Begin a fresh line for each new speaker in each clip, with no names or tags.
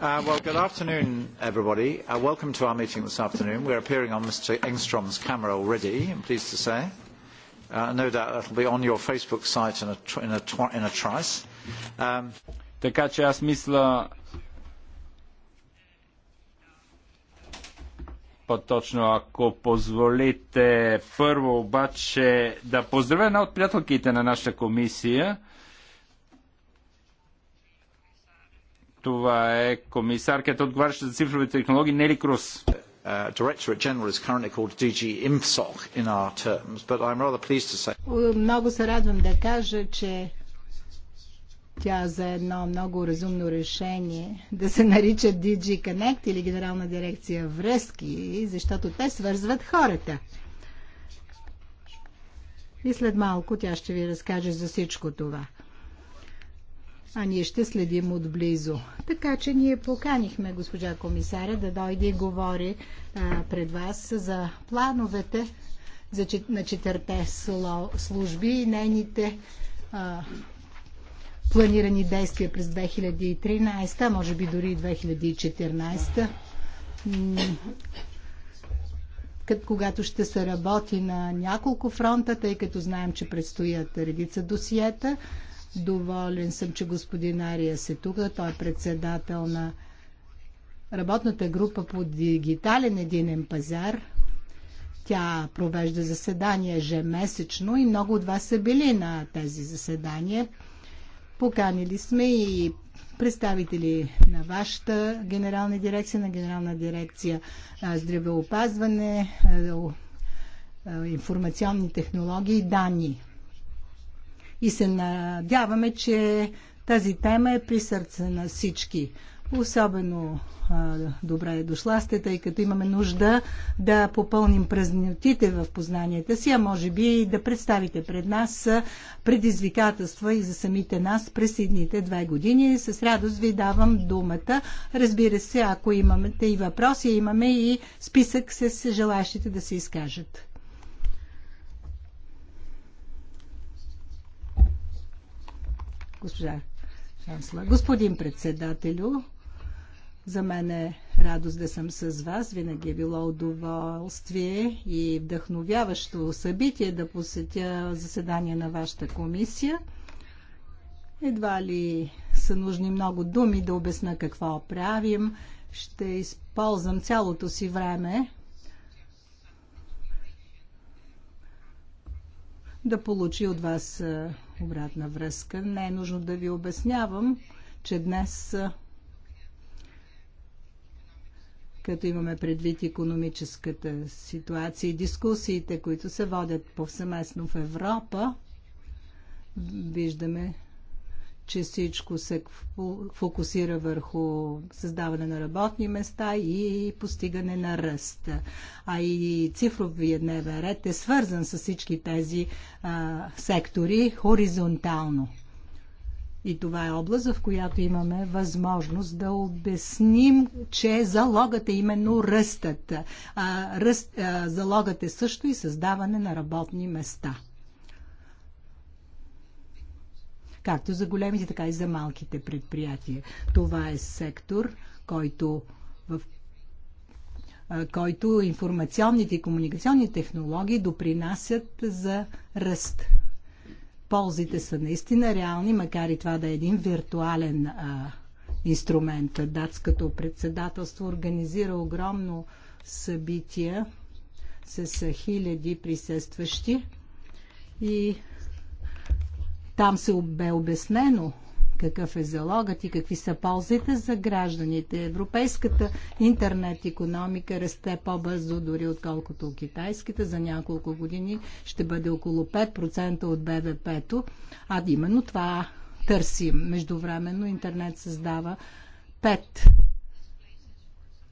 Well, good afternoon, everybody. Welcome to our meeting this afternoon. We're appearing on Mr. Engstrom's camera already, I'm pleased to say. No doubt that will be on your Facebook site in a trice. Така че аз мисля по-точно, ако позволите, първо обаче да поздравя една от приятелките на нашата комисия – Това е комисарката отговаряща за цифрови технологии Нели Крус. Uh,
много се радвам да кажа, че тя за едно много разумно решение да се нарича DG Connect или Генерална дирекция връзки, защото те свързват хората. И след малко тя ще ви разкаже за всичко това а ние ще следим отблизо. Така че ние поканихме госпожа комисаря да дойде и говори а, пред вас за плановете за, на четирте служби и нейните а, планирани действия през 2013, може би дори 2014, 2014 когато ще се работи на няколко фронта, тъй като знаем, че предстоят редица досиета. Доволен съм, че господин Ария се тук. Той е председател на работната група по дигитален единен пазар. Тя провежда заседания ежемесечно и много от вас са били на тези заседания. Поканили сме и представители на вашата генерална дирекция, на генерална дирекция здравеопазване, информационни технологии и данни и се надяваме, че тази тема е при сърце на всички. Особено а, добре е дошла сте, тъй като имаме нужда да попълним празнотите в познанията си, а може би и да представите пред нас предизвикателства и за самите нас през едните две години. С радост ви давам думата. Разбира се, ако имате и въпроси, имаме и списък с желащите да се изкажат. Госпожа Шансла. Господин председателю, за мен е радост да съм с вас. Винаги е било удоволствие и вдъхновяващо събитие да посетя заседание на вашата комисия. Едва ли са нужни много думи да обясна какво правим. Ще използвам цялото си време да получи от вас обратна връзка. Не е нужно да ви обяснявам, че днес, като имаме предвид економическата ситуация и дискусиите, които се водят повсеместно в Европа, виждаме, че всичко се фокусира върху създаване на работни места и постигане на ръст. А и цифровия дневен ред е свързан с всички тези а, сектори хоризонтално. И това е област, в която имаме възможност да обясним, че залогът е именно ръстът. А, ръст, а, залогът е също и създаване на работни места. както за големите, така и за малките предприятия. Това е сектор, който в който информационните и комуникационни технологии допринасят за ръст. Ползите са наистина реални, макар и това да е един виртуален а, инструмент. Датското председателство организира огромно събитие с хиляди присъстващи и там се бе обяснено какъв е залогът и какви са ползите за гражданите. Европейската интернет економика расте по-бързо дори отколкото китайската. За няколко години ще бъде около 5% от БВП-то. А именно това търсим. Междувременно интернет създава 5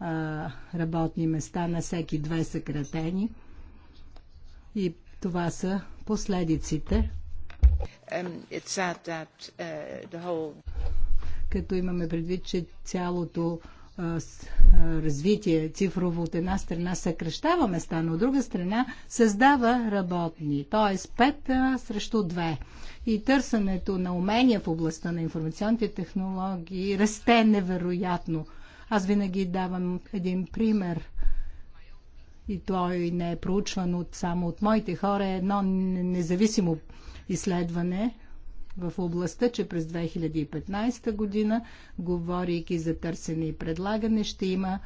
а, работни места на всеки две съкратени. И това са последиците Um, uh, Като имаме предвид, че цялото развитие цифрово от една страна съкръщава места, но от друга страна създава работни, т.е. 5 срещу 2. И търсенето на умения в областта на информационните технологии расте невероятно. Аз винаги давам един пример и той не е проучван от, само от моите хора. Е едно независимо изследване в областта, че през 2015 година, говорейки за търсене и предлагане, ще има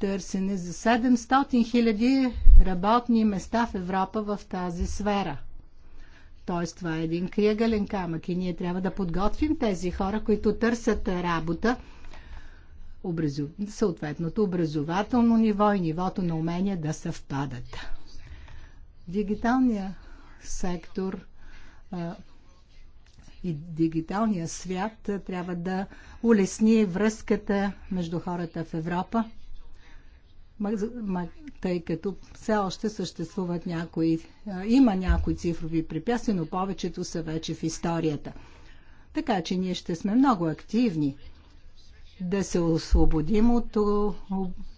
търсене за 700 000 работни места в Европа в тази сфера. Тоест, това е един криегален камък и ние трябва да подготвим тези хора, които търсят работа, образу... съответното образователно ниво и нивото на умения да съвпадат. Дигиталният сектор – и дигиталния свят трябва да улесни връзката между хората в Европа, тъй като все още съществуват някои, има някои цифрови препятствия, но повечето са вече в историята. Така че ние ще сме много активни да се освободим от,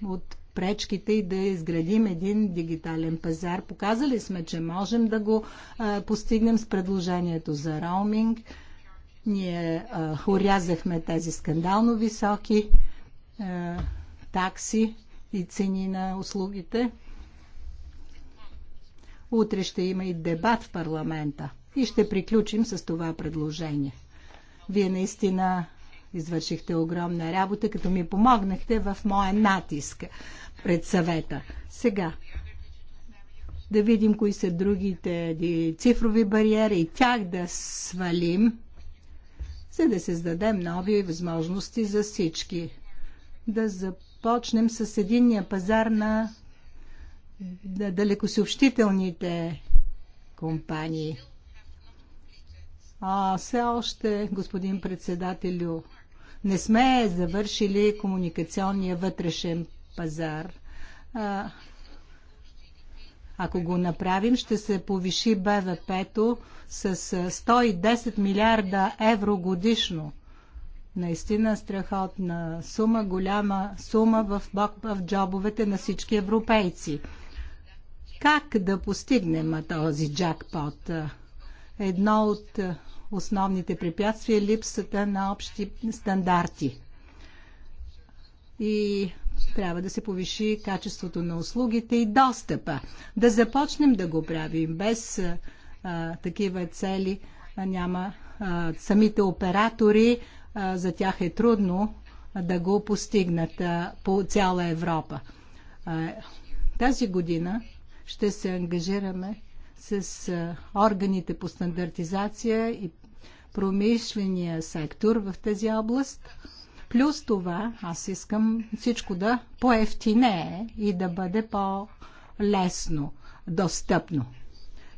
от пречките и да изградим един дигитален пазар. Показали сме, че можем да го постигнем с предложението за роуминг. Ние урязахме тези скандално високи такси и цени на услугите. Утре ще има и дебат в парламента и ще приключим с това предложение. Вие наистина Извършихте огромна работа, като ми помогнахте в моя натиск пред съвета. Сега, да видим кои са другите цифрови бариери и тях да свалим, за да създадем нови възможности за всички. Да започнем с единния пазар на далекосъобщителните компании. А, все още, господин председателю, не сме завършили комуникационния вътрешен пазар. А, ако го направим, ще се повиши БВП-то с 110 милиарда евро годишно. Наистина страхотна сума, голяма сума в, в джобовете на всички европейци. Как да постигнем този джакпот? Едно от основните препятствия е липсата на общи стандарти. И трябва да се повиши качеството на услугите и достъпа. Да започнем да го правим. Без а, такива цели а, няма. А, самите оператори, а, за тях е трудно а, да го постигнат а, по цяла Европа. А, тази година ще се ангажираме с органите по стандартизация и промишления сектор в тази област. Плюс това, аз искам всичко да поевтинее и да бъде по-лесно, достъпно,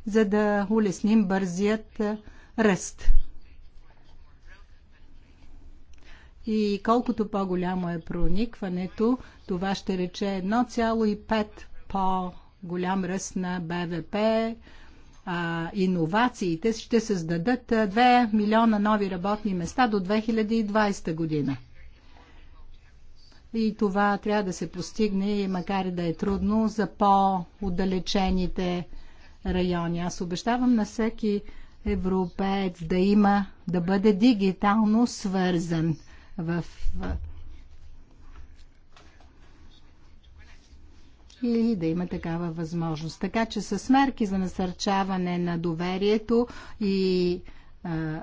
за да улесним бързият ръст. И колкото по-голямо е проникването, това ще рече 1,5 по-голям ръст на БВП, а, иновациите ще създадат 2 милиона нови работни места до 2020 година. И това трябва да се постигне, макар и да е трудно, за по-отдалечените райони. Аз обещавам на всеки европеец да има, да бъде дигитално свързан в или да има такава възможност. Така че с мерки за насърчаване на доверието и а,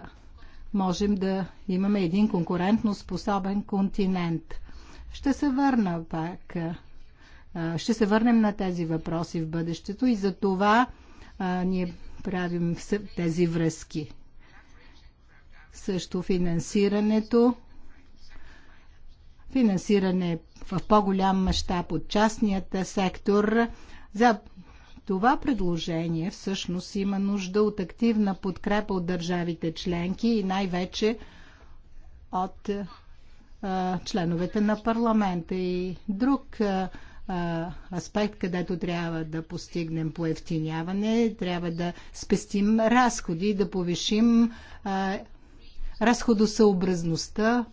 можем да имаме един конкурентно способен континент. Ще се върна пак. А, ще се върнем на тези въпроси в бъдещето и за това а, ние правим тези връзки. Също финансирането финансиране в по-голям мащаб от частният сектор. За това предложение всъщност има нужда от активна подкрепа от държавите членки и най-вече от а, членовете на парламента. И друг а, аспект, където трябва да постигнем поевтиняване, трябва да спестим разходи, да повишим а, разходосъобразността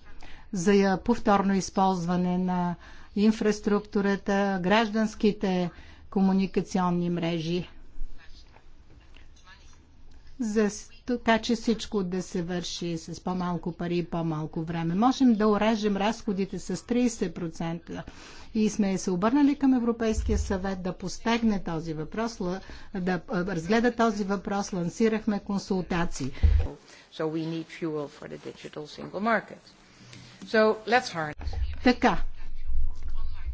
за повторно използване на инфраструктурата, гражданските комуникационни мрежи. За така, че всичко да се върши с по-малко пари и по-малко време. Можем да урежем разходите с 30% и сме се обърнали към Европейския съвет да постегне този въпрос, да разгледа този въпрос, лансирахме консултации. So we need
fuel for the digital
single market. So, let's Така,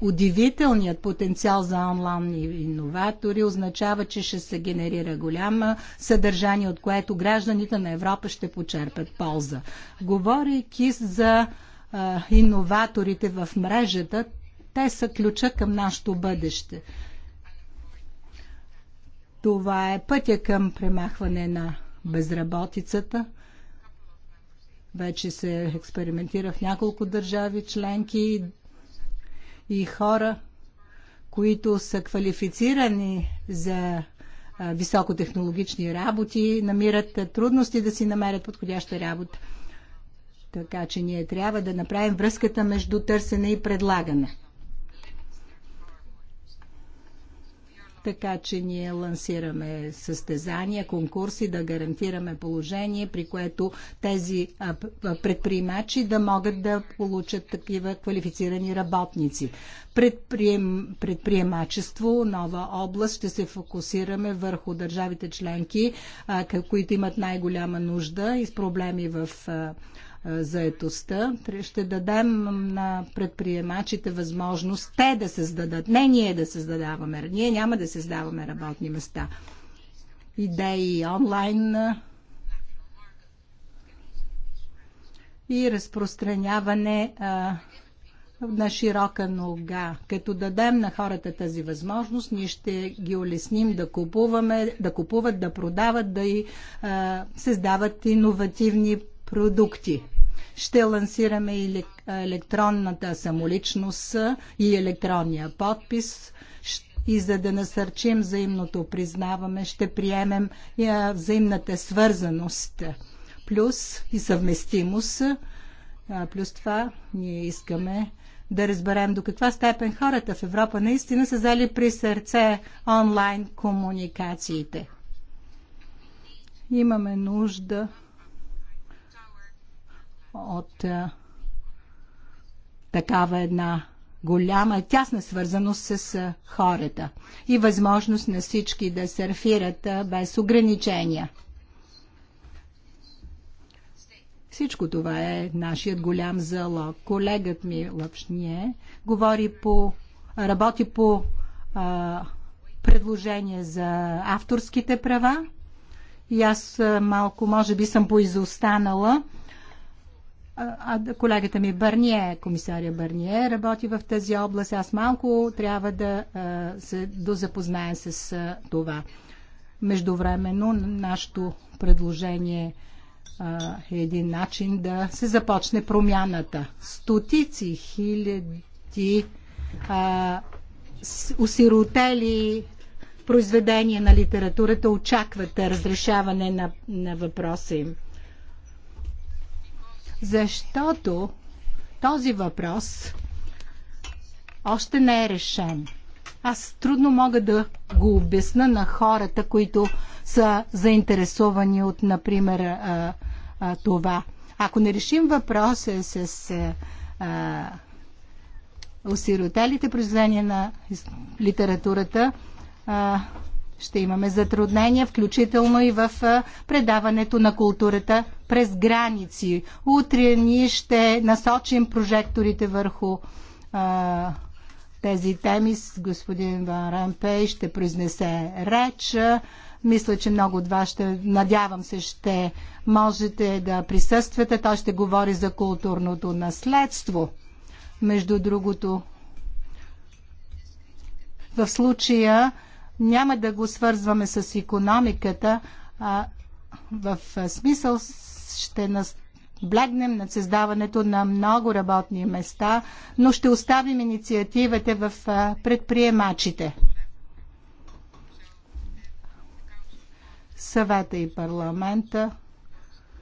Удивителният потенциал за онлайн иноватори означава, че ще се генерира голяма съдържание, от което гражданите на Европа ще почерпят полза. Говорейки за а, иноваторите в мрежата, те са ключа към нашето бъдеще. Това е пътя към премахване на безработицата – вече се експериментира в няколко държави членки и хора, които са квалифицирани за високотехнологични работи, намират трудности да си намерят подходяща работа. Така че ние трябва да направим връзката между търсене и предлагане. така че ние лансираме състезания, конкурси, да гарантираме положение, при което тези предприемачи да могат да получат такива квалифицирани работници. Предприем, предприемачество, нова област, ще се фокусираме върху държавите членки, които имат най-голяма нужда и с проблеми в заетостта. Ще дадем на предприемачите възможност те да създадат. Не ние да създаваме. Ние няма да създаваме работни места. Идеи онлайн и разпространяване а, на широка нога. Като дадем на хората тази възможност, ние ще ги улесним да купуваме, да купуват, да продават, да и а, създават иновативни продукти. Ще лансираме и електронната самоличност и електронния подпис. И за да насърчим взаимното признаваме, ще приемем е, взаимната свързаност плюс и съвместимост. Е, плюс това ние искаме да разберем до каква степен хората в Европа наистина са взели при сърце онлайн комуникациите. Имаме нужда от а, е, такава една голяма, тясна свързаност с а, е, хората и възможност на всички да сърфират а, е, без ограничения. Всичко това е нашият голям залог. Колегът ми Лъпшние говори по, работи по а, предложение за авторските права и аз малко, може би, съм поизостанала колегата ми Бърние, комисаря Бърние, работи в тази област. Аз малко трябва да се дозапознаем с това. Междувременно нашето предложение е един начин да се започне промяната. Стотици хиляди а, осиротели произведения на литературата очакват разрешаване на, на въпроса им защото този въпрос още не е решен. Аз трудно мога да го обясна на хората, които са заинтересовани от, например, а, а, това. Ако не решим въпроса с а, осиротелите произведения на литературата, а, ще имаме затруднения, включително и в предаването на културата през граници. Утре ние ще насочим прожекторите върху а, тези теми с господин Ван Рампей, ще произнесе реч. Мисля, че много от вас ще, надявам се, ще можете да присъствате. Той ще говори за културното наследство. Между другото, в случая няма да го свързваме с економиката, а в смисъл ще нас блегнем над създаването на много работни места, но ще оставим инициативата в предприемачите. Съвета и парламента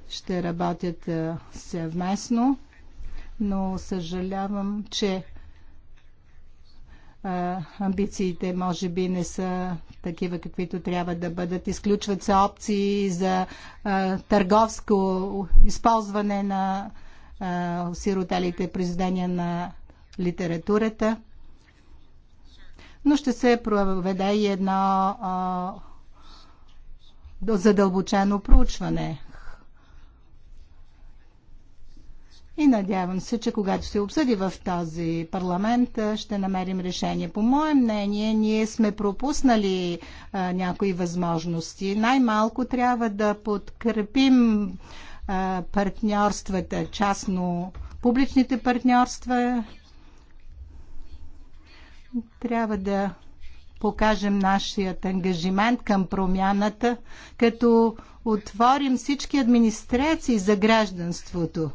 ще работят съвместно, но съжалявам, че амбициите може би не са такива, каквито трябва да бъдат. Изключват се опции за а, търговско използване на а, сиротелите произведения на литературата. Но ще се проведе и едно а, задълбочено проучване и надявам се, че когато се обсъди в този парламент, ще намерим решение. По мое мнение, ние сме пропуснали а, някои възможности. Най-малко трябва да подкрепим а, партньорствата, частно публичните партньорства. Трябва да покажем нашият ангажимент към промяната, като отворим всички администрации за гражданството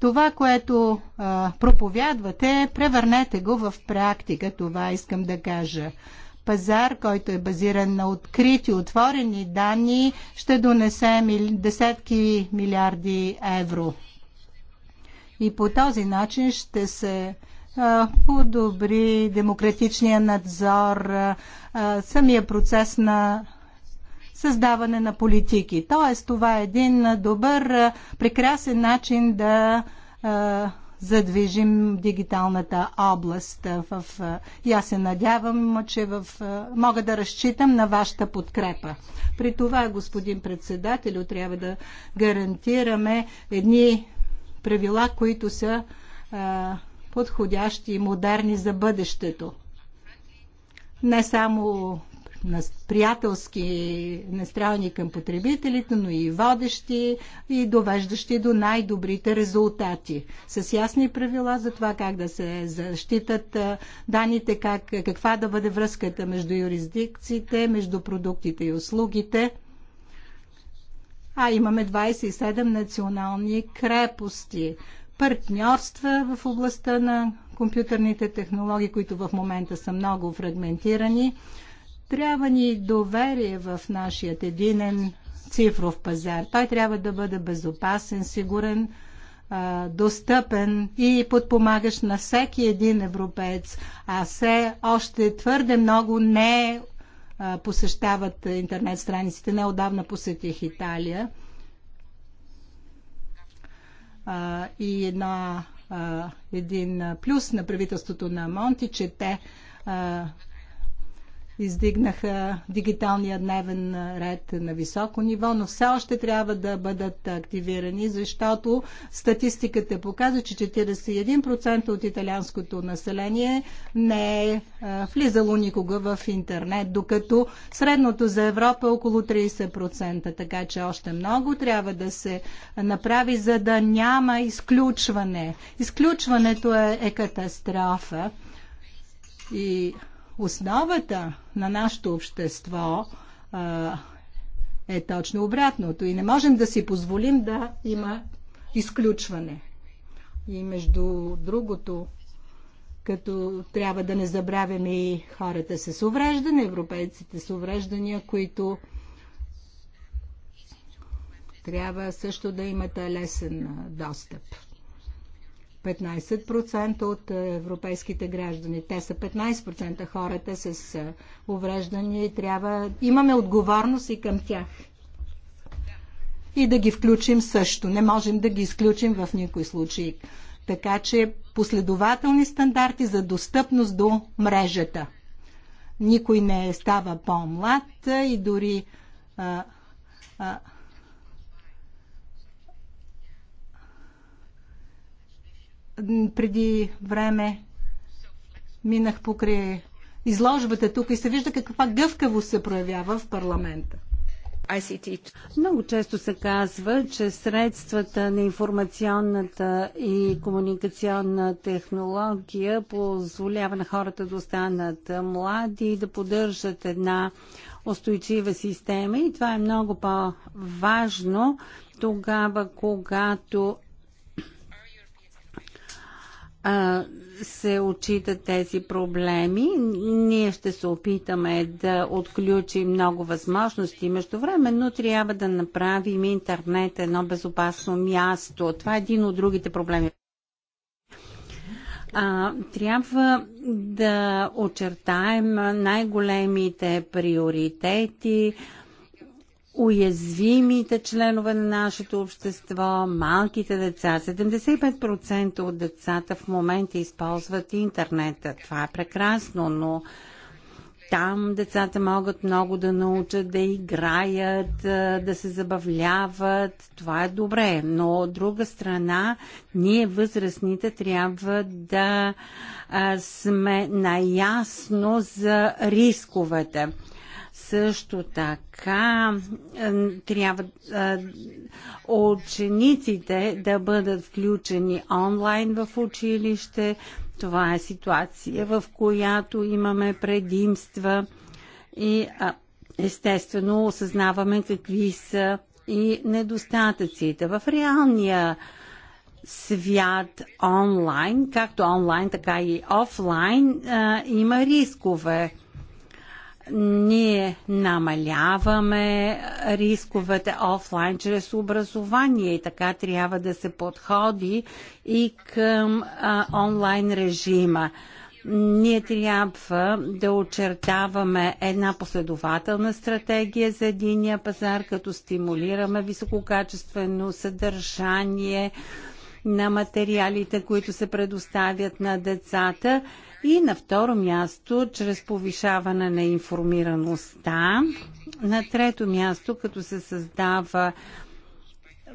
това, което а, проповядвате, превърнете го в практика, това искам да кажа. Пазар, който е базиран на открити, отворени данни, ще донесе мил... десетки милиарди евро. И по този начин ще се а, подобри демократичния надзор, а, самия процес на създаване на политики. Тоест, това е един добър, прекрасен начин да задвижим дигиталната област. В, и аз се надявам, че в, мога да разчитам на вашата подкрепа. При това, господин председател, трябва да гарантираме едни правила, които са а, подходящи и модерни за бъдещето. Не само приятелски настроени към потребителите, но и водещи и довеждащи до най-добрите резултати. С ясни правила за това как да се защитат данните, как, каква да бъде връзката между юрисдикциите, между продуктите и услугите. А имаме 27 национални крепости, партньорства в областта на компютърните технологии, които в момента са много фрагментирани трябва ни доверие в нашият единен цифров пазар. Той трябва да бъде безопасен, сигурен, достъпен и подпомагаш на всеки един европеец, а все още твърде много не посещават интернет страниците. Неодавна посетих Италия и една, един плюс на правителството на Монти, че те издигнаха дигиталния дневен ред на високо ниво, но все още трябва да бъдат активирани, защото статистиката показва, че 41% от италианското население не е, е влизало никога в интернет, докато средното за Европа е около 30%, така че още много трябва да се направи, за да няма изключване. Изключването е, е катастрофа. И основата на нашето общество а, е точно обратното и не можем да си позволим да има изключване. И между другото, като трябва да не забравяме и хората с увреждане, европейците с увреждания, които трябва също да имат лесен достъп. 15% от е, европейските граждани. Те са 15% хората с е, увреждания и трябва... Имаме отговорност и към тях. И да ги включим също. Не можем да ги изключим в никой случай. Така че последователни стандарти за достъпност до мрежата. Никой не е става по-млад и дори а, а, преди време минах покрай изложбата
тук и се вижда каква гъвкавост се проявява в парламента. ICT. Много често се казва, че средствата на информационната и комуникационна технология позволява на хората да останат млади и да поддържат една устойчива система и това е много по-важно тогава, когато се отчитат тези проблеми. Ние ще се опитаме да отключим много възможности. Между време, но трябва да направим интернет едно безопасно място. Това е един от другите проблеми. А, трябва да очертаем най-големите приоритети, уязвимите членове на нашето общество, малките деца. 75% от децата в момента използват интернета. Това е прекрасно, но там децата могат много да научат да играят, да се забавляват. Това е добре, но от друга страна, ние възрастните трябва да сме наясно за рисковете. Също така е, трябва е, учениците да бъдат включени онлайн в училище. Това е ситуация, в която имаме предимства и естествено осъзнаваме какви са и недостатъците. В реалния свят онлайн, както онлайн, така и офлайн, е, има рискове ние намаляваме рисковете офлайн чрез образование и така трябва да се подходи и към а, онлайн режима. Ние трябва да очертаваме една последователна стратегия за единия пазар, като стимулираме висококачествено съдържание на материалите, които се предоставят на децата и на второ място, чрез повишаване на информираността. На трето място, като се създава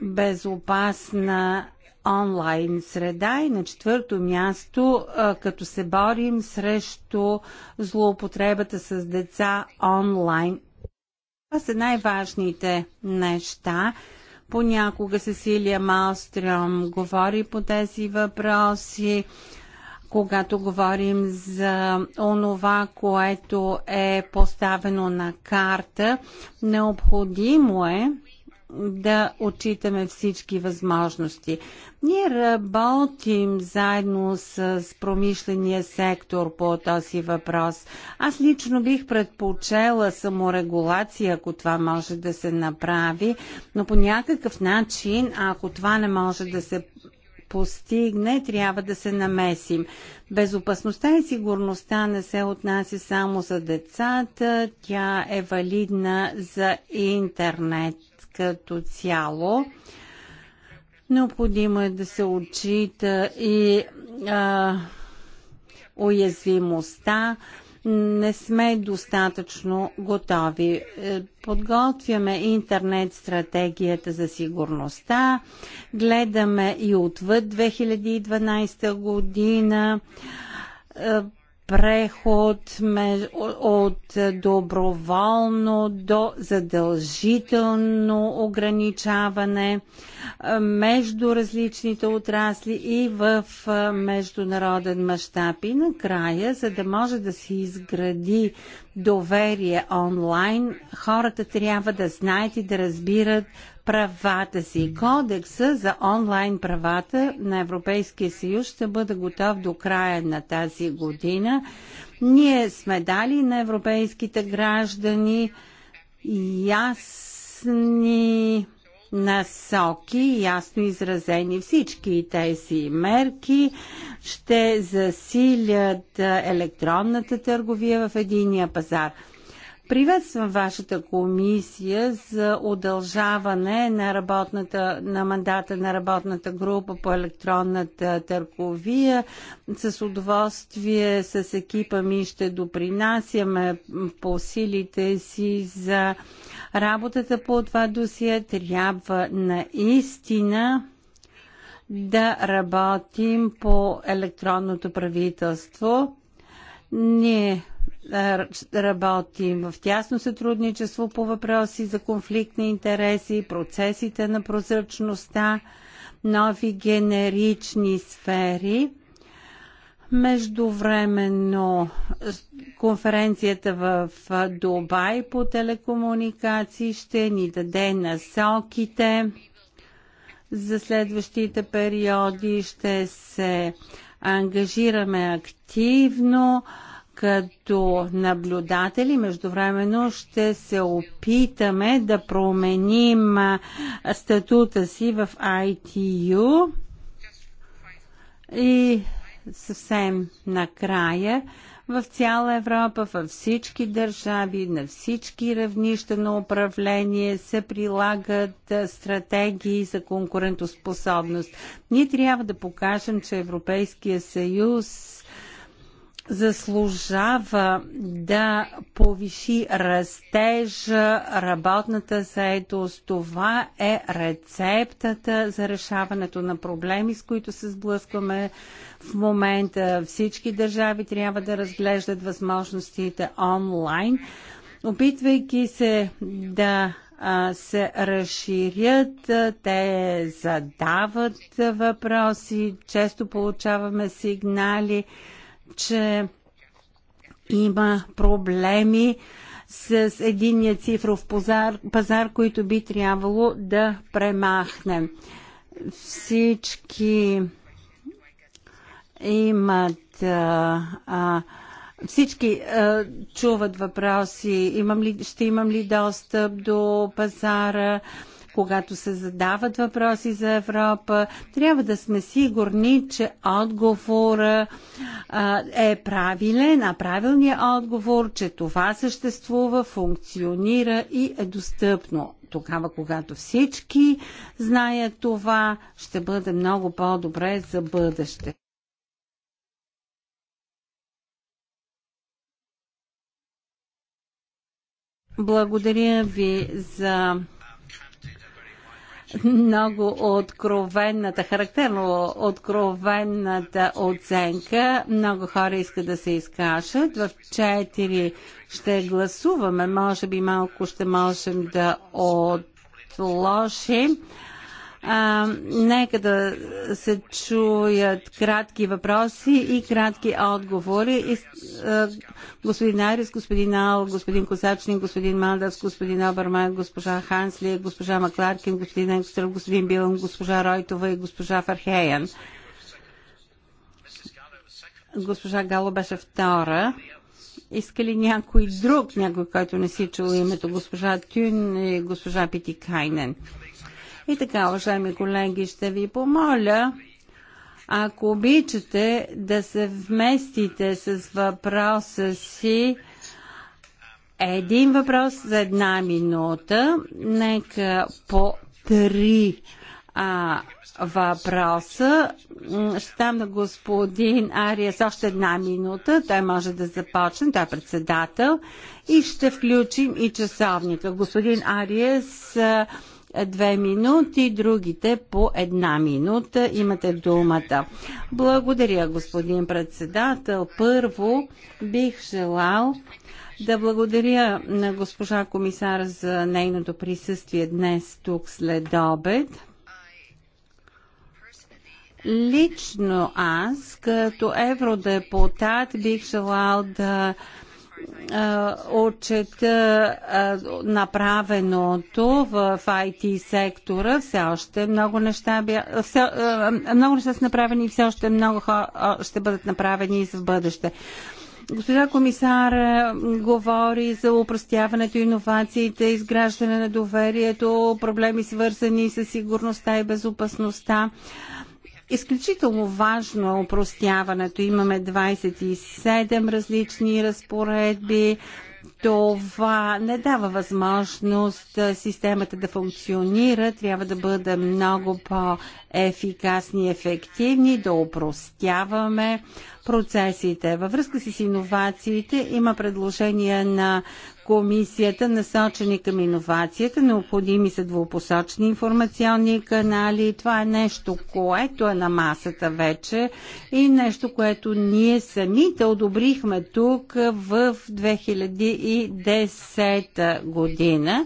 безопасна онлайн среда и на четвърто място, като се борим срещу злоупотребата с деца онлайн. Това са най-важните неща. Понякога Сесилия Малстрем говори по тези въпроси когато говорим за онова, което е поставено на карта, необходимо е да отчитаме всички възможности. Ние работим заедно с промишления сектор по този въпрос. Аз лично бих предпочела саморегулация, ако това може да се направи, но по някакъв начин, ако това не може да се постигне, трябва да се намесим. Безопасността и сигурността не се отнася само за децата, тя е валидна за интернет като цяло. Необходимо е да се отчита и а, уязвимостта не сме достатъчно готови. Е, подготвяме интернет стратегията за сигурността, гледаме и отвъд 2012 година е, преход от доброволно до задължително ограничаване е, между различните отрасли и в е, международен мащаб. И накрая, за да може да се изгради доверие онлайн, хората трябва да знаят и да разбират правата си. Кодекса за онлайн правата на Европейския съюз ще бъде готов до края на тази година. Ние сме дали на европейските граждани ясни насоки, ясно изразени всички тези мерки, ще засилят електронната търговия в единия пазар. Приветствам вашата комисия за удължаване на, работната, на мандата на работната група по електронната търговия. С удоволствие с екипа ми ще допринасяме по силите си за работата по това досие. Трябва наистина да работим по електронното правителство. Ние Работим в тясно сътрудничество по въпроси за конфликтни интереси, процесите на прозрачността, нови генерични сфери. Междувременно конференцията в Дубай по телекомуникации ще ни даде насоките за следващите периоди. Ще се ангажираме активно като наблюдатели. Междувременно ще се опитаме да променим статута си в ITU и съвсем накрая в цяла Европа, във всички държави, на всички равнища на управление се прилагат стратегии за конкурентоспособност. Ние трябва да покажем, че Европейския съюз заслужава да повиши растежа, работната заедост. Това е рецептата за решаването на проблеми, с които се сблъскваме в момента. Всички държави трябва да разглеждат възможностите онлайн, опитвайки се да се разширят, те задават въпроси, често получаваме сигнали че има проблеми с единния цифров пазар, пазар, които би трябвало да премахнем. Всички имат а, а, всички а, чуват въпроси, имам ли, ще имам ли достъп до пазара, когато се задават въпроси за Европа, трябва да сме сигурни, че отговора е правилен, а правилният отговор, че това съществува, функционира и е достъпно тогава, когато всички знаят това, ще бъде много по-добре за бъдеще. Благодаря ви за много откровенната, характерно откровенната оценка. Много хора искат да се изкажат. В 4 ще гласуваме. Може би малко ще можем да отложим. А, нека да се чуят кратки въпроси и кратки отговори. И, а, господин Арис, господин Ал, господин Косачник, господин Мандас, господин Обермай, госпожа Хансли, госпожа Макларкин, господин Енкстрел, господин Билан, госпожа Ройтова и госпожа Фархеян. Госпожа Гало беше втора. Иска ли някой друг, някой, който не си чул името, госпожа Тюн и госпожа Питикайнен? Кайнен? И така, уважаеми колеги, ще ви помоля, ако обичате да се вместите с въпроса си, един въпрос за една минута, нека по три а, въпроса. Ще дам на господин Ариас още една минута. Той може да започне. Той е председател. И ще включим и часовника. Господин Ариас, две минути, другите по една минута. Имате думата. Благодаря, господин председател. Първо бих желал да благодаря на госпожа комисар за нейното присъствие днес тук след обед. Лично аз, като евродепутат, бих желал да отчета направеното в IT сектора. Все още много неща, бя... все, много неща са направени и все още много ще бъдат направени и в бъдеще. Госпожа комисар говори за упростяването, иновациите, изграждане на доверието, проблеми свързани с сигурността и безопасността изключително важно е упростяването. Имаме 27 различни разпоредби. Това не дава възможност системата да функционира. Трябва да бъдем много по-ефикасни, ефективни, да упростяваме процесите. Във връзка с иновациите има предложения на комисията, насочени към иновацията. Необходими са двупосочни информационни канали. Това е нещо, което е на масата вече и нещо, което ние самите одобрихме тук в 2010 година.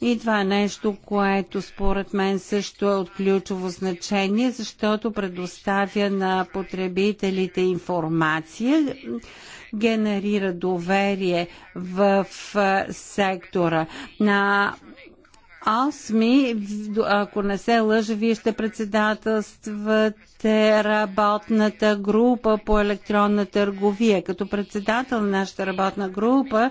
И това е нещо, което според мен също е от ключово значение, защото предоставя на потребителите информация генерира доверие в сектора. На ми, ако не се лъжа, вие ще председателствате работната група по електронна търговия. Като председател на нашата работна група,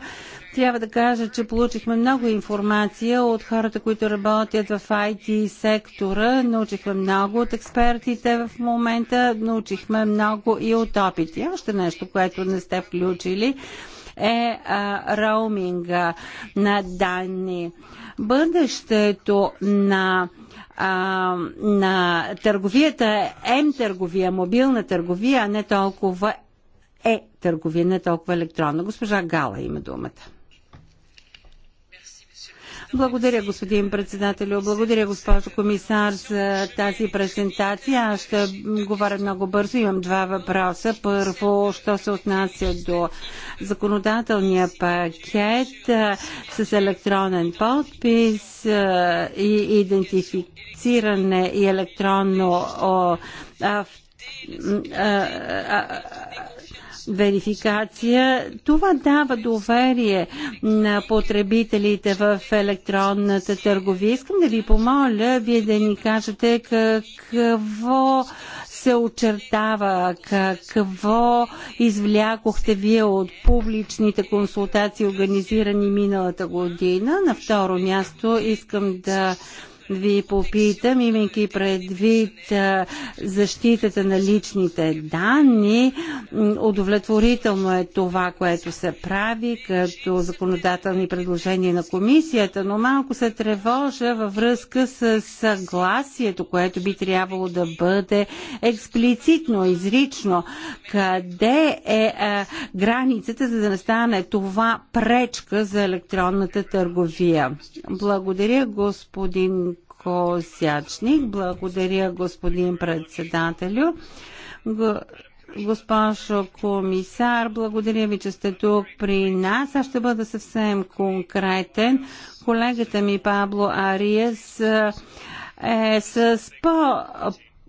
трябва да кажа, че получихме много информация от хората, които работят в IT сектора. Научихме много от експертите в момента, научихме много и от опити. Още нещо, което не сте включили е а, роуминга на данни. А, бъдещето на а, на търговията е М-търговия, мобилна търговия, а не толкова е търговия, не толкова електронна. Госпожа Гала има думата. Благодаря, господин председател, Благодаря, госпожо комисар, за тази презентация. Аз ще говоря много бързо. Имам два въпроса. Първо, що се отнася до законодателния пакет с електронен подпис и идентифициране и електронно верификация. Това дава доверие на потребителите в електронната търговия. Искам да ви помоля, вие да ни кажете какво се очертава, какво извлякохте вие от публичните консултации, организирани миналата година. На второ място искам да ви попитам, имайки предвид защитата на личните данни, удовлетворително е това, което се прави като законодателни предложения на комисията, но малко се тревожа във връзка с съгласието, което би трябвало да бъде експлицитно, изрично. Къде е границата, за да не стане това пречка за електронната търговия? Благодаря, господин Козячник. Благодаря, господин председателю. Госпожо комисар, благодаря ви, че сте тук при нас. Аз ще бъда съвсем конкретен. Колегата ми Пабло Ариес е с по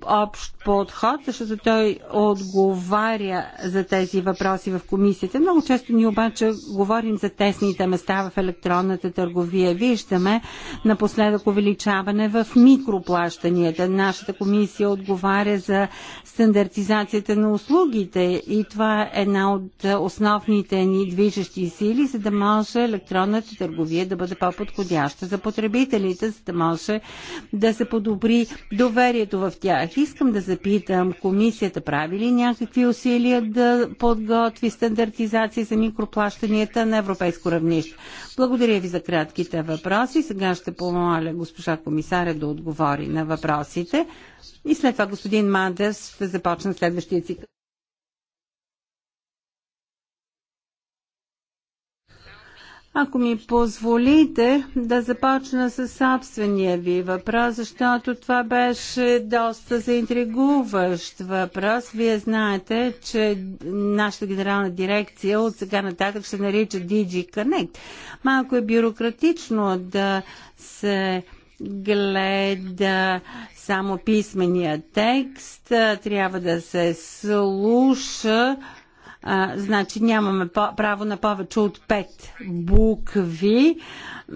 общ подход, защото той отговаря за тези въпроси в комисията. Много често ни обаче говорим за тесните места в електронната търговия. Виждаме напоследък увеличаване в микроплащанията. Нашата комисия отговаря за стандартизацията на услугите и това е една от основните ни движещи сили, за да може електронната търговия да бъде по-подходяща за потребителите, за да може да се подобри доверието в тях. Искам да запитам, комисията прави ли някакви усилия да подготви стандартизация за микроплащанията на европейско равнище? Благодаря ви за кратките въпроси. Сега ще помоля госпожа комисаря да отговори на въпросите. И след това господин Мандерс ще започне следващия цикъл. Ако ми позволите да започна с собствения ви въпрос, защото това беше доста заинтригуващ въпрос. Вие знаете, че нашата генерална дирекция от сега нататък ще нарича DG Connect. Малко е бюрократично да се гледа само писмения текст, трябва да се слуша значи нямаме право на повече от 5 букви.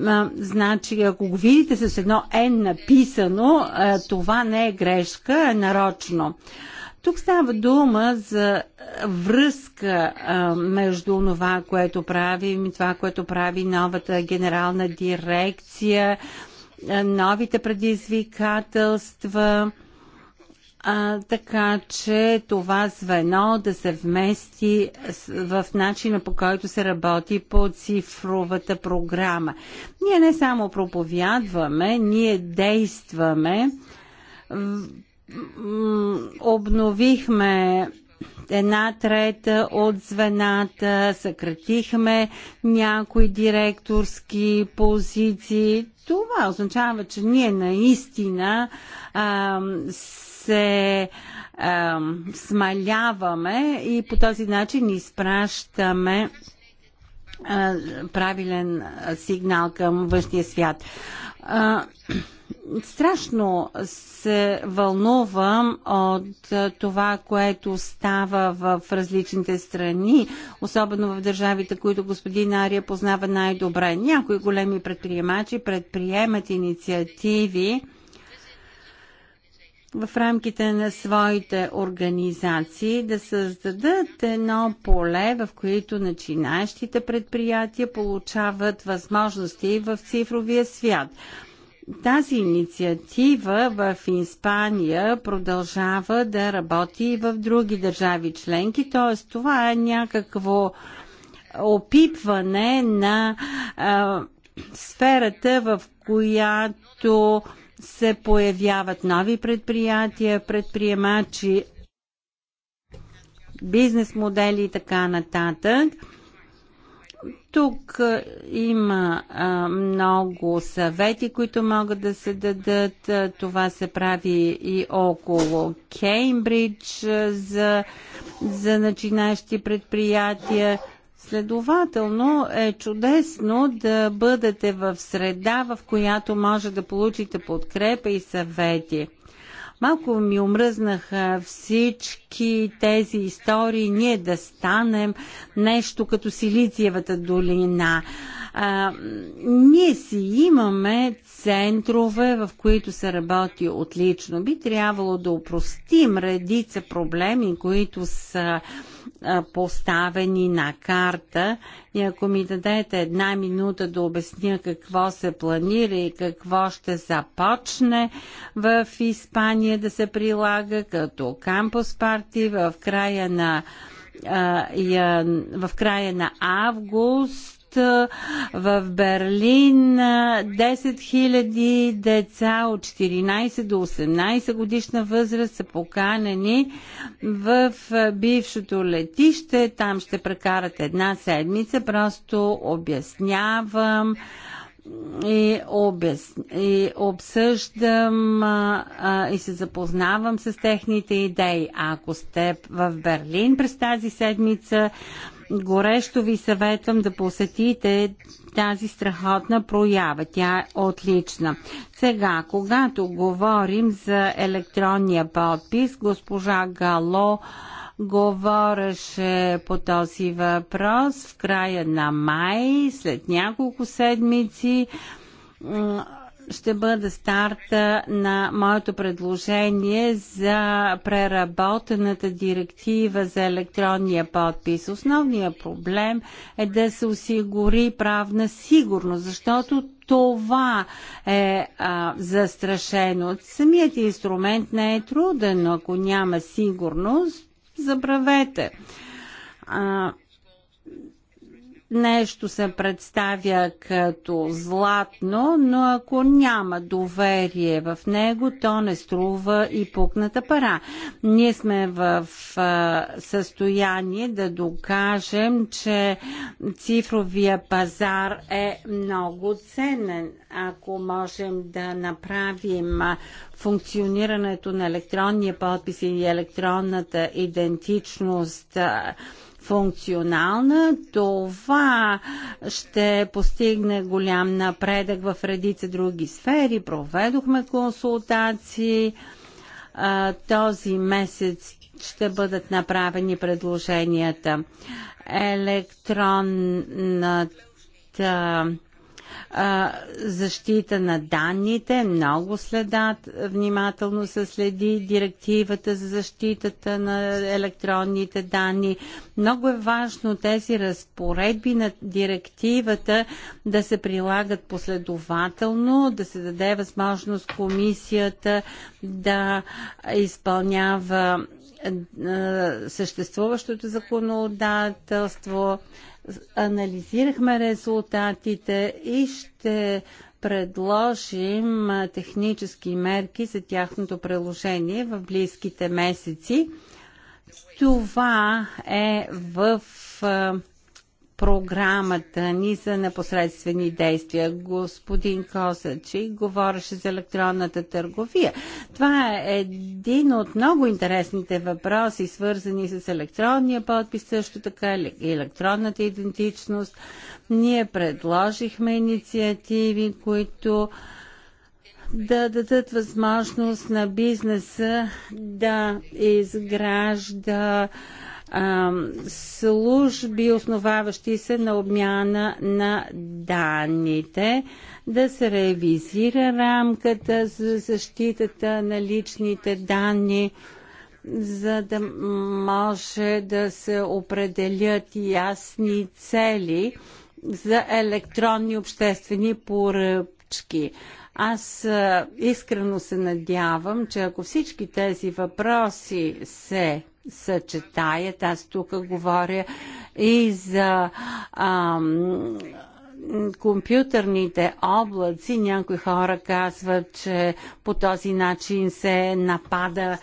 А, значи ако го видите с едно N написано, а, това не е грешка, е нарочно. Тук става дума за връзка а, между това, което правим и това, което прави новата генерална дирекция, новите предизвикателства. А, а, така че това звено да се вмести в начина по който се работи по цифровата програма. Ние не само проповядваме, ние действаме. Обновихме една трета от звената, съкратихме някои директорски позиции. Това означава, че ние наистина а, се а, смаляваме и по този начин изпращаме а, правилен сигнал към външния свят. А, страшно се вълнувам от това, което става в различните страни, особено в държавите, които господин Ария познава най-добре. Някои големи предприемачи предприемат инициативи, в рамките на своите организации да създадат едно поле, в което начинаещите предприятия получават възможности в цифровия свят. Тази инициатива в Испания продължава да работи и в други държави членки, т.е. това е някакво опипване на а, сферата, в която се появяват нови предприятия, предприемачи, бизнес модели и така нататък. Тук има а, много съвети, които могат да се дадат. Това се прави и около Кеймбридж за, за начинащи предприятия. Следователно е чудесно да бъдете в среда, в която може да получите подкрепа и съвети. Малко ми омръзнаха всички тези истории, ние да станем нещо като Силициевата долина. А, ние си имаме центрове, в които се работи отлично. Би трябвало да упростим редица проблеми, които са поставени на карта. И ако ми дадете една минута да обясня какво се планира и какво ще започне в Испания да се прилага като кампус парти в края на в края на август в Берлин 10 000 деца от 14 до 18 годишна възраст са поканени в бившото летище. Там ще прекарат една седмица. Просто обяснявам и, обяс... и обсъждам а, а, и се запознавам с техните идеи. А ако сте в Берлин през тази седмица, горещо ви съветвам да посетите тази страхотна проява. Тя е отлична. Сега, когато говорим за електронния подпис, госпожа Гало говореше по този въпрос в края на май, след няколко седмици ще бъде старта на моето предложение за преработената директива за електронния подпис. Основният проблем е да се осигури правна сигурност, защото това е а, застрашено. Самият инструмент не е труден, но ако няма сигурност, забравете. А, нещо се представя като златно, но ако няма доверие в него, то не струва и пукната пара. Ние сме в състояние да докажем, че цифровия пазар е много ценен. Ако можем да направим функционирането на електронния подпис и електронната идентичност функционална. Това ще постигне голям напредък в редица други сфери. Проведохме консултации. Този месец ще бъдат направени предложенията. Електронната а, защита на данните. Много следат, внимателно се следи директивата за защитата на електронните данни. Много е важно тези разпоредби на директивата да се прилагат последователно, да се даде възможност комисията да изпълнява съществуващото законодателство, анализирахме резултатите и ще предложим технически мерки за тяхното приложение в близките месеци. Това е в програмата ни за непосредствени действия. Господин Косачи говореше за електронната търговия. Това е един от много интересните въпроси, свързани с електронния подпис, също така електронната идентичност. Ние предложихме инициативи, които да дадат възможност на бизнеса да изгражда служби, основаващи се на обмяна на данните, да се ревизира рамката за защитата на личните данни, за да може да се определят ясни цели за електронни обществени поръчки. Аз искрено се надявам, че ако всички тези въпроси се съчетаят. Аз тук говоря и за ам, компютърните облаци. Някои хора казват, че по този начин се напада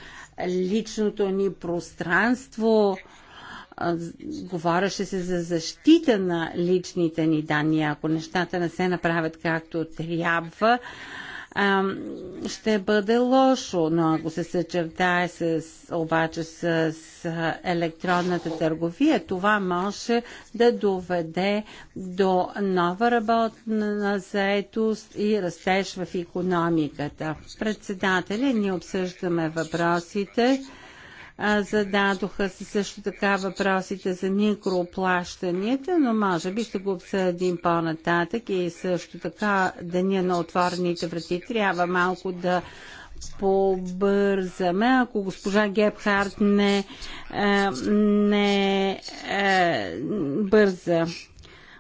личното ни пространство говореше се за защита на личните ни данни. Ако нещата не се направят както трябва, а, ще бъде лошо, но ако се съчертае с, обаче с, с електронната търговия, това може да доведе до нова работна заетост и растеж в економиката. Председателя, ние обсъждаме въпросите. Зададоха се също така въпросите за микроплащанията, но може би ще го обсъдим по-нататък и също така деня на отворените врати трябва малко да побързаме, ако госпожа Гебхарт не, е, не е, бърза.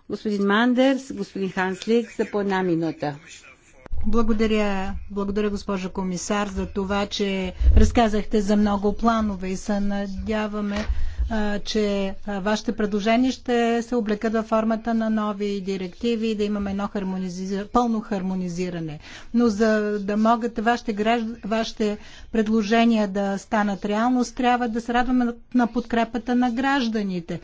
Господин Мандерс, господин Ханслик, за по една минута.
Благодаря, благодаря госпожо комисар за това, че разказахте за много планове и се надяваме, че вашите предложения ще се облекат във формата на нови директиви и да имаме едно хармонизиране, пълно хармонизиране. Но за да могат вашите, гражд... вашите предложения да станат реалност, трябва да се радваме на подкрепата на гражданите.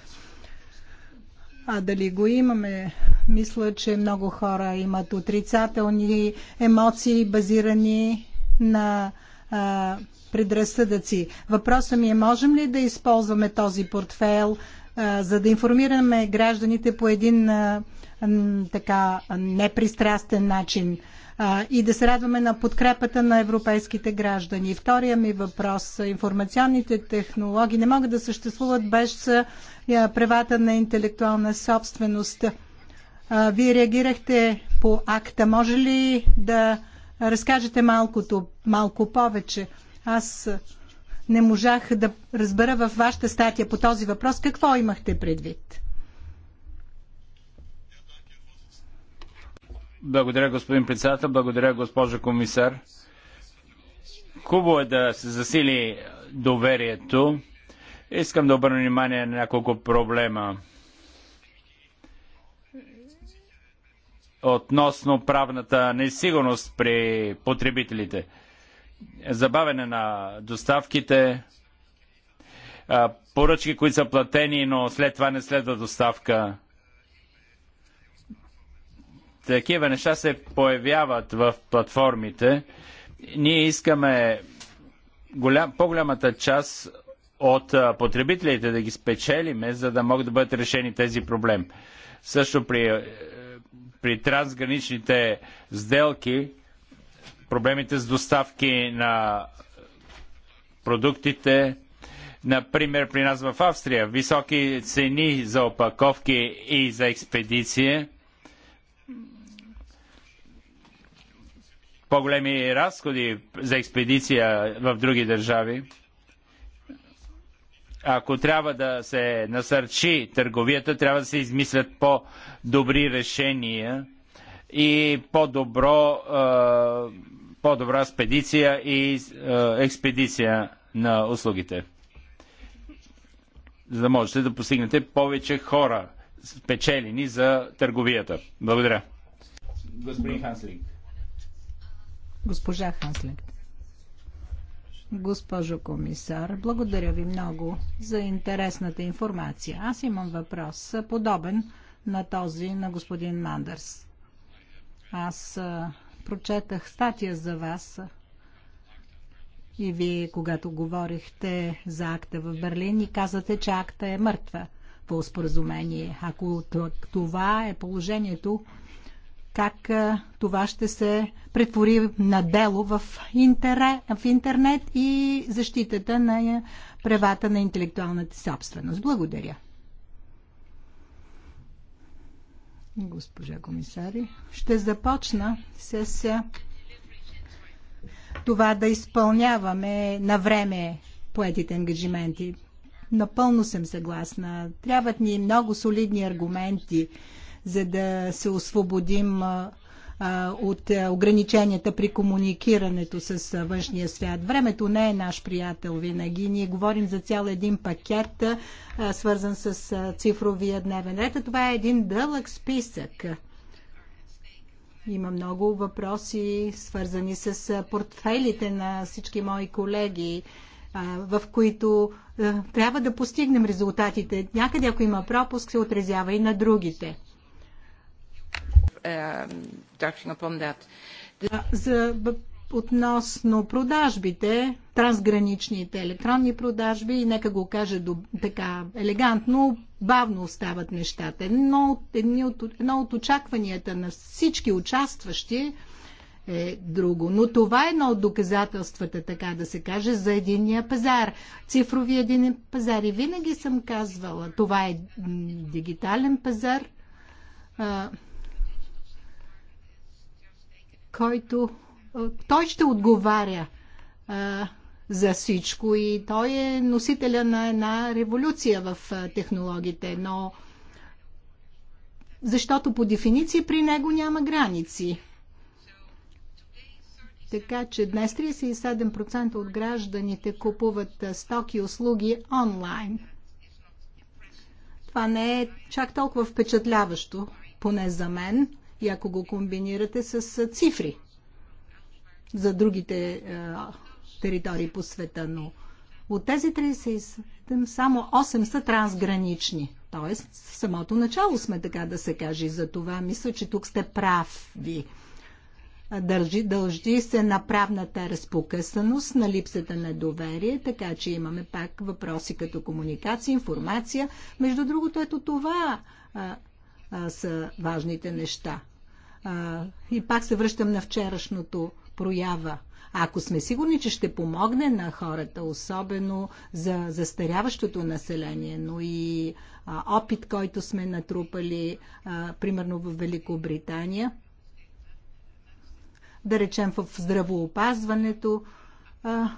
А дали го имаме? Мисля, че много хора имат отрицателни емоции, базирани на а, предразсъдъци. Въпросът ми е, можем ли да използваме този портфейл, а, за да информираме гражданите по един а, така непристрастен начин? а, и да се радваме на подкрепата на европейските граждани. втория ми въпрос. Информационните технологии не могат да съществуват без правата на интелектуална собственост. А, вие реагирахте по акта. Може ли да разкажете малкото, малко повече? Аз не можах да разбера в вашата статия по този въпрос какво имахте предвид.
Благодаря, господин председател. Благодаря, госпожо комисар. Хубаво е да се засили доверието. Искам да обърна внимание на няколко проблема. Относно правната несигурност при потребителите. Забавене на доставките, поръчки, които са платени, но след това не следва доставка такива неща се появяват в платформите. Ние искаме голям, по-голямата част от потребителите да ги спечелиме, за да могат да бъдат решени тези проблеми. Също при, при трансграничните сделки, проблемите с доставки на продуктите, например при нас в Австрия, високи цени за опаковки и за експедиция по-големи разходи за експедиция в други държави. Ако трябва да се насърчи търговията, трябва да се измислят по-добри решения и по-добро, по-добра спедиция и експедиция на услугите. За да можете да постигнете повече хора, спечелени за търговията. Благодаря. Господин Ханслинг.
Госпожа Ханслет. Госпожо комисар, благодаря ви много за интересната информация. Аз имам въпрос, подобен на този на господин Мандърс. Аз прочетах статия за вас и вие, когато говорихте за акта в Берлин и казате, че акта е мъртва по споразумение. Ако това е положението, как е, това ще се претвори на дело в, интере, в интернет и защитата на е, правата на интелектуалната собственост. Благодаря. Госпожа комисари, ще започна с е, това да изпълняваме на време поетите ангажименти. Напълно съм съгласна. Трябват ни много солидни аргументи за да се освободим от ограниченията при комуникирането с външния свят. Времето не е наш приятел винаги. Ние говорим за цял един пакет, свързан с цифровия дневен ред. това е един дълъг списък. Има много въпроси, свързани с портфелите на всички мои колеги, в които трябва да постигнем резултатите. Някъде, ако има пропуск, се отрезява и на другите. Um, за, относно продажбите, трансграничните електронни продажби, и нека го кажа до, така елегантно, бавно остават нещата. Но от, едно от очакванията на всички участващи е друго. Но това е едно от доказателствата, така да се каже, за единния пазар. Цифрови един пазар. И винаги съм казвала, това е дигитален пазар който той ще отговаря а, за всичко и той е носителя на една революция в технологиите, но защото по дефиниция при него няма граници. Така че днес 37% от гражданите купуват стоки и услуги онлайн. Това не е чак толкова впечатляващо, поне за мен и ако го комбинирате с цифри за другите територии по света, но от тези 37 само 8 са трансгранични. Тоест, самото начало сме така да се каже. За това мисля, че тук сте прави. Дължи, дължи се на правната разпокъсаност, на липсата на доверие, така че имаме пак въпроси като комуникация, информация. Между другото, ето това а, а, са важните неща. А, и пак се връщам на вчерашното проява. Ако сме сигурни, че ще помогне на хората, особено за застаряващото население, но и а, опит, който сме натрупали, а, примерно в Великобритания, да речем в здравоопазването, а,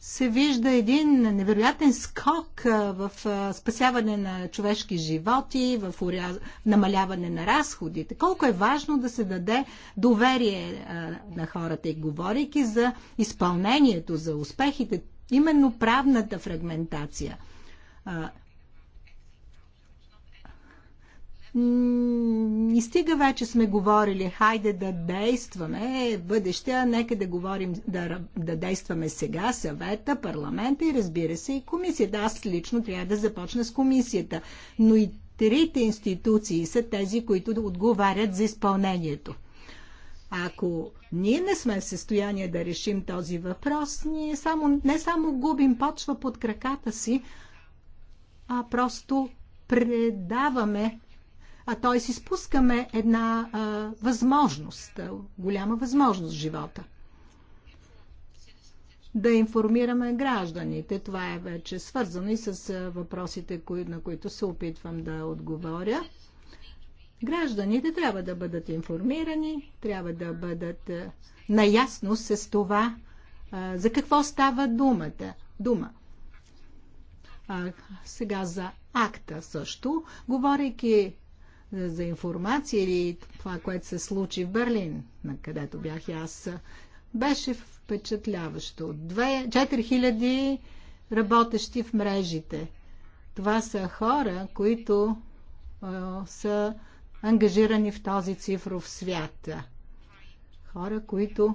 се вижда един невероятен скок в спасяване на човешки животи, в намаляване на разходите. Колко е важно да се даде доверие на хората и говорейки за изпълнението, за успехите, именно правната фрагментация Не стига вече сме говорили, хайде да действаме в бъдеще, а нека да говорим, да, да действаме сега, съвета, парламента и разбира се и комисията. Аз лично трябва да започна с комисията. Но и трите институции са тези, които да отговарят за изпълнението. Ако ние не сме в състояние да решим този въпрос, ние само, не само губим почва под краката си, а просто предаваме а т.е. изпускаме една а, възможност, голяма възможност в живота. Да информираме гражданите. Това е вече свързано и с въпросите, на които се опитвам да отговоря. Гражданите трябва да бъдат информирани, трябва да бъдат наясно с това, за какво става думата. Дума. А, сега за акта също, говорейки за информация или това, което се случи в Берлин, на където бях и аз, беше впечатляващо. 4000 работещи в мрежите. Това са хора, които е, са ангажирани в този цифров свят. Хора, които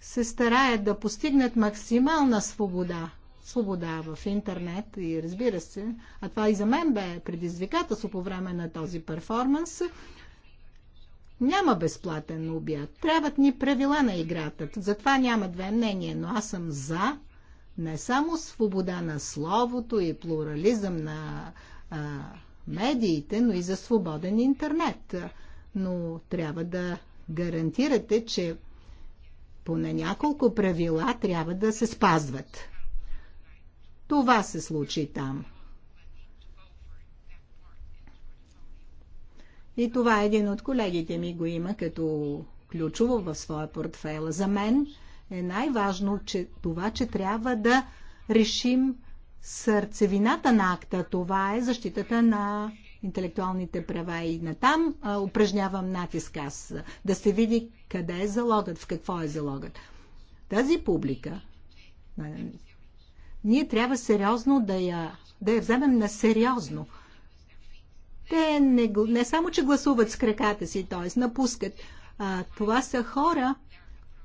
се стараят да постигнат максимална свобода свобода в интернет и разбира се, а това и за мен бе предизвикателство по време на този перформанс, няма безплатен обяд. Трябват ни правила на играта. Затова няма две мнения, но аз съм за не само свобода на словото и плурализъм на а, медиите, но и за свободен интернет. Но трябва да гарантирате, че поне няколко правила трябва да се спазват. Това се случи там. И това е един от колегите ми го има като ключово в своя портфейл. За мен е най-важно че, това, че трябва да решим сърцевината на акта. Това е защитата на интелектуалните права и на там а, упражнявам натиск аз. Да се види къде е залогът, в какво е залогът. Тази публика, ние трябва сериозно да я, да я вземем на сериозно. Те не, не само, че гласуват с краката си, т.е. напускат. А, това са хора,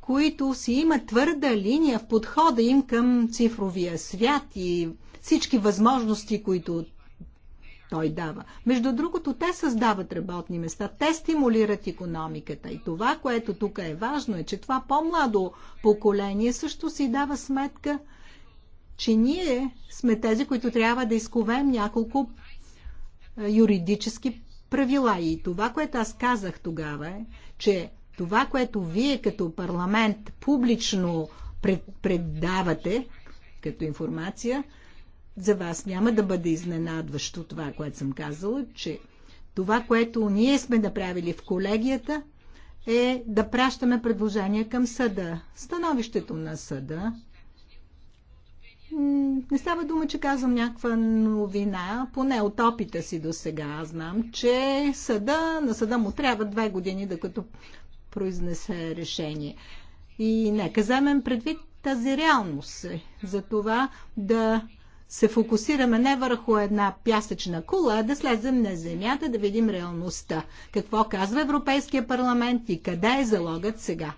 които си имат твърда линия в подхода им към цифровия свят и всички възможности, които той дава. Между другото, те създават работни места, те стимулират економиката. И това, което тук е важно, е, че това по-младо поколение също си дава сметка – че ние сме тези, които трябва да изковем няколко е, юридически правила. И това, което аз казах тогава е, че това, което вие като парламент публично предавате като информация, за вас няма да бъде изненадващо това, което съм казала, че това, което ние сме направили в колегията, е да пращаме предложения към съда. Становището на съда не става дума, че казвам някаква новина, поне от опита си до сега. Знам, че съда, на съда му трябва две години, докато произнесе решение. И нека вземем предвид тази реалност. За това да се фокусираме не върху една пясъчна кула, а да слезем на земята, да видим реалността. Какво казва Европейския парламент и къде е залогът сега.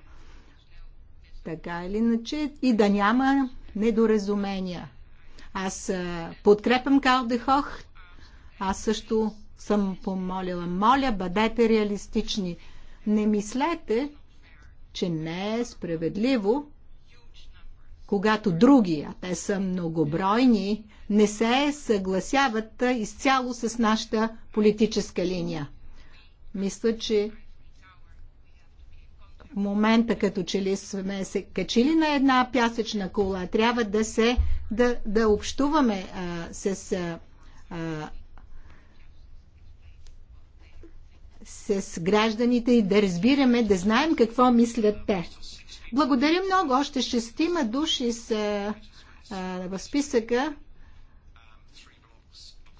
Така или иначе, и да няма недоразумения. Аз подкрепям Кал Дехох. Аз също съм помолила. Моля, бъдете реалистични. Не мислете, че не е справедливо, когато други, а те са многобройни, не се съгласяват изцяло с нашата политическа линия. Мисля, че момента като че ли сме се качили на една пясъчна кула. Трябва да се да, да общуваме а, с а, с гражданите и да разбираме, да знаем какво мислят те. Благодаря много. Още шестима души са а, в списъка.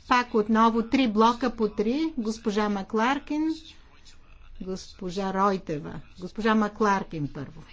Пак отново три блока по три. Госпожа Макларкин госпожа Ройтева. Госпожа Макларкин първо.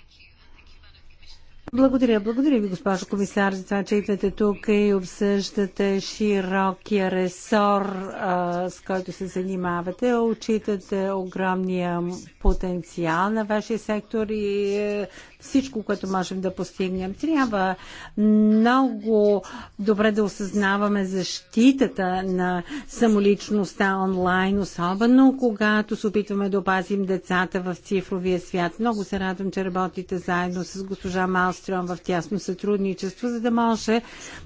Благодаря, благодаря ви, госпожо комисар, за това, че идвате тук и обсъждате широкия ресор, а, с който се занимавате. Очитате огромния потенциал на вашия сектор и е, всичко, което можем да постигнем. Трябва много добре да осъзнаваме защитата на самоличността онлайн, особено когато се опитваме да опазим децата в цифровия свят. Много се радвам, че работите заедно с госпожа Малстрем в тясно сътрудничество, за да може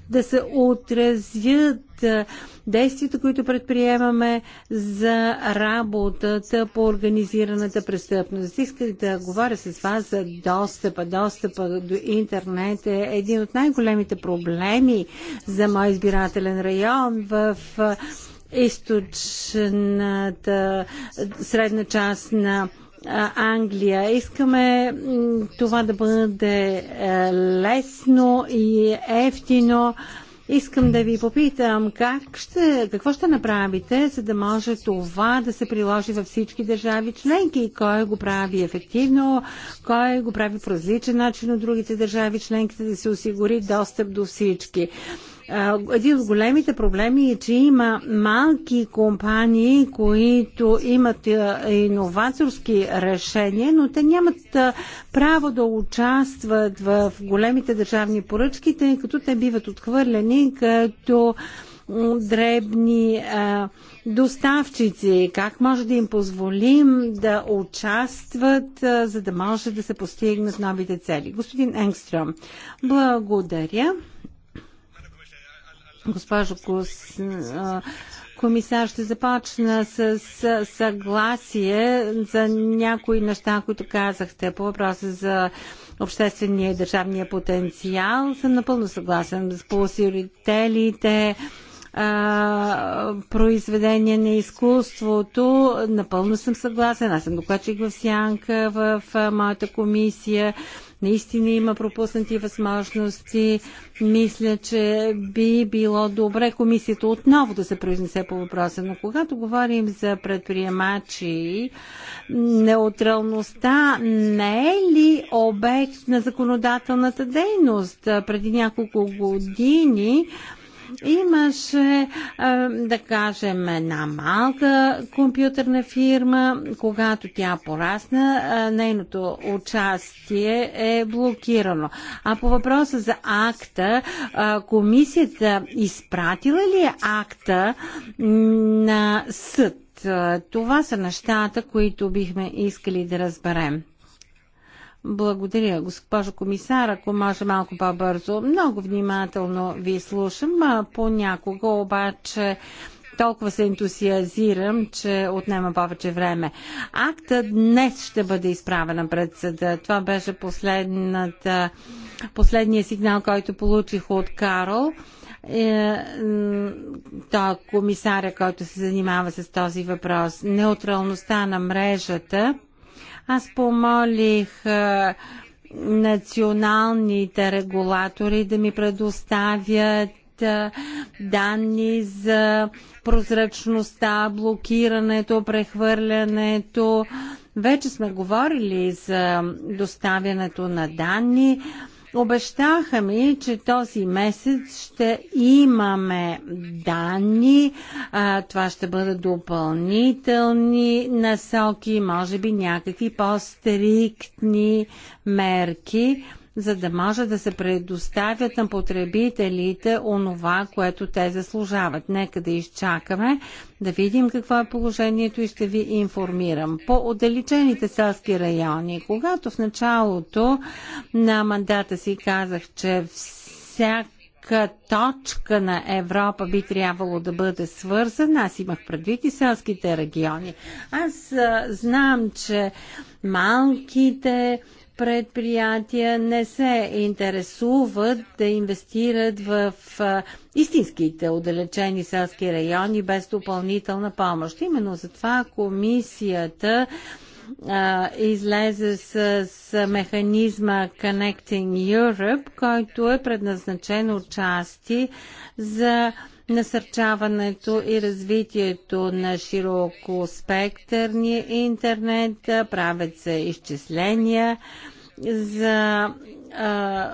да се отразят действията, които предприемаме за работата по организираната престъпност. Исках да говоря с вас за достъпа. Достъпа до интернет е един от най-големите проблеми за мой избирателен район в източната средна част на Англия. Искаме това да бъде лесно и ефтино Искам да ви попитам как ще, какво ще направите, за да може това да се приложи във всички държави членки? и Кой го прави ефективно, кой го прави по различен начин от другите държави членки, да се осигури достъп до всички? един от големите проблеми е, че има малки компании, които имат иноваторски решения, но те нямат право да участват в големите държавни поръчки, тъй като те биват отхвърлени като дребни а, доставчици, как може да им позволим да участват, а, за да може да се постигнат новите цели. Господин Енгстром, благодаря госпожо комисар, ще започна с съгласие за някои неща, които казахте по въпроса за обществения и държавния потенциал. Съм напълно съгласен с полусирителите, произведения на изкуството. Напълно съм съгласен. Аз съм докладчик в Сянка в моята комисия. Наистина има пропуснати възможности. Мисля, че би било добре комисията отново да се произнесе по въпроса. Но когато говорим за предприемачи, неутралността не е ли обект на законодателната дейност? Преди няколко години Имаше, да кажем, една малка компютърна фирма, когато тя порасна, нейното участие е блокирано. А по въпроса за акта, комисията изпратила ли е акта на съд? Това са нещата, които бихме искали да разберем. Благодаря, госпожо комисар, ако може малко по-бързо. Много внимателно ви слушам, а понякога обаче толкова се ентусиазирам, че отнема повече време. Акта днес ще бъде изправена пред съда. Това беше последната, последния сигнал, който получих от Карл. Е, той е комисаря, който се занимава с този въпрос. Неутралността на мрежата аз помолих националните регулатори да ми предоставят данни за прозрачността, блокирането, прехвърлянето. Вече сме говорили за доставянето на данни. Обещаха ми, че този месец ще имаме данни, а, това ще бъдат допълнителни насоки, може би някакви по-стриктни мерки за да може да се предоставят на потребителите онова, което те заслужават. Нека да изчакаме, да видим какво е положението и ще ви информирам. По отдалечените селски райони, когато в началото на мандата си казах, че всяка точка на Европа би трябвало да бъде свързана. Аз имах предвид и селските региони. Аз а, знам, че малките предприятия не се интересуват да инвестират в истинските отдалечени селски райони без допълнителна помощ. Именно затова комисията излезе с, с механизма Connecting Europe, който е предназначен отчасти за насърчаването и развитието на широко спектърния интернет, правят се изчисления за а,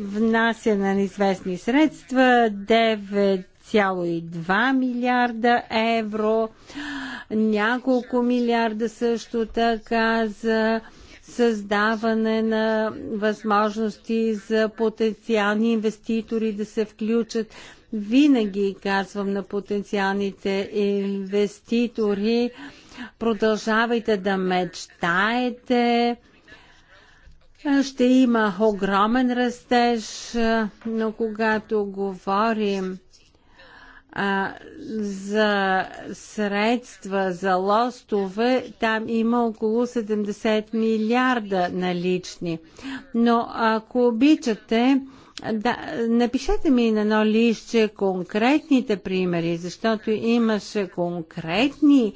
внасяне на известни средства 9,2 милиарда евро, няколко милиарда също така за създаване на възможности за потенциални инвеститори да се включат винаги казвам на потенциалните инвеститори, продължавайте да мечтаете, ще има огромен растеж, но когато говорим а, за средства, за лостове, там има около 70 милиарда налични. Но ако обичате, да, напишете ми на едно лище конкретните примери, защото имаше конкретни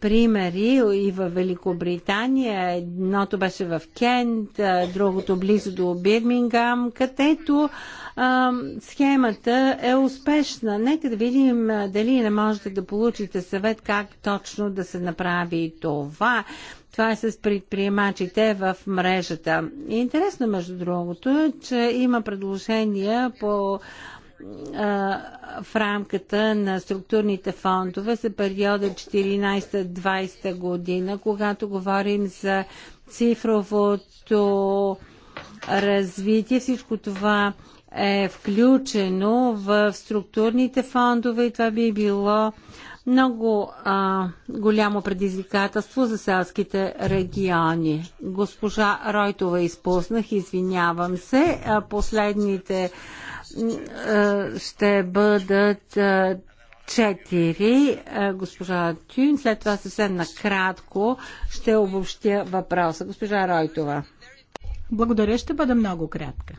примери и в Великобритания. Едното беше в Кент, другото близо до Бирмингам, където а, схемата е успешна. Нека да видим дали не можете да получите съвет как точно да се направи това. Това е с предприемачите в мрежата. Интересно, между другото, е, че има предложения по в рамката на структурните фондове за периода 14-20 година, когато говорим за цифровото развитие. Всичко това е включено в структурните фондове и това би било много а, голямо предизвикателство за селските региони. Госпожа Ройтова изпуснах, извинявам се. А, последните а, ще бъдат а, четири. А, госпожа Тюн, след това съвсем накратко ще обобщя въпроса. Госпожа Ройтова. Благодаря, ще бъда много кратка.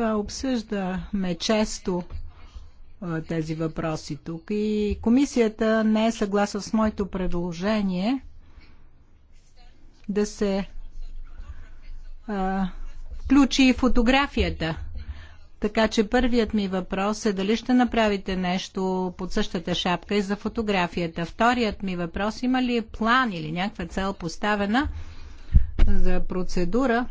Обсъждаме често тези въпроси тук. И комисията не е съгласна с моето предложение да се а, включи и фотографията. Така че първият ми въпрос е дали ще направите нещо под същата шапка и за фотографията. Вторият ми въпрос има ли план или някаква цел поставена за процедура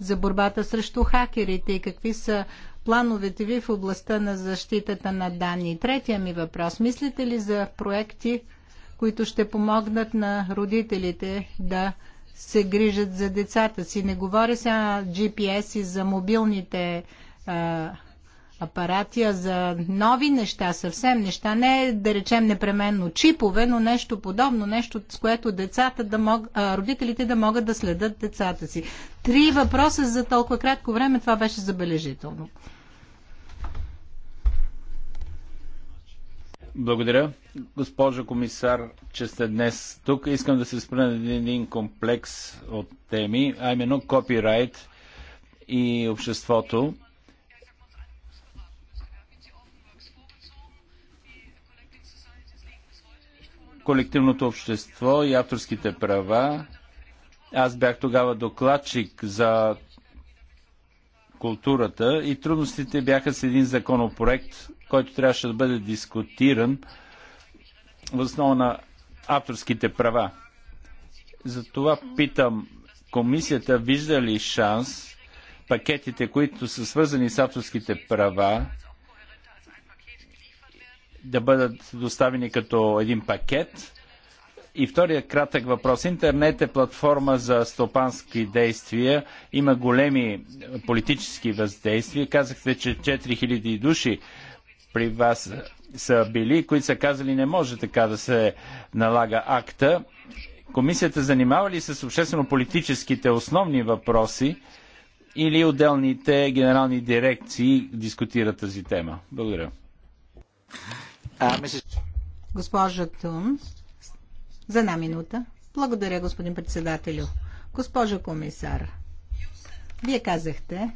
за борбата срещу хакерите и какви са плановете ви в областта на защитата на данни? Третия ми въпрос. Мислите ли за проекти, които ще помогнат на родителите да се грижат за децата си? Не говоря сега GPS и за мобилните а, апаратия за нови неща, съвсем неща, не да речем непременно чипове, но нещо подобно, нещо с което децата да мог, а, родителите да могат да следят децата си. Три въпроса за толкова кратко време, това беше забележително.
Благодаря, госпожо комисар, че сте днес тук. Искам да се спра на един комплекс от теми, а именно копирайт и обществото. колективното общество и авторските права. Аз бях тогава докладчик за културата и трудностите бяха с един законопроект, който трябваше да бъде дискутиран в основа на авторските права. Затова питам, комисията вижда ли шанс пакетите, които са свързани с авторските права, да бъдат доставени като един пакет. И втория кратък въпрос. Интернет е платформа за стопански действия. Има големи политически въздействия. Казахте, че 4000 души при вас са били, които са казали не може така да се налага акта. Комисията занимава ли се с обществено-политическите основни въпроси или отделните генерални дирекции дискутират тази тема? Благодаря.
Госпожа Тун, за една минута. Благодаря, господин председателю. Госпожо комисар, вие казахте,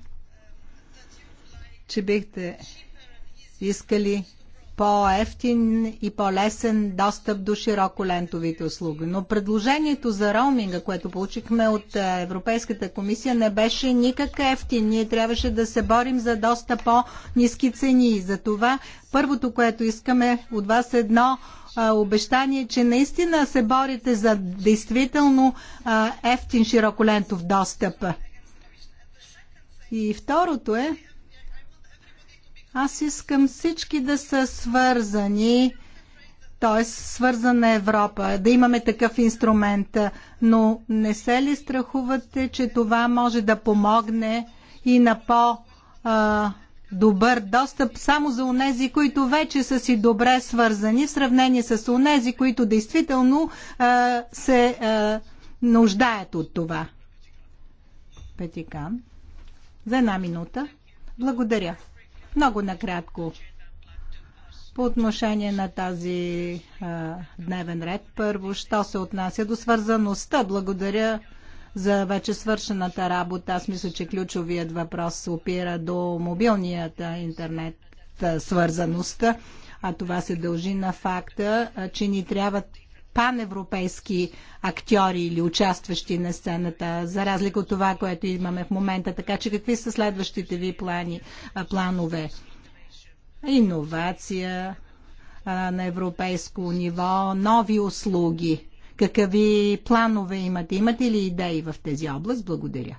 че бихте искали по-ефтин и по-лесен достъп до широко лентовите услуги. Но предложението за роуминга, което получихме от е, Европейската комисия, не беше никак ефтин. Ние трябваше да се борим за доста по-низки цени. Затова първото, което искаме от вас е едно е, обещание, че наистина се борите за действително е, ефтин широколентов достъп. И второто е, аз искам всички да са свързани, т.е. свързана Европа, да имаме такъв инструмент. Но не се ли страхувате, че това може да помогне и на по- добър достъп само за онези, които вече са си добре свързани в сравнение с онези, които действително а, се а, нуждаят от това. Петикан. За една минута. Благодаря. Много накратко. По отношение на тази а, дневен ред, първо, що се отнася до свързаността? Благодаря за вече свършената работа. Аз мисля, че ключовият въпрос се опира до мобилният интернет свързаността, а това се дължи на факта, че ни трябват паневропейски актьори или участващи на сцената, за разлика от това, което имаме в момента. Така че какви са следващите ви плани, планове? Иновация на европейско ниво, нови услуги. Какви планове имате? Имате ли идеи в тези област? Благодаря.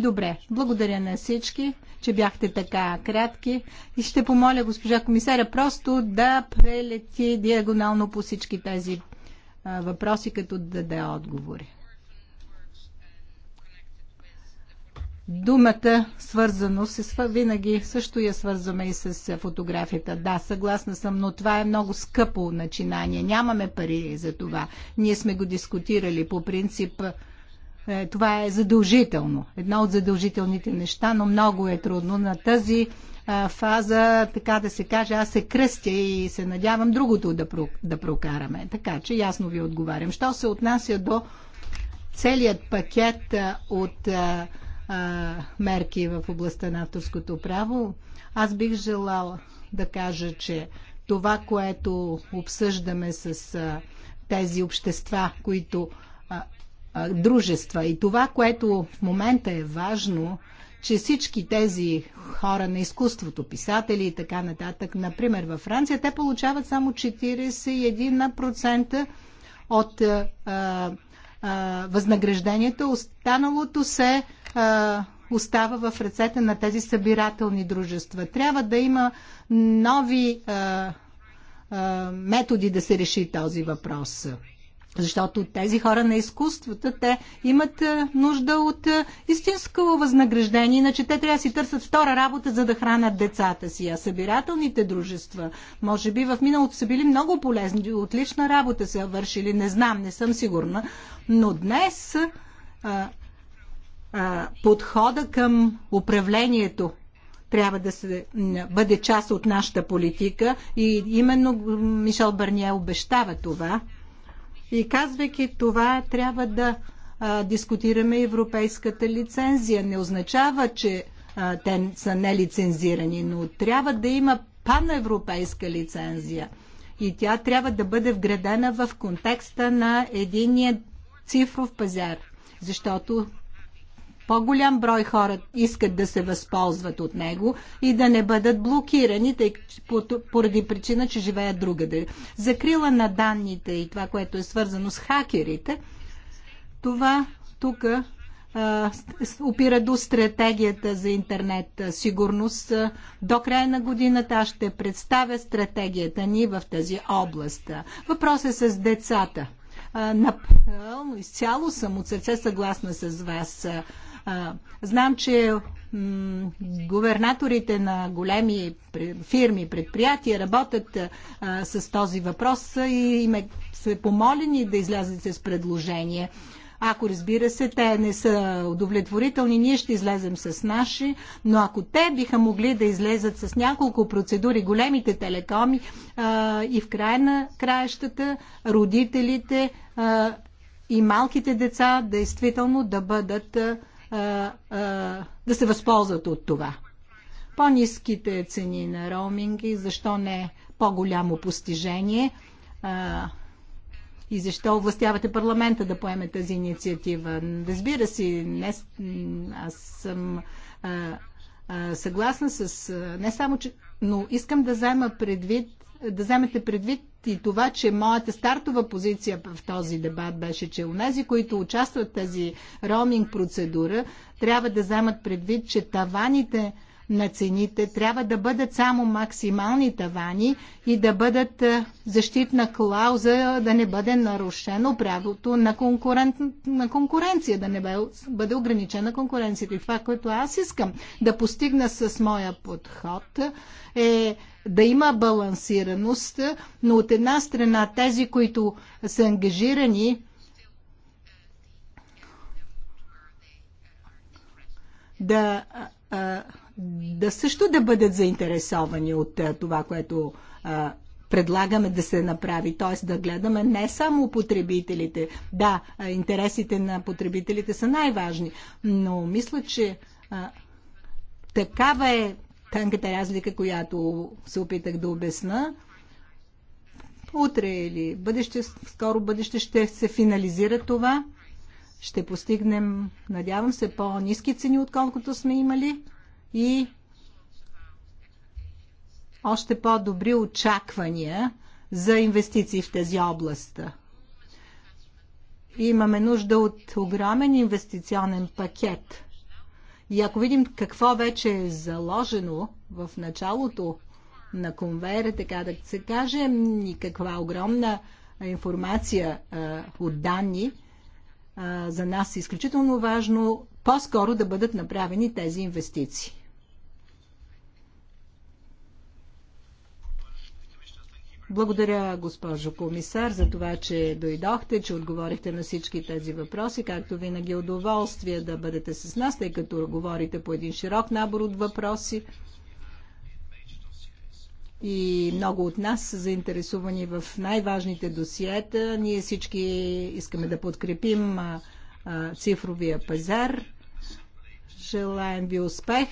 Добре, благодаря на всички, че бяхте така кратки и ще помоля госпожа комисаря просто да прелети диагонално по всички тези а, въпроси, като да даде отговори. Думата свързано се винаги също я свързваме и с фотографията. Да, съгласна съм, но това е много скъпо начинание. Нямаме пари за това. Ние сме го дискутирали по принцип е, това е задължително. Едно от задължителните неща, но много е трудно на тази фаза, така да се каже, аз се кръстя и се надявам другото да, про, да прокараме. Така че ясно ви отговарям. Що се отнася до целият пакет от а, а, мерки в областта на авторското право, аз бих желала да кажа, че това, което обсъждаме с а, тези общества, които дружества. И това, което в момента е важно, че всички тези хора на изкуството, писатели и така нататък, например във Франция, те получават само 41% от а, а, възнаграждението. Останалото се а, остава в ръцете на тези събирателни дружества. Трябва да има нови а, а, методи да се реши този въпрос. Защото тези хора на изкуствата, те имат е, нужда от е, истинско възнаграждение, иначе те трябва да си търсят втора работа, за да хранят децата си. А събирателните дружества, може би в миналото са били много полезни, отлична работа са вършили, не знам, не съм сигурна. Но днес а, е, а, подхода към управлението трябва да се, бъде част от нашата политика и именно Мишел Бърния обещава това и казвайки това, трябва да а, дискутираме европейската лицензия. Не означава, че а, те са нелицензирани, но трябва да има паневропейска лицензия. И тя трябва да бъде вградена в контекста на единия цифров пазар. Защото по-голям брой хора искат да се възползват от него и да не бъдат блокирани тъй, поради причина, че живеят другаде. Закрила на данните и това, което е свързано с хакерите, това тук опира до стратегията за интернет сигурност. До края на годината аз ще представя стратегията ни в тази област. Въпрос е с децата. Напълно, изцяло съм от сърце съгласна с вас. Знам, че губернаторите на големи фирми, предприятия работят а, с този въпрос и им е, са помолени да излязат с предложение. Ако разбира се, те не са удовлетворителни, ние ще излезем с наши, но ако те биха могли да излезат с няколко процедури, големите телекоми а, и в края на краищата родителите а, и малките деца действително да бъдат а, а, да се възползват от това. По-низките цени на роуминги, защо не по-голямо постижение а, и защо властявате парламента да поеме тази инициатива. Разбира си, не, аз съм а, а, съгласна с... Не само, че... Но искам да взема предвид да вземете предвид и това, че моята стартова позиция в този дебат беше, че нези, които участват в тази роуминг процедура, трябва да вземат предвид, че таваните на цените трябва да бъдат само максимални тавани и да бъдат е, защитна клауза е, да не бъде нарушено правото на, конкурен... на конкуренция, да не бъде ограничена конкуренцията. И това, което аз искам да постигна с моя подход е да има балансираност, но от една страна тези, които са ангажирани да а, да също да бъдат заинтересовани от е, това, което е, предлагаме да се направи, т.е. да гледаме не само потребителите. Да, е, интересите на потребителите са най-важни, но мисля, че а, такава е тънката разлика, която се опитах да обясна. Утре или бъдеще, скоро бъдеще ще се финализира това. Ще постигнем, надявам се, по-низки цени, отколкото сме имали и още по-добри очаквания за инвестиции в тези област. Имаме нужда от огромен инвестиционен пакет. И ако видим какво вече е заложено в началото на конвейера, така да се каже, и каква огромна информация а, от данни, а, за нас е изключително важно по-скоро да бъдат направени тези инвестиции. Благодаря, госпожо комисар, за това, че дойдохте, че отговорихте на всички тези въпроси. Както винаги, е удоволствие да бъдете с нас, тъй като говорите по един широк набор от въпроси. И много от нас са заинтересувани в най-важните досиета. Ние всички искаме да подкрепим цифровия пазар. Желаем ви успех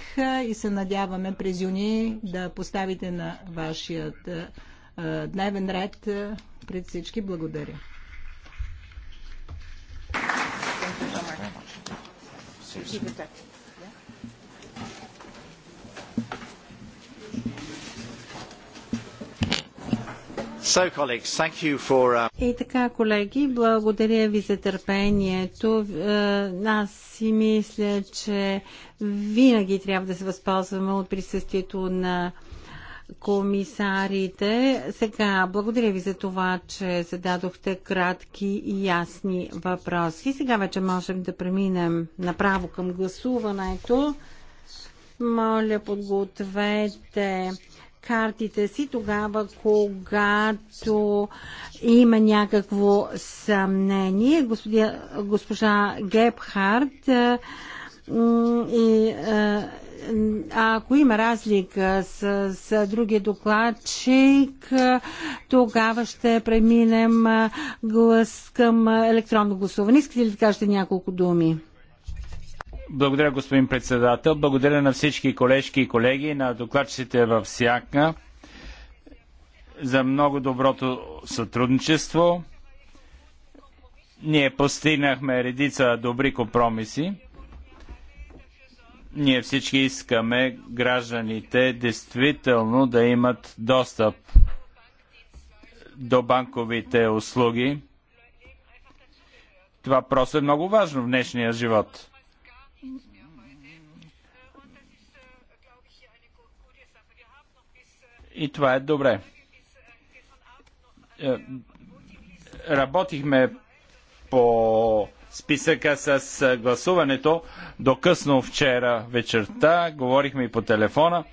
и се надяваме през юни да поставите на вашият дневен ред пред всички. Благодаря.
Uh, И така, колеги, благодаря ви за търпението. Е, аз си мисля, че винаги трябва да се възползваме от присъствието на комисарите. Сега, благодаря ви за това, че зададохте кратки и ясни въпроси. Сега вече можем да преминем направо към гласуването. Моля, подгответе картите си тогава, когато има някакво съмнение. госпожа Гебхард и а ако има разлика с, с другия докладчик, тогава ще преминем глас към електронно гласуване. Искате ли да кажете няколко думи?
Благодаря, господин председател. Благодаря на всички колежки и колеги, на докладчиците във всяка за много доброто сътрудничество. Ние постигнахме редица добри компромиси ние всички искаме гражданите действително да имат достъп до банковите услуги. Това просто е много важно в днешния живот. И това е добре. Е, работихме по списъка с гласуването до късно вчера вечерта. Говорихме и по телефона.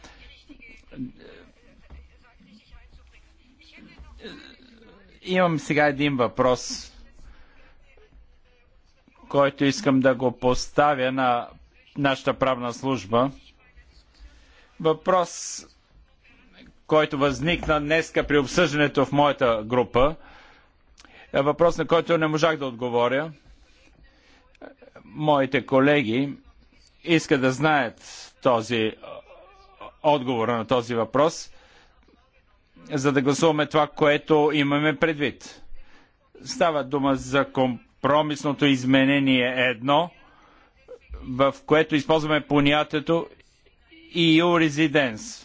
Имам сега един въпрос, който искам да го поставя на нашата правна служба. Въпрос, който възникна днеска при обсъждането в моята група. Въпрос, на който не можах да отговоря моите колеги искат да знаят този отговор на този въпрос, за да гласуваме това, което имаме предвид. Става дума за компромисното изменение едно, в което използваме понятието EU Residence –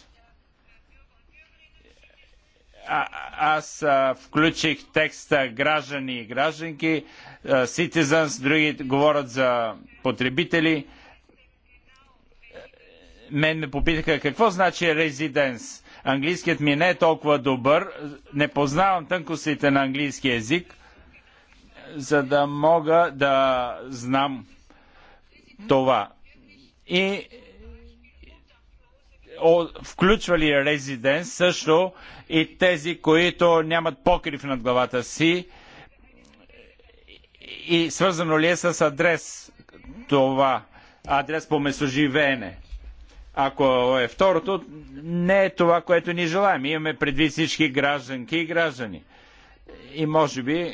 аз а, включих текста граждани и гражданки, citizens, други говорят за потребители. Мен ме попитаха какво значи резиденс. Английският ми е не е толкова добър, не познавам тънкостите на английски язик, за да мога да знам това. И включвали резидент също и тези, които нямат покрив над главата си и свързано ли е с адрес това, адрес по местоживеене. Ако е второто, не е това, което ни желаем. Имаме предвид всички гражданки и граждани. И може би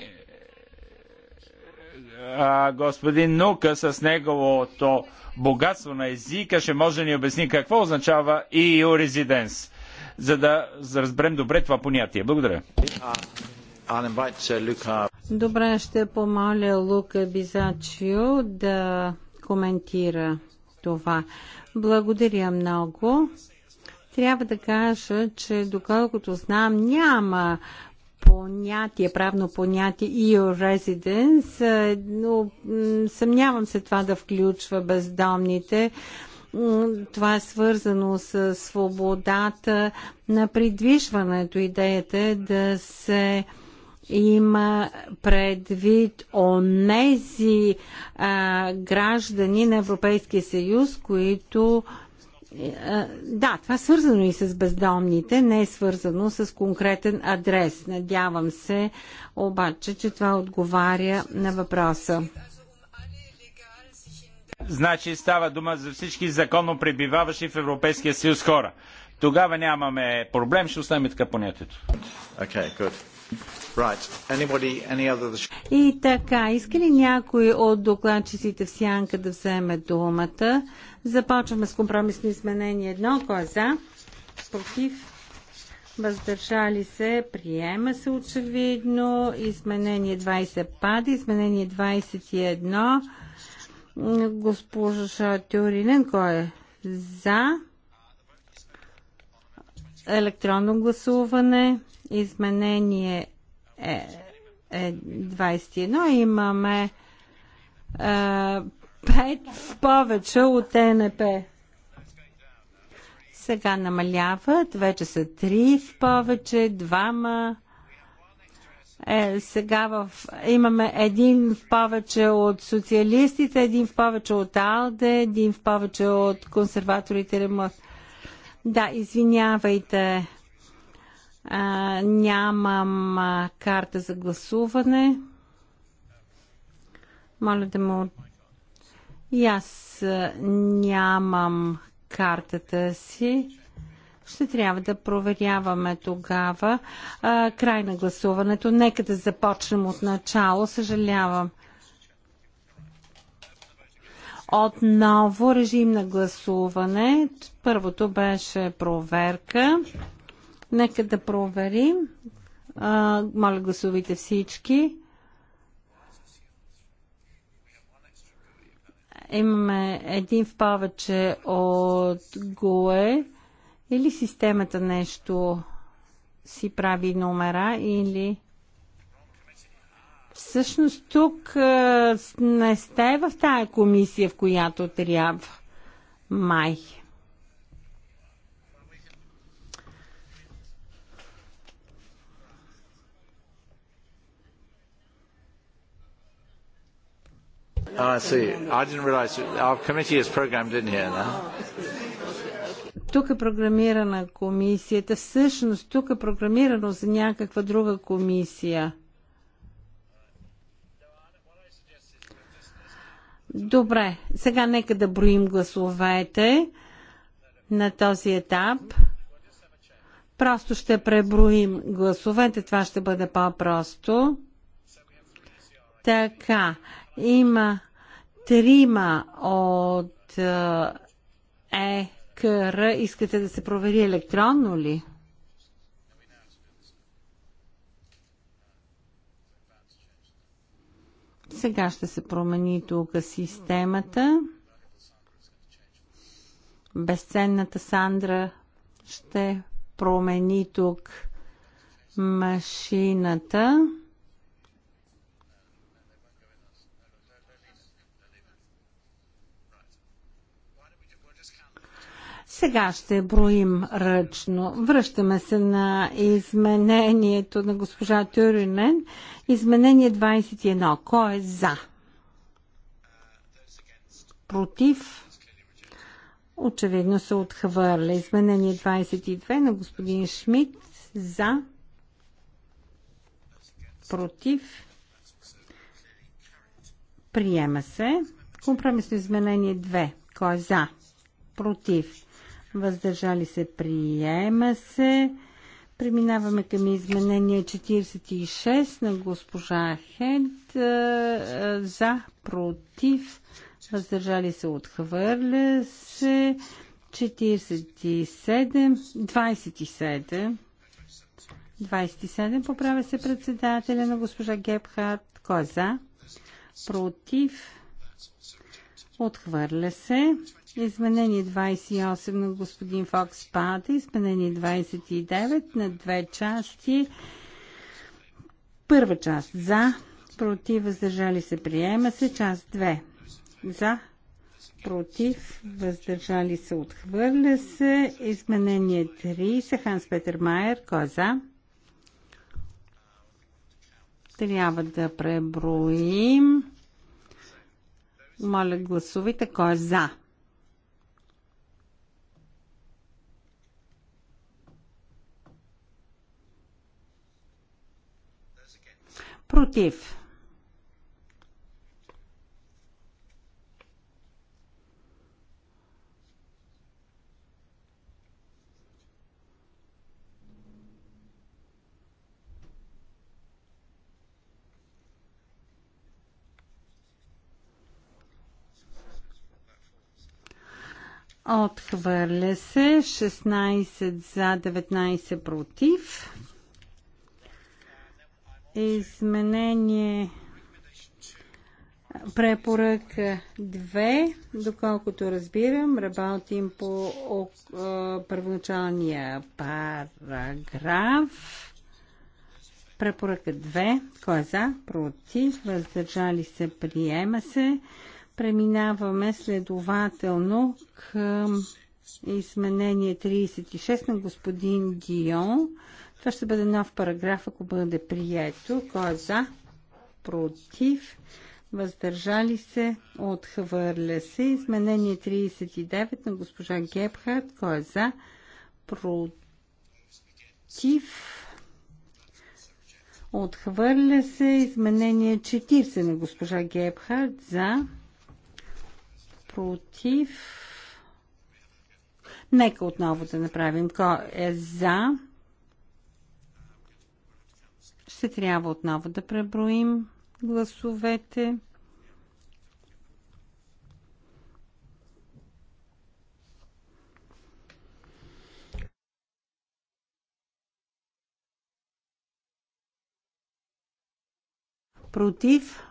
а, господин Нука с неговото богатство на езика ще може да ни обясни какво означава EU Residence, за да разберем добре това понятие. Благодаря. Uh,
добре, ще помоля Лука Бизачио да коментира това. Благодаря много. Трябва да кажа, че доколкото знам, няма понятие, правно понятие EU residence, е, но съмнявам се това да включва бездомните. Това е свързано с свободата на придвижването. Идеята е да се има предвид онези граждани на Европейския съюз, които а, е, да, това е свързано и с бездомните, не е свързано с конкретен адрес. Надявам се обаче, че това отговаря на въпроса.
Значи става дума за всички законно пребиваващи в Европейския съюз хора. Тогава нямаме проблем, ще оставим така понятието. Okay, good. Right. Anybody, any other...
И така, иска ли някой от докладчиците в сянка да вземе думата? Започваме с компромисно изменение едно. Кой е за? Против? Въздържали се, приема се очевидно. Изменение 20 пада. Изменение 21. Госпожа Тюринен, кой е за? Електронно гласуване изменение е, е 21. Имаме е, 5 в повече от ЕНП. Сега намаляват, вече са 3 в повече, 2-ма. Е, сега в, имаме един в повече от социалистите, един в повече от АЛДЕ, един в повече от консерваторите Да, извинявайте. А, нямам а, карта за гласуване. Моля да му. И аз а, нямам картата си. Ще трябва да проверяваме тогава а, край на гласуването. Нека да започнем от начало. Съжалявам. Отново режим на гласуване. Първото беше проверка. Нека да проверим. А, моля, гласувайте всички. Имаме един в повече от ГУЕ. Или системата нещо си прави номера, или... Всъщност тук не сте в тая комисия, в която трябва. Май.
Oh, I see. I didn't realize our committee is programmed in here now.
Тук е програмирана комисията. Всъщност, тук е програмирано за някаква друга комисия. Добре, сега нека да броим гласовете на този етап. Просто ще преброим гласовете, това ще бъде по-просто. Така, има трима от ЕКР е искате да се провери електронно ли? Сега ще се промени тук системата. Безценната Сандра ще промени тук машината. Сега ще броим ръчно. Връщаме се на изменението на госпожа Тюринен. Изменение 21. Кой е за? Против? Очевидно се отхвърля. Изменение 22 на господин Шмидт. За? Против? Приема се. Компромисно изменение 2. Кой е за? Против? въздържали се, приема се. Преминаваме към изменение 46 на госпожа Хед. Е, е, за, против, въздържали се, отхвърля се. 47, 27, 27 поправя се председателя на госпожа Гепхард. Кой е за? Против. Отхвърля се. Изменение 28 на господин Фокс пада. Изменение 29 на две части. Първа част за, против, въздържали се, приема се. Част 2 за, против, въздържали се, отхвърля се. Изменение 3, Ханс Петър Майер, кой е за? Трябва да преброим. Моля, гласувайте кой е за. Против. Отхвърля се 16 за 19 против изменение препоръка 2. Доколкото разбирам, работим по първоначалния параграф. Препоръка 2. Кой е за? Против? Въздържали се? Приема се. Преминаваме следователно към изменение 36 на господин Дион. Това ще бъде нов параграф, ако бъде прието. Кой е за? Против? Въздържали се? Отхвърля се. Изменение 39 на госпожа Гебхард. Кой е за? Против? Отхвърля се изменение 40 на госпожа Гебхард за против. Нека отново да направим кой е за ще трябва отново да преброим гласовете.
против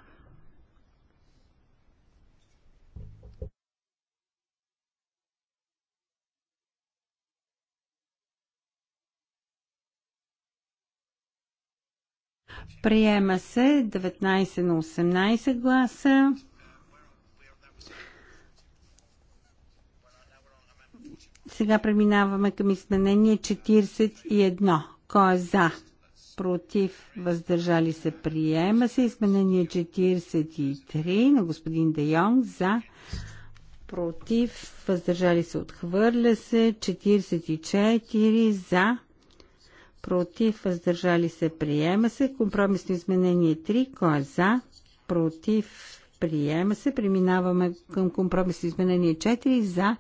Приема се 19 на 18 гласа. Сега преминаваме към изменение 41. Кой е за? Против? Въздържали се? Приема се. Изменение 43 на господин Де Йонг. За? Против? Въздържали се? Отхвърля се. 44 за? против, въздържали се, приема се. Компромисно изменение 3, кой е за, против, приема се. Преминаваме към компромисно изменение 4, за,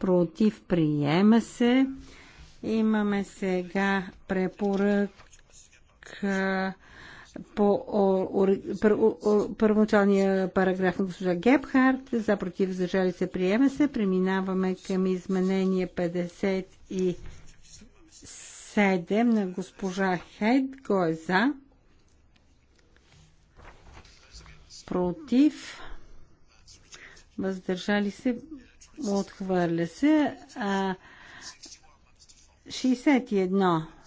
против, приема се. Имаме сега препоръка по първоначалния параграф на госпожа Гебхарт. За против, въздържали се, приема се. Преминаваме към изменение 50 и 7 на госпожа Хейт. го е за? Против? Въздържали се? Отхвърля се. А, 61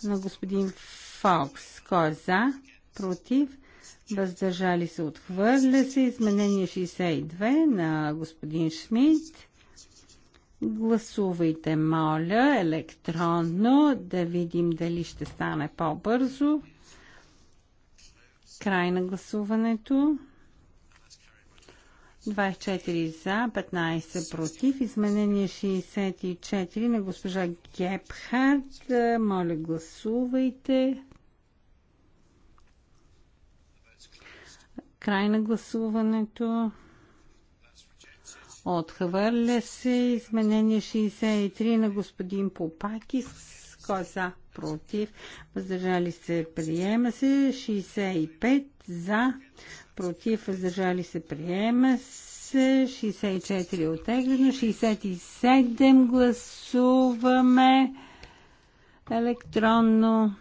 на господин Фокс. Кой е за? Против? Въздържали се? Отхвърля се. Изменение 62 на господин Шмидт. Гласувайте, моля, електронно, да видим дали ще стане по-бързо. Край на гласуването. 24 за, 15 против. Изменение 64 на госпожа Гепхард. Моля, гласувайте. Край на гласуването. Отхвърля се изменение 63 на господин Попаки с коза против. Въздържали се приема се 65 за против. Въздържали се приема се 64 отеглено. 67 гласуваме електронно.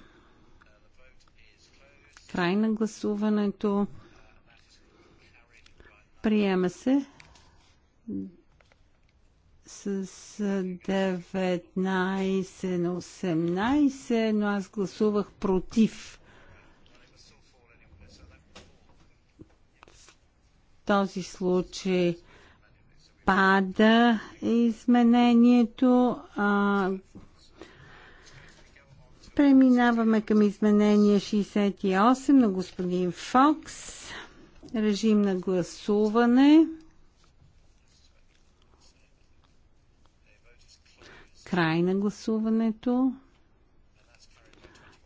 Край на гласуването. Приема се с 19 на 18, но аз гласувах против. В този случай пада изменението. А, преминаваме към изменение 68 на господин Фокс. Режим на гласуване. Край на гласуването.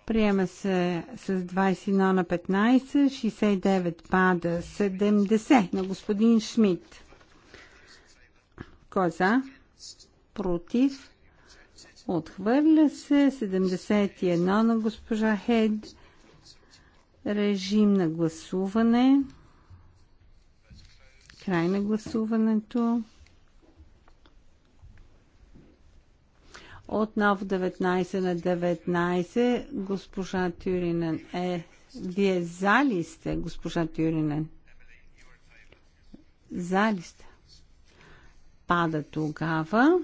Приема се с 21 на 15, 69 пада, 70 на господин Шмидт. Кой е за? Против. Отхвърля се 71 на госпожа Хед. Режим на гласуване. Край на гласуването. Отново 19 на 19. Госпожа Тюринен е... Вие за ли сте, госпожа Тюринен? За ли сте? Пада тогава.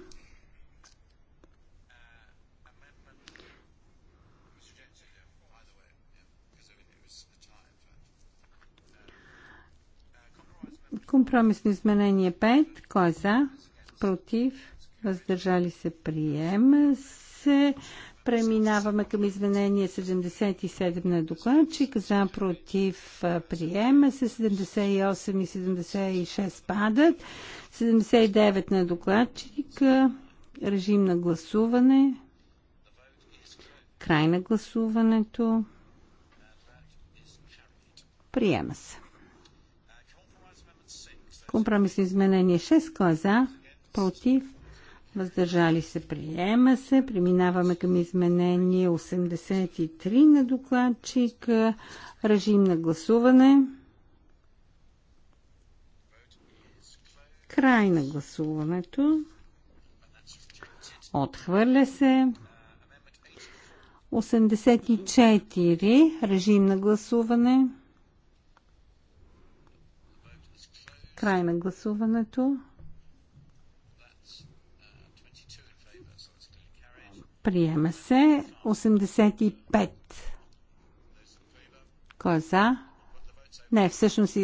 Компромисно изменение 5. Кой е за? Против? въздържали се, приема се. Преминаваме към изменение 77 на докладчик. За против приема се 78 и 76 падат. 79 на докладчик. Режим на гласуване. Край на гласуването. Приема се. Компромисно изменение 6. Кой е за? Против? въздържали се, приема се. Преминаваме към изменение 83 на докладчик. Режим на гласуване. Край на гласуването. Отхвърля се. 84. Режим на гласуване. Край на гласуването. Приема се 85. Кой е за? Не, всъщност,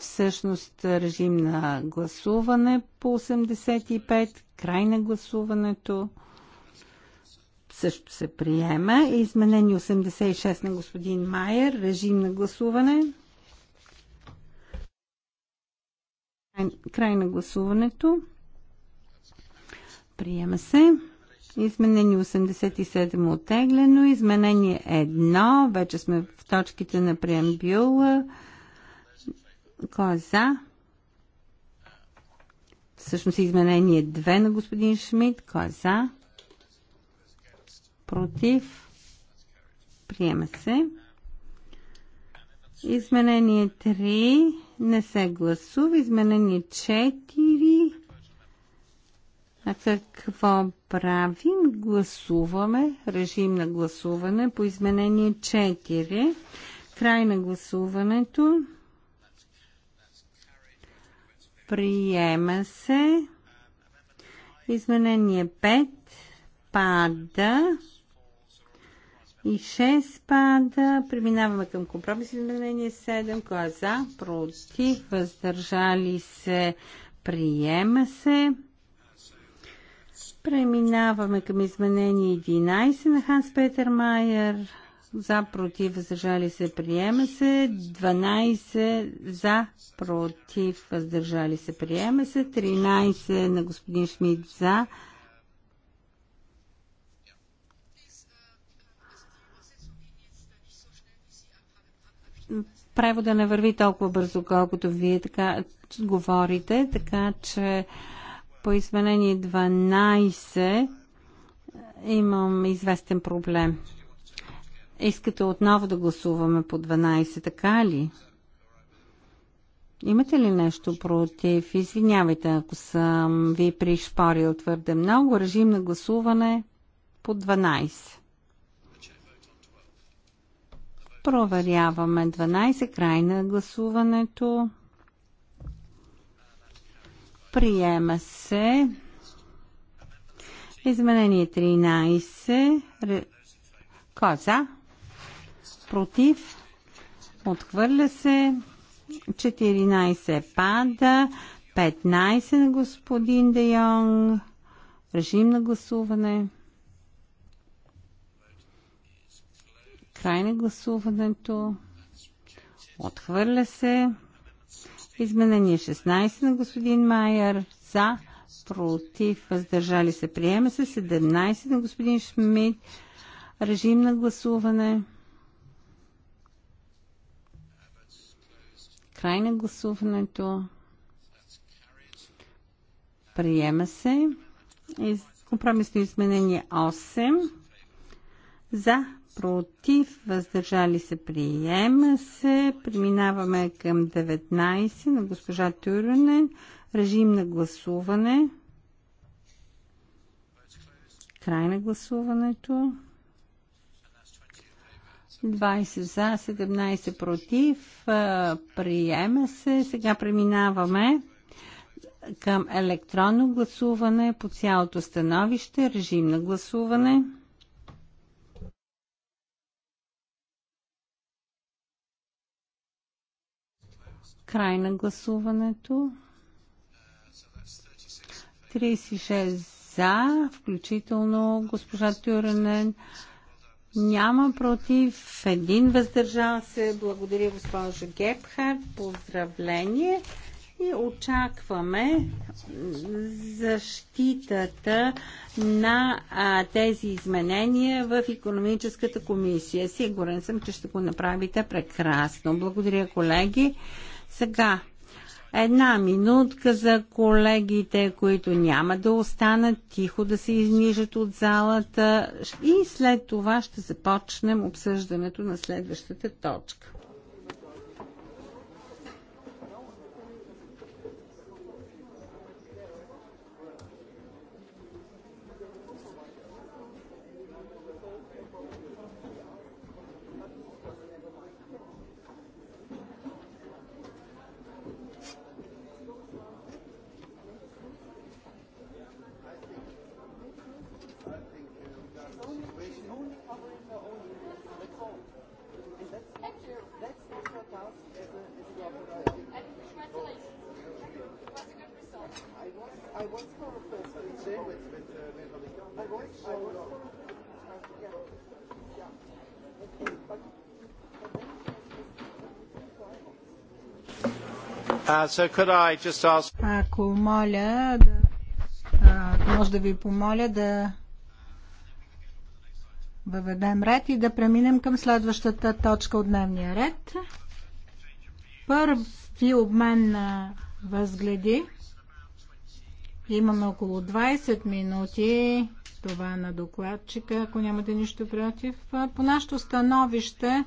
всъщност режим на гласуване по 85, край на гласуването също се приема. Изменение 86 на господин Майер, режим на гласуване. Край на гласуването. Приема се. Изменение 87 отеглено. Изменение 1. Вече сме в точките на преамбюла. Кой е за? Всъщност изменение 2 на господин Шмидт. Кой е за? Против? Приема се. Изменение 3 не се гласува. Изменение 4 а какво правим? Гласуваме. Режим на гласуване по изменение 4. Край на гласуването. Приема се. Изменение 5 пада. И 6 пада. Преминаваме към компромис изменение 7. Кой е за? Против. Въздържали се. Приема се. Преминаваме към изменение 11 на Ханс Петър Майер. За, против, въздържали се, приема се. 12 за, против, въздържали се, приема се. 13 на господин Шмидт за. Превода не върви толкова бързо, колкото вие така говорите, така че по изменение 12 е, имам известен проблем. Искате отново да гласуваме по 12, така ли? Имате ли нещо против? Извинявайте, ако съм ви пришпорил твърде много. Режим на гласуване по 12. Проверяваме 12, край на гласуването. Приема се. Изменение 13. Кой е за? Против. Отхвърля се. 14 пада. 15 на господин Де Йонг. Режим на гласуване. Край на гласуването. Отхвърля се. Изменение 16 на господин Майер за, против, въздържали се, приема се. 17 на господин Шмидт. Режим на гласуване. Край на гласуването. Приема се. Компромисно изменение 8. За, против, въздържали се, приема се. Преминаваме към 19 на госпожа Тюрюнен. Режим на гласуване. Край на гласуването. 20 за, 17 против. Приема се. Сега преминаваме към електронно гласуване по цялото становище. Режим на гласуване. Край на гласуването. 36 за, включително госпожа Тюренен. Няма против. Един въздържал се. Благодаря, госпожо Гепхард. Поздравление. И очакваме защитата на а, тези изменения в економическата комисия. Сигурен съм, че ще го направите прекрасно. Благодаря, колеги. Сега, една минутка за колегите, които няма да останат, тихо да се изнижат от залата и след това ще започнем обсъждането на следващата точка.
Uh, so
Ако моля, да, а, може да ви помоля да въведем ред и да преминем към следващата точка от дневния ред. Първи обмен на възгледи. Имаме около 20 минути. Това е на докладчика, ако нямате нищо против. По нашето становище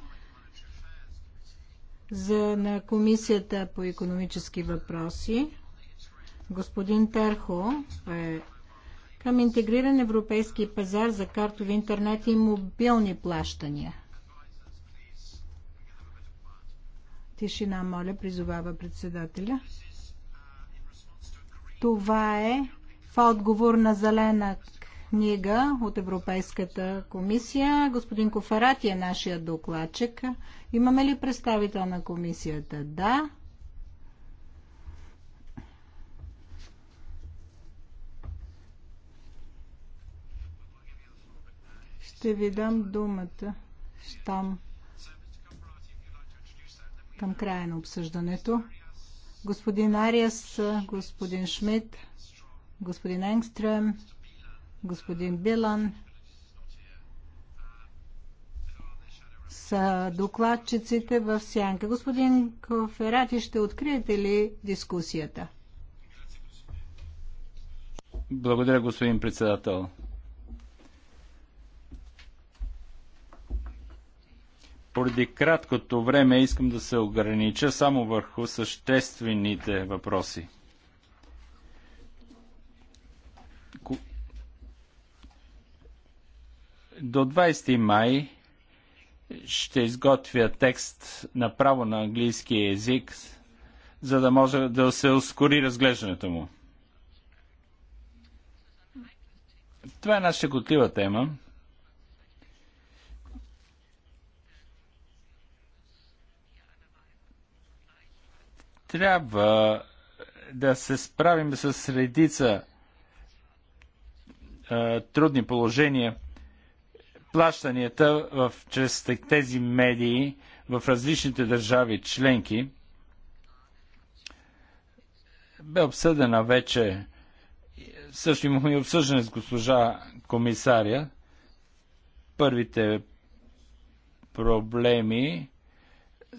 за, на Комисията по економически въпроси. Господин Терхо е към интегриран европейски пазар за картови интернет и мобилни плащания. Тишина, моля, призовава председателя. Това е в отговор на зелена книга от Европейската комисия. Господин Коферати е нашия докладчик. Имаме ли представител на комисията? Да. Ще ви дам думата. Штам. към края на обсъждането. Господин Ариас, господин Шмидт, господин Енгстрем, господин Билан са докладчиците в сянка. Господин Коферати, ще откриете ли дискусията?
Благодаря, господин председател. Поради краткото време искам да се огранича само върху съществените въпроси – До 20 май ще изготвя текст направо на английски език, за да може да се ускори разглеждането му. Това е наша готлива тема. Трябва да се справим с редица трудни положения плащанията в, чрез тези медии в различните държави членки. Бе обсъдена вече, също имахме и обсъждане с госпожа комисаря, първите проблеми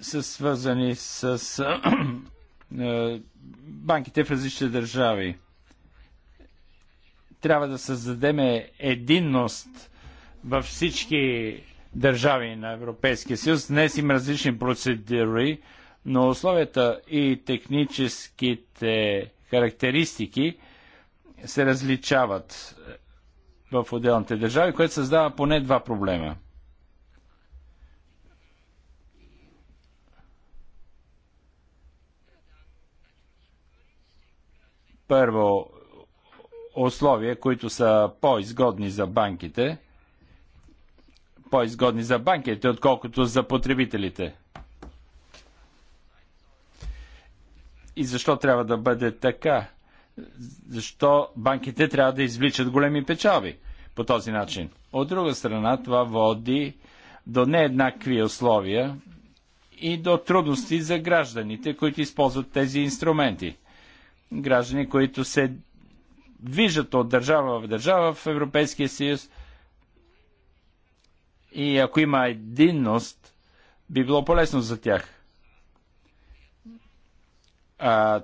са свързани с е, банките в различните държави. Трябва да създадем единност във всички държави на Европейския съюз. Днес има различни процедури, но условията и техническите характеристики се различават в отделните държави, което създава поне два проблема. Първо, условия, които са по-изгодни за банките – по-изгодни за банките, отколкото за потребителите. И защо трябва да бъде така? Защо банките трябва да извличат големи печалби по този начин? От друга страна, това води до нееднакви условия и до трудности за гражданите, които използват тези инструменти. Граждани, които се движат от държава в държава в Европейския съюз – и ако има единност, би било полезно за тях. А,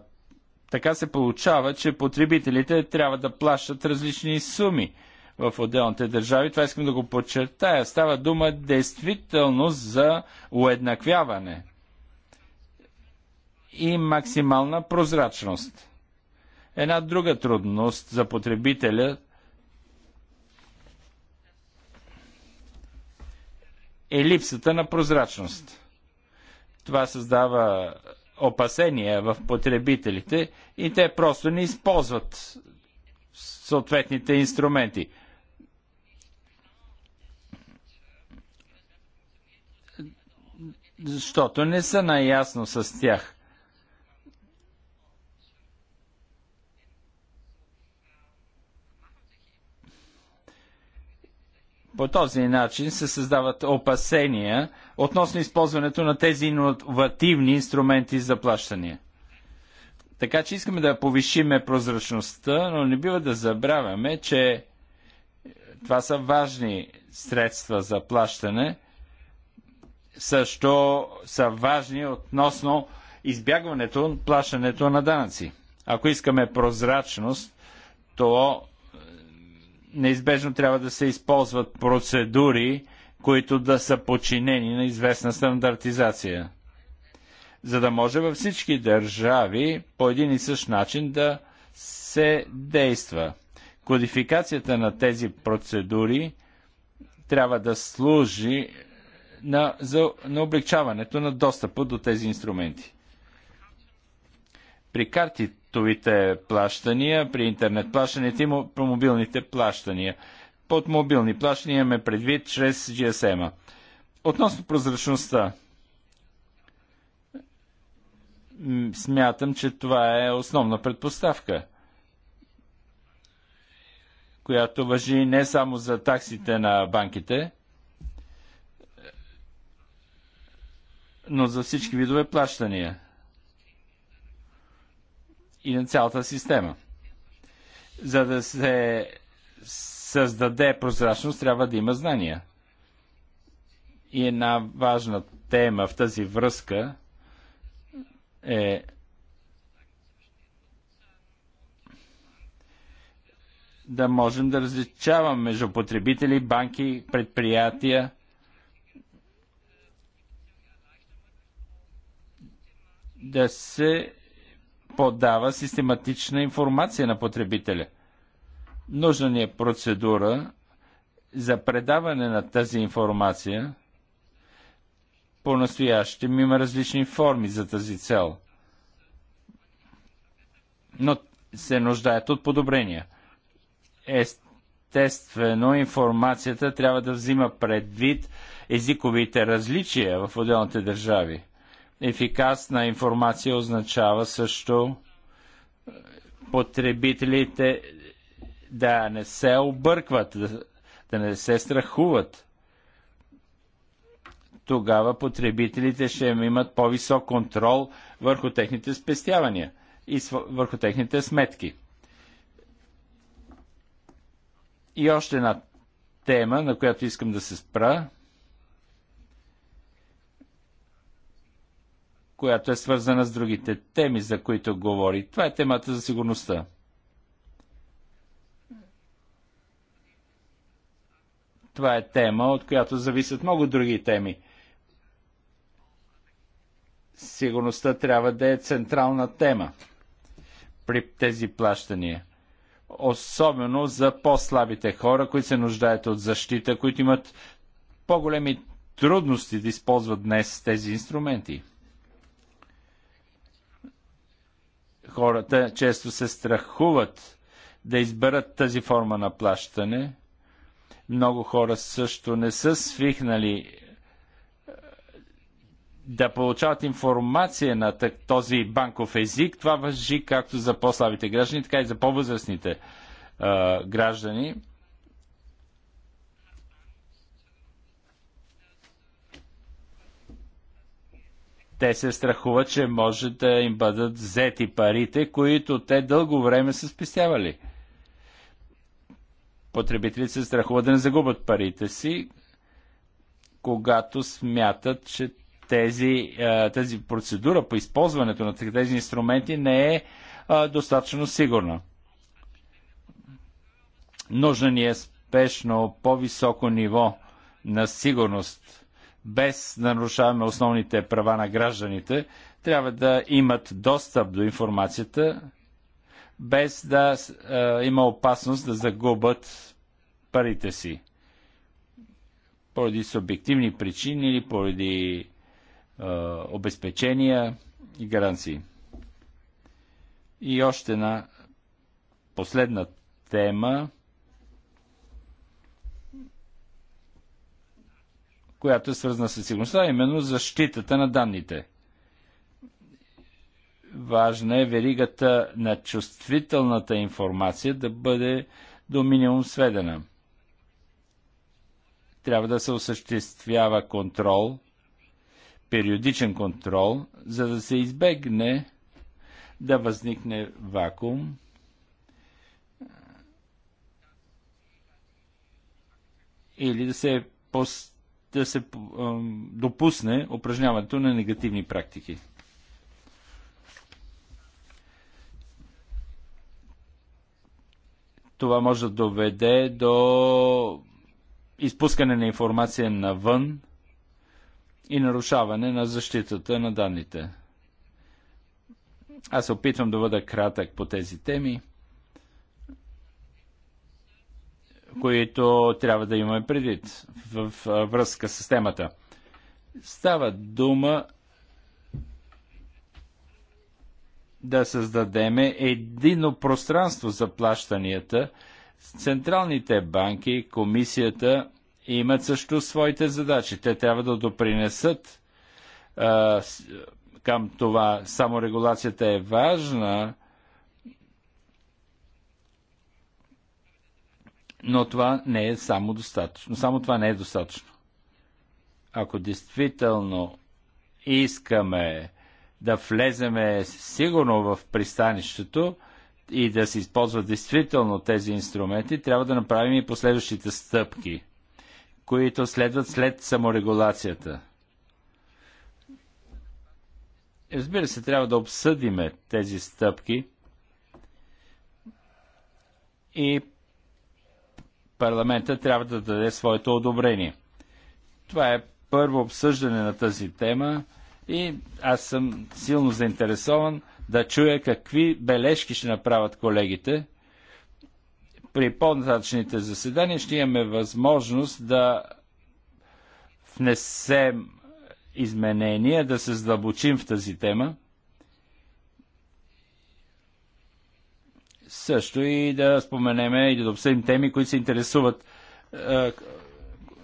така се получава, че потребителите трябва да плащат различни суми в отделните държави. Това искам да го подчертая. Става дума действително за уеднаквяване и максимална прозрачност. Една друга трудност за потребителя е липсата на прозрачност. Това създава опасения в потребителите и те просто не използват съответните инструменти. Защото не са наясно с тях. По този начин се създават опасения относно използването на тези иновативни инструменти за плащания. Така че искаме да повишиме прозрачността, но не бива да забравяме, че това са важни средства за плащане, също са важни относно избягването плащането на данъци. Ако искаме прозрачност, то неизбежно трябва да се използват процедури, които да са подчинени на известна стандартизация, за да може във всички държави по един и същ начин да се действа. Кодификацията на тези процедури трябва да служи на, за, на облегчаването на достъпа до тези инструменти. При картите криптовите плащания, при интернет плащанията и по мобилните плащания. Под мобилни плащания имаме предвид чрез GSM-а. Относно прозрачността, смятам, че това е основна предпоставка, която въжи не само за таксите на банките, но за всички видове плащания – и на цялата система. За да се създаде прозрачност, трябва да има знания. И една важна тема в тази връзка е да можем да различаваме между потребители, банки, предприятия. Да се подава систематична информация на потребителя. Нужна ни е процедура за предаване на тази информация. По-настоящем има различни форми за тази цел, но се нуждаят от подобрения. Естествено, информацията трябва да взима предвид езиковите различия в отделните държави – Ефикасна информация означава също е, потребителите да не се объркват, да, не се страхуват. Тогава потребителите ще имат по-висок контрол върху техните спестявания и върху техните сметки. И още една тема, на която искам да се спра – която е свързана с другите теми, за които говори. Това е темата за сигурността. Това е тема, от която зависят много други теми. Сигурността трябва да е централна тема при тези плащания. Особено за по-слабите хора, които се нуждаят от защита, които имат по-големи трудности да използват днес тези инструменти. Хората често се страхуват да изберат тази форма на плащане. Много хора също не са свихнали е, да получават информация на този банков език. Това въжи както за по-слабите граждани, така и за по-възрастните е, граждани те се страхуват, че може да им бъдат взети парите, които те дълго време са спестявали. Потребителите се страхуват да не загубят парите си, когато смятат, че тези, тази процедура по използването на тези инструменти не е достатъчно сигурна. Нужно ни е спешно по-високо ниво на сигурност – без да нарушаваме основните права на гражданите, трябва да имат достъп до информацията, без да е, има опасност да загубят парите си. Поради субективни причини или поради е, обезпечения и гаранции. И още на последна тема която е свързана с сигурността, именно защитата на данните. Важна е веригата на чувствителната информация да бъде до минимум сведена. Трябва да се осъществява контрол, периодичен контрол, за да се избегне да възникне вакуум. или да се пост да се допусне упражняването на негативни практики. Това може да доведе до изпускане на информация навън и нарушаване на защитата на данните. Аз се опитвам да бъда кратък по тези теми. които трябва да имаме предвид в връзка с темата. Става дума да създадеме едино пространство за плащанията. Централните банки, комисията имат също своите задачи. Те трябва да допринесат а, към това. Саморегулацията е важна, Но това не е само достатъчно. Само това не е достатъчно. Ако действително искаме да влеземе сигурно в пристанището и да се използват действително тези инструменти, трябва да направим и последващите стъпки, които следват след саморегулацията. Разбира се, трябва да обсъдиме тези стъпки и парламента трябва да даде своето одобрение. Това е първо обсъждане на тази тема и аз съм силно заинтересован да чуя какви бележки ще направят колегите. При по-нататъчните заседания ще имаме възможност да внесем изменения, да се задълбочим в тази тема. Също и да споменеме и да обсъдим теми, които се интересуват, е,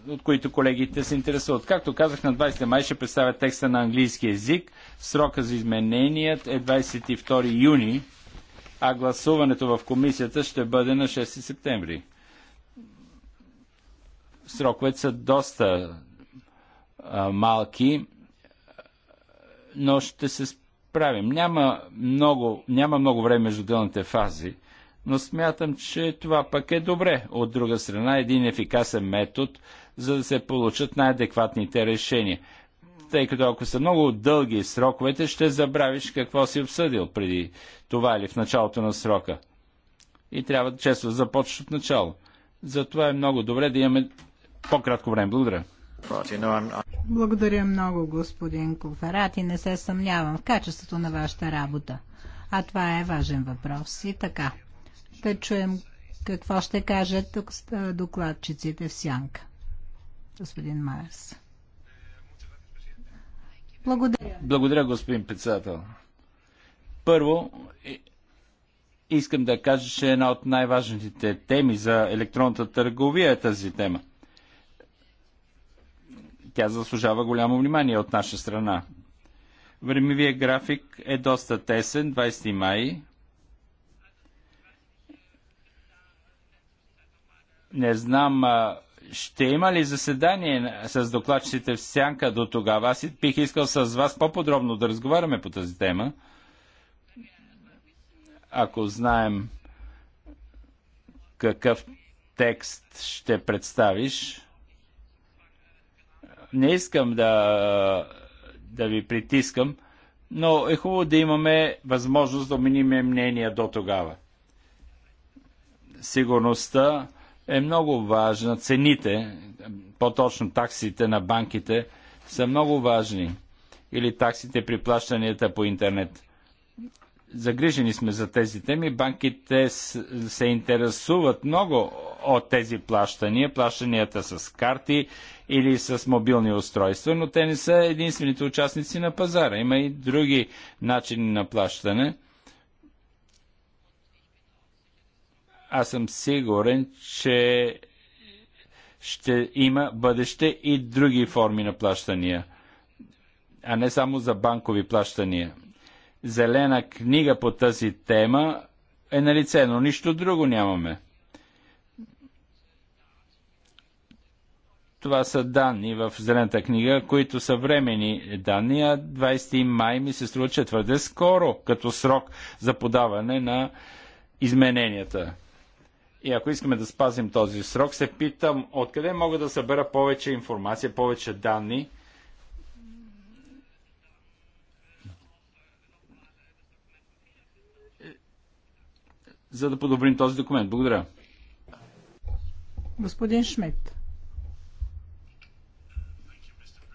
от които колегите се интересуват. Както казах, на 20 май ще представя текста на английски язик. Срока за измененият е 22 юни, а гласуването в комисията ще бъде на 6 септември. Сроковете са доста а, малки но ще се правим. Няма много, няма много време между отделните фази, но смятам, че това пък е добре. От друга страна, един ефикасен метод, за да се получат най-адекватните решения. Тъй като ако са много дълги сроковете, ще забравиш какво си обсъдил преди това или в началото на срока. И трябва често да започнеш от начало. Затова е много добре да имаме по-кратко време. Благодаря.
Благодаря много, господин и Не се съмнявам в качеството на вашата работа. А това е важен въпрос. И така, да чуем какво ще кажат докладчиците в Сянка. Господин Майерс. Благодаря.
Благодаря, господин председател. Първо, искам да кажа, че една от най-важните теми за електронната търговия е тази тема. Тя заслужава голямо внимание от наша страна. Времевия график е доста тесен, 20 май. Не знам, ще има ли заседание с докладчиците в сянка до тогава? Аз бих искал с вас по-подробно да разговаряме по тази тема. Ако знаем какъв текст ще представиш. Не искам да, да ви притискам, но е хубаво да имаме възможност да миним мнения до тогава. Сигурността е много важна. Цените, по-точно таксите на банките, са много важни. Или таксите при плащанията по интернет загрижени сме за тези теми. Банките се интересуват много от тези плащания, плащанията с карти или с мобилни устройства, но те не са единствените участници на пазара. Има и други начини на плащане. Аз съм сигурен, че ще има бъдеще и други форми на плащания, а не само за банкови плащания зелена книга по тази тема е на лице, но нищо друго нямаме. Това са данни в Зелената книга, които са времени данни, а 20 май ми се струва, че твърде скоро като срок за подаване на измененията. И ако искаме да спазим този срок, се питам откъде мога да събера повече информация, повече данни – за да подобрим този документ. Благодаря.
Господин Шмидт.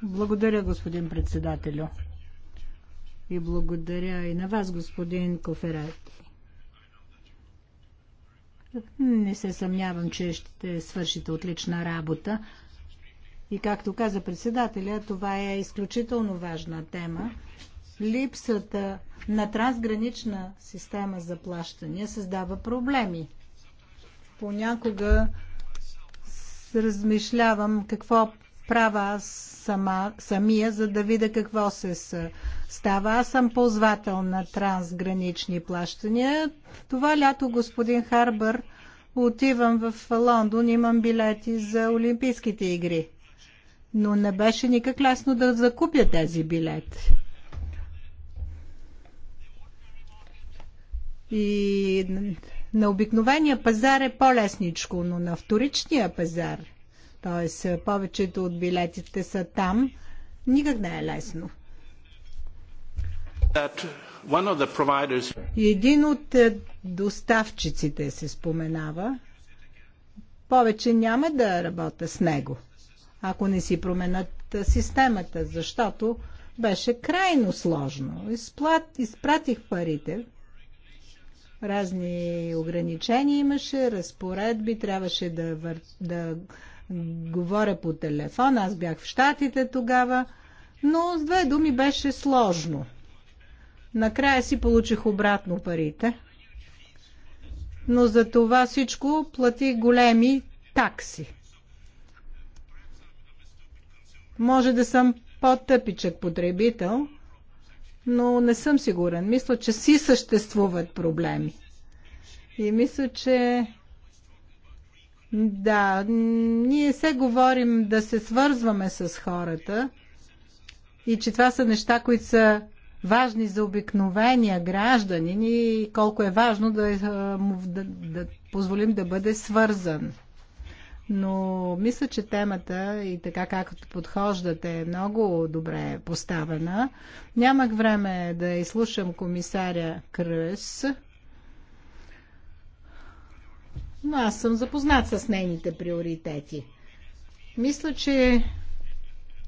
Благодаря, господин председателю. И благодаря и на вас, господин Коферат. Не се съмнявам, че ще свършите отлична работа. И както каза председателя, това е изключително важна тема липсата на трансгранична система за плащания създава проблеми. Понякога размишлявам какво права аз сама, самия, за да видя какво се става. Аз съм ползвател на трансгранични плащания. Това лято, господин Харбър, отивам в Лондон, имам билети за Олимпийските игри. Но не беше никак лесно да закупя тези билети. И на обикновения пазар е по-лесничко, но на вторичния пазар, т.е. повечето от билетите са там, никак не е лесно.
Providers...
Един от е, доставчиците се споменава, повече няма да работя с него, ако не си променят е, системата, защото беше крайно сложно. Изплат, изпратих парите Разни ограничения имаше, разпоредби, трябваше да, вър... да говоря по телефон. Аз бях в Штатите тогава, но с две думи беше сложно. Накрая си получих обратно парите, но за това всичко плати големи такси. Може да съм по-тъпичък потребител, но не съм сигурен. Мисля, че си съществуват проблеми. И мисля, че да, ние се говорим да се свързваме с хората и че това са неща, които са важни за обикновения гражданин и колко е важно да, е, да, да позволим да бъде свързан но мисля, че темата и така както подхождате е много добре поставена. Нямах време да изслушам комисаря Кръс, но аз съм запознат с нейните приоритети. Мисля, че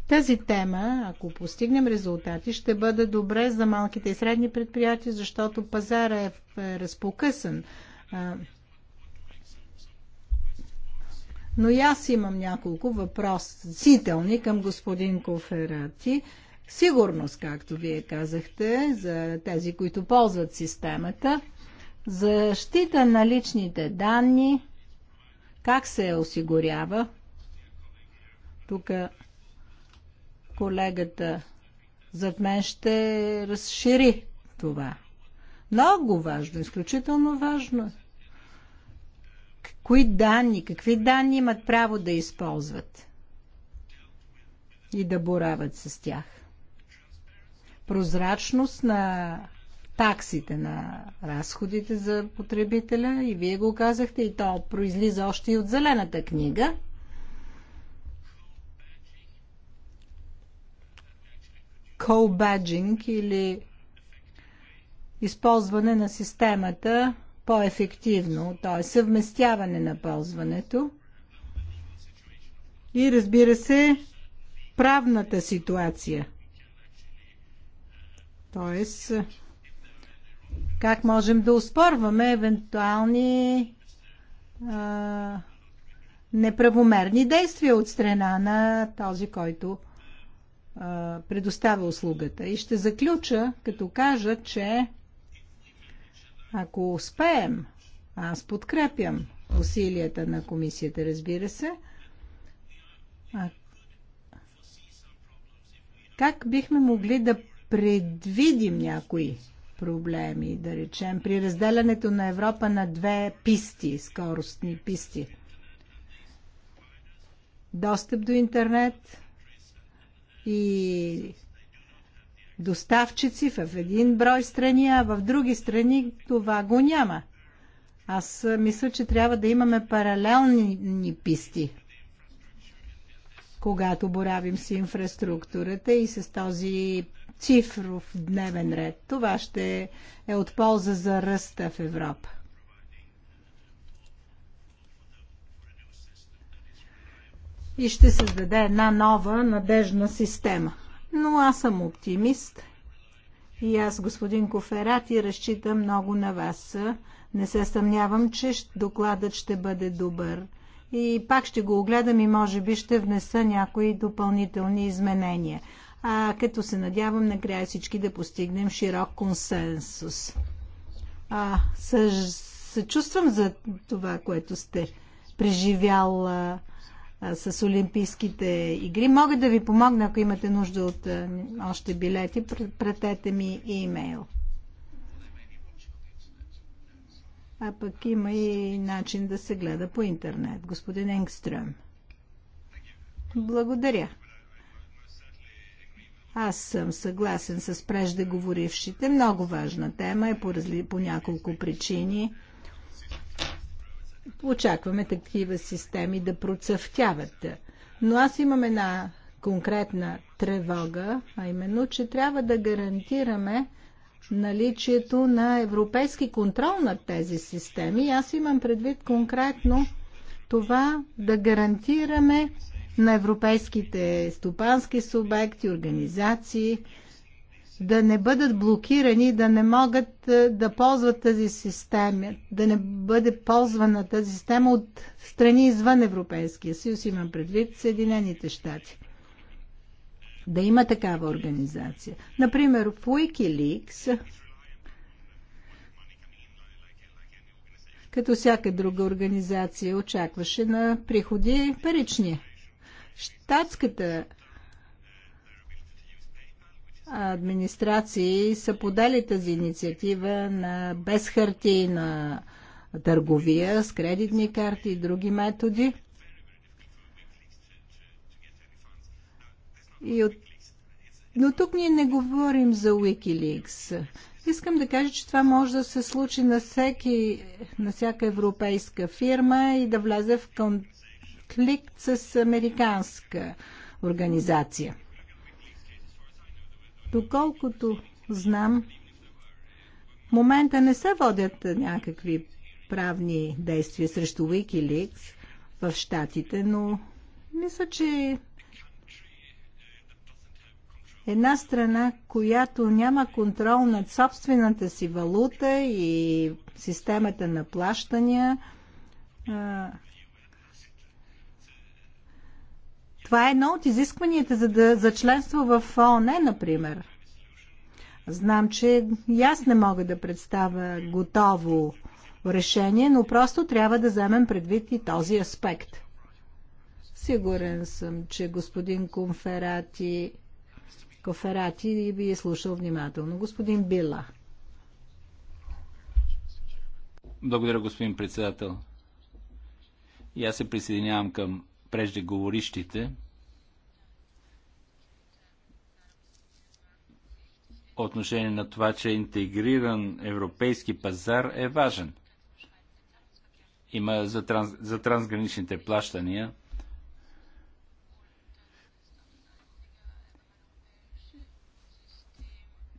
тази тема, ако постигнем резултати, ще бъде добре за малките и средни предприятия, защото пазара е, е разпокъсан но и аз имам няколко въпросителни към господин Коферати. Сигурност, както вие казахте, за тези, които ползват системата. Защита на личните данни. Как се осигурява? Тук колегата зад мен ще разшири това. Много важно, изключително важно е кои данни, какви данни имат право да използват и да борават с тях. Прозрачност на таксите на разходите за потребителя и вие го казахте и то произлиза още и от зелената книга. Co-badging или използване на системата по-ефективно, т.е. съвместяване на ползването и разбира се правната ситуация. Т.е. как можем да успорваме евентуални а, неправомерни действия от страна на този, който а, предоставя услугата. И ще заключа, като кажа, че ако успеем, аз подкрепям усилията на комисията, разбира се, а как бихме могли да предвидим някои проблеми, да речем, при разделянето на Европа на две писти, скоростни писти. Достъп до интернет и доставчици в един брой страни, а в други страни това го няма. Аз мисля, че трябва да имаме паралелни писти, когато боравим с инфраструктурата и с този цифров дневен ред. Това ще е от полза за ръста в Европа. И ще създаде една нова надежна система но аз съм оптимист и аз, господин Коферати, разчитам много на вас. Не се съмнявам, че докладът ще бъде добър. И пак ще го огледам и може би ще внеса някои допълнителни изменения. А, като се надявам накрая всички да постигнем широк консенсус. А, съж... съчувствам за това, което сте преживял с Олимпийските игри. Мога да ви помогна, ако имате нужда от още билети. Пратете ми имейл. А пък има и начин да се гледа по интернет. Господин Енгстрем. Благодаря. Аз съм съгласен с преждеговорившите. Много важна тема е по, разли... по няколко причини очакваме такива системи да процъфтяват. Но аз имам една конкретна тревога, а именно, че трябва да гарантираме наличието на европейски контрол над тези системи. Аз имам предвид конкретно това да гарантираме на европейските стопански субекти, организации, да не бъдат блокирани, да не могат е, да ползват тази система, да не бъде ползвана тази система от страни извън Европейския съюз, имам предвид Съединените щати. Да има такава организация. Например, в Wikileaks, като всяка друга организация, очакваше на приходи парични. Штатската администрации са подали тази инициатива на безхартийна търговия с кредитни карти и други методи. И от... Но тук ние не говорим за Wikileaks. Искам да кажа, че това може да се случи на, всеки, на всяка европейска фирма и да влезе в конфликт с американска организация. Доколкото знам, в момента не се водят някакви правни действия срещу Wikileaks в Штатите, но мисля, че една страна, която няма контрол над собствената си валута и системата на плащания, Това е едно от изискванията за, да, за членство в ООН, например. Знам, че и аз не мога да представя готово решение, но просто трябва да вземем предвид и този аспект. Сигурен съм, че господин Конферати, Коферати ви е слушал внимателно. Господин Била.
Благодаря, господин председател. И аз се присъединявам към преждеговорищите отношение на това, че интегриран европейски пазар е важен. Има за, транс, за трансграничните плащания.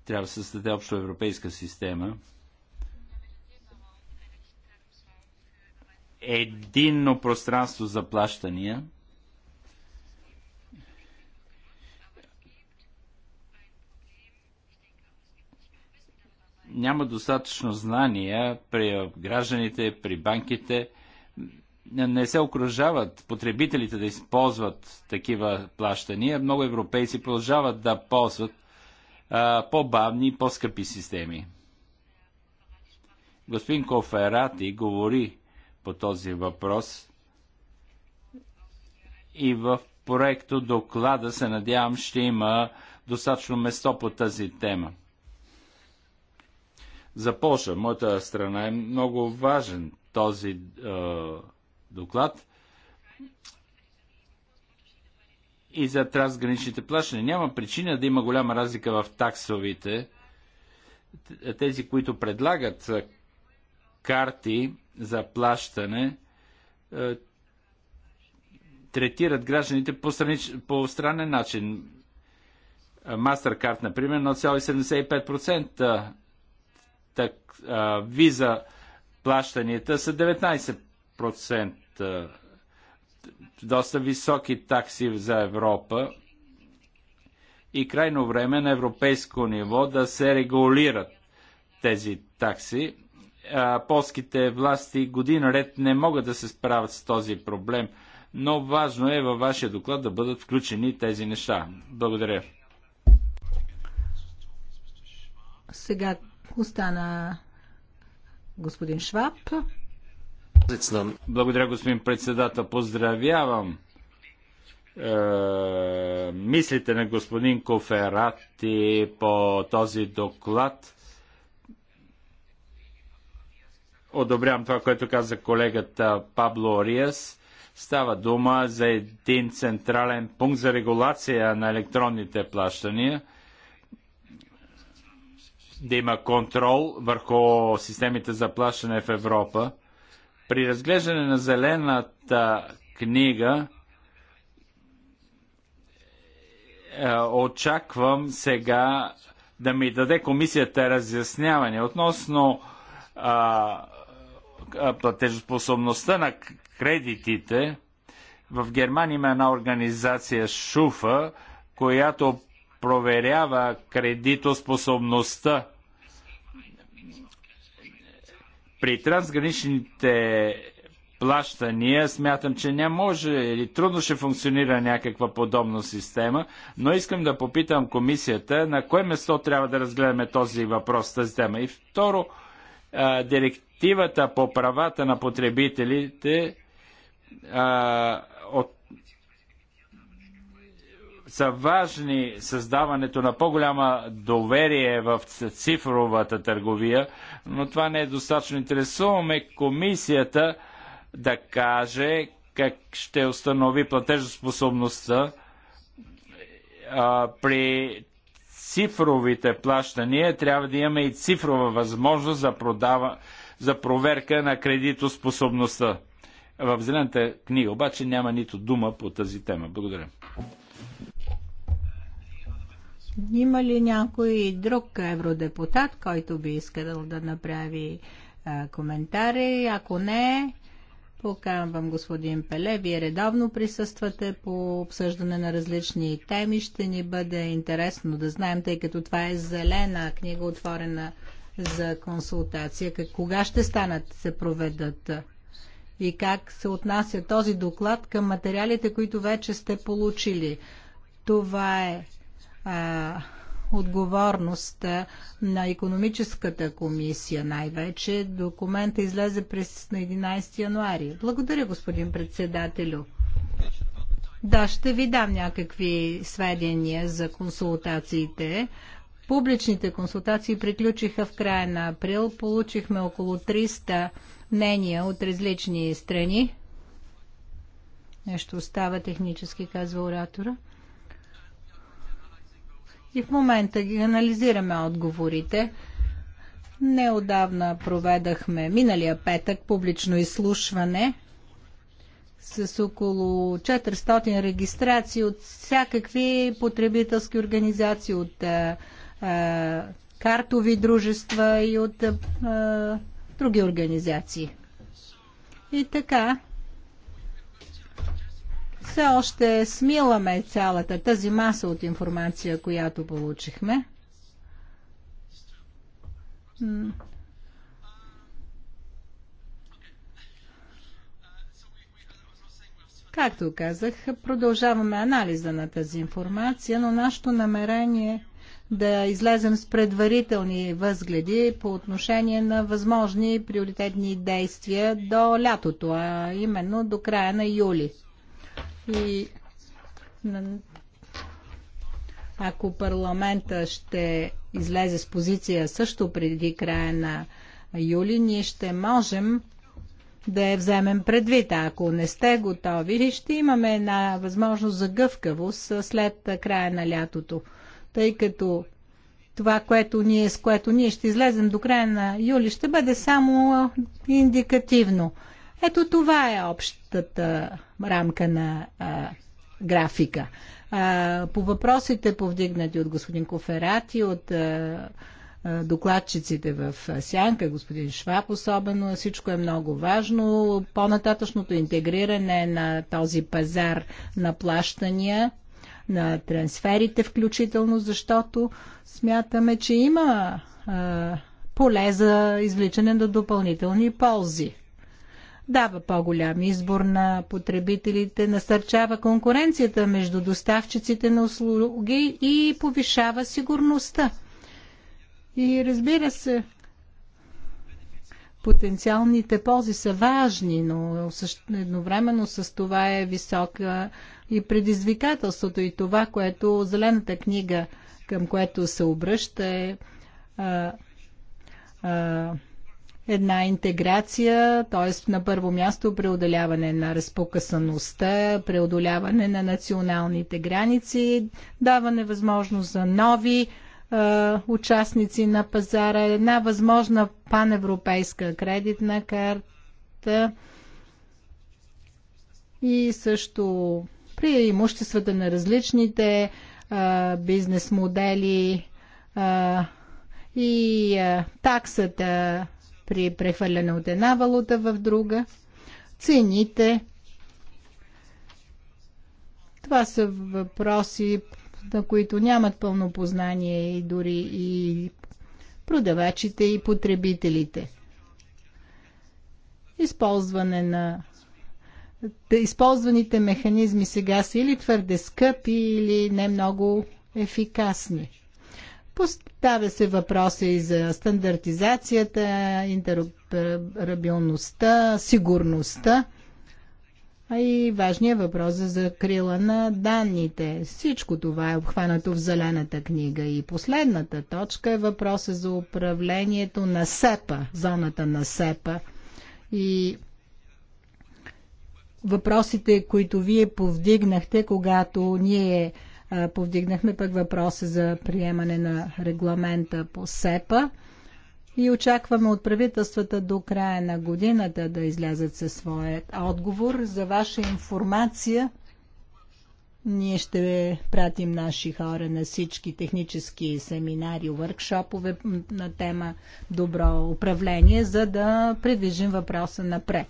Трябва да се създаде общо европейска система – единно пространство за плащания. Няма достатъчно знания при гражданите, при банките. Не се окружават потребителите да използват такива плащания. Много европейци продължават да ползват по-бавни и по-скъпи системи. Господин Коферати говори по този въпрос. И в проекто доклада се надявам ще има достатъчно место по тази тема. За Польша, моята страна, е много важен този е, доклад и за трансграничните плащания. Няма причина да има голяма разлика в таксовите. Тези, които предлагат е, карти, за плащане е, третират гражданите по, странич, по странен начин. Е, Mastercard, например, 0,75%. Е, так, виза плащанията са 19%. Доста високи такси за Европа. И крайно време на европейско ниво да се регулират тези такси а, полските власти година ред не могат да се справят с този проблем, но важно е във вашия доклад да бъдат включени тези неща. Благодаря.
Сега остана господин Шваб.
Благодаря, господин председател. Поздравявам е, мислите на господин Коферати по този доклад. одобрявам това, което каза колегата Пабло Ориас. Става дума за един централен пункт за регулация на електронните плащания, да има контрол върху системите за плащане в Европа. При разглеждане на зелената книга е, очаквам сега да ми даде комисията разясняване относно а, платежоспособността на кредитите, в Германия има една организация Шуфа, която проверява кредитоспособността при трансграничните плащания смятам, че не може или трудно ще функционира някаква подобна система, но искам да попитам комисията на кое место трябва да разгледаме този въпрос, тази тема. И второ, директ директивата по правата на потребителите а, от, са важни създаването на по-голяма доверие в цифровата търговия, но това не е достатъчно. Интересуваме комисията да каже как ще установи платежоспособността а, при цифровите плащания. Трябва да имаме и цифрова възможност за продава, за проверка на кредитоспособността. В Зелената книга обаче няма нито дума по тази тема. Благодаря.
Има ли някой друг евродепутат, който би искал да направи а, коментари? Ако не, покамвам господин Пеле. Вие редовно присъствате по обсъждане на различни теми. Ще ни бъде интересно да знаем, тъй като това е зелена книга, отворена за консултация? Как, кога ще станат, се проведат? И как се отнася този доклад към материалите, които вече сте получили? Това е а, отговорност на економическата комисия най-вече. Документа излезе през на 11 януари. Благодаря, господин председателю. Да, ще ви дам някакви сведения за консултациите. Публичните консултации приключиха в края на април. Получихме около 300 мнения от различни страни. Нещо остава технически, казва оратора. И в момента ги анализираме отговорите. Неодавна проведахме миналия петък публично изслушване с около 400 регистрации от всякакви потребителски организации, от а, картови дружества и от а, други организации. И така, все още смиламе цялата тази маса от информация, която получихме. Както казах, продължаваме анализа на тази информация, но нашето намерение да излезем с предварителни възгледи по отношение на възможни приоритетни действия до лятото, а именно до края на юли. И ако парламента ще излезе с позиция също преди края на юли, ние ще можем да я вземем предвид. А ако не сте готови, ще имаме една възможност за гъвкавост след края на лятото тъй като това, което ние, с което ние ще излезем до края на юли, ще бъде само индикативно. Ето това е общата рамка на а, графика. А, по въпросите, повдигнати от господин Коферати, от а, докладчиците в Сянка, господин Шваб особено, всичко е много важно. По-нататъчното интегриране на този пазар на плащания на трансферите включително, защото смятаме, че има а, поле за извличане на допълнителни ползи. Дава по-голям избор на потребителите, насърчава конкуренцията между доставчиците на услуги и повишава сигурността. И разбира се, потенциалните ползи са важни, но едновременно с това е висока и предизвикателството и това, което Зелената книга, към което се обръща е а, а, една интеграция, т.е. на първо място преодоляване на разпокъсаността, преодоляване на националните граници, даване възможност за нови а, участници на пазара, една възможна паневропейска кредитна карта и също при имуществата на различните а, бизнес модели а, и а, таксата при прехвърляне от една валута в друга, цените. Това са въпроси, на които нямат пълно познание и дори и продавачите и потребителите. Използване на да използваните механизми сега са или твърде скъпи, или не много ефикасни. Поставя се въпроса и за стандартизацията, интероперабилността, сигурността, а и важният въпрос за крила на данните. Всичко това е обхванато в Зелената книга. И последната точка е въпроса за управлението на СЕПА, зоната на СЕПА. И въпросите, които вие повдигнахте, когато ние повдигнахме пък въпроса за приемане на регламента по СЕПА и очакваме от правителствата до края на годината да излязат със своят отговор. За ваша информация ние ще пратим наши хора на всички технически семинари, въркшопове на тема добро управление, за да предвижим въпроса напред.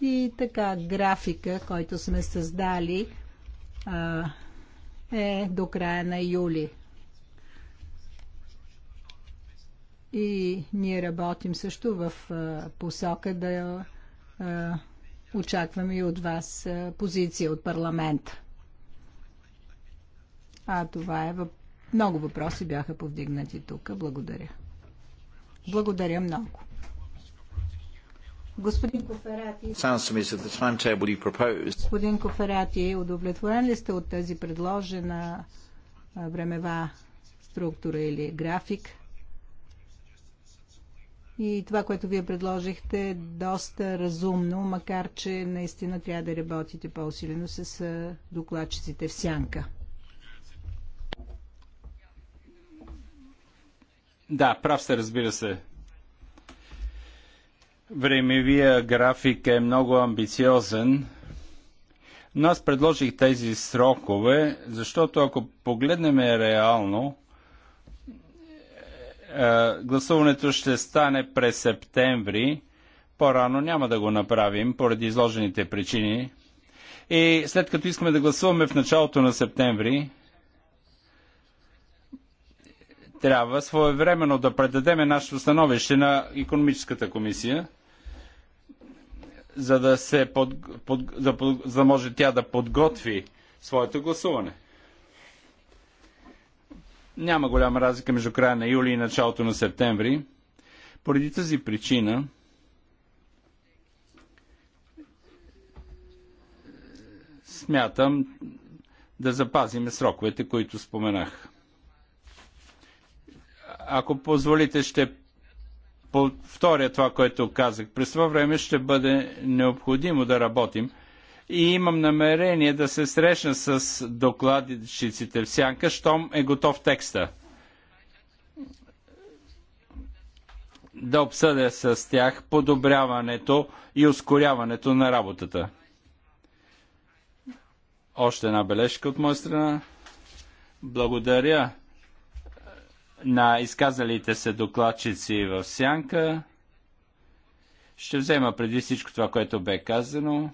И така, графика, който сме създали, е до края на юли. И ние работим също в посока да очакваме и от вас позиция от парламента. А това е. Много въпроси бяха повдигнати тук. Благодаря. Благодаря много. Господин Коферати, господин Коферати, удовлетворен ли сте от тази предложена времева структура или график? И това, което вие предложихте, е доста разумно, макар че наистина трябва да работите по-усилено с докладчиците в сянка.
Да, прав сте, разбира се. Времевия график е много амбициозен, но аз предложих тези срокове, защото ако погледнем реално, е, гласуването ще стане през септември. По-рано няма да го направим, поради изложените причини. И след като искаме да гласуваме в началото на септември, трябва своевременно да предадеме нашето становище на економическата комисия – за да, се под, под, за, за да може тя да подготви своето гласуване. Няма голяма разлика между края на юли и началото на септември. Поради тази причина смятам да запазим сроковете, които споменах. Ако позволите, ще повторя това, което казах. През това време ще бъде необходимо да работим и имам намерение да се срещна с докладчиците в сянка, щом е готов текста. Да обсъдя с тях подобряването и ускоряването на работата. Още една бележка от моя страна. Благодаря на изказалите се докладчици в сянка. Ще взема преди всичко това, което бе казано.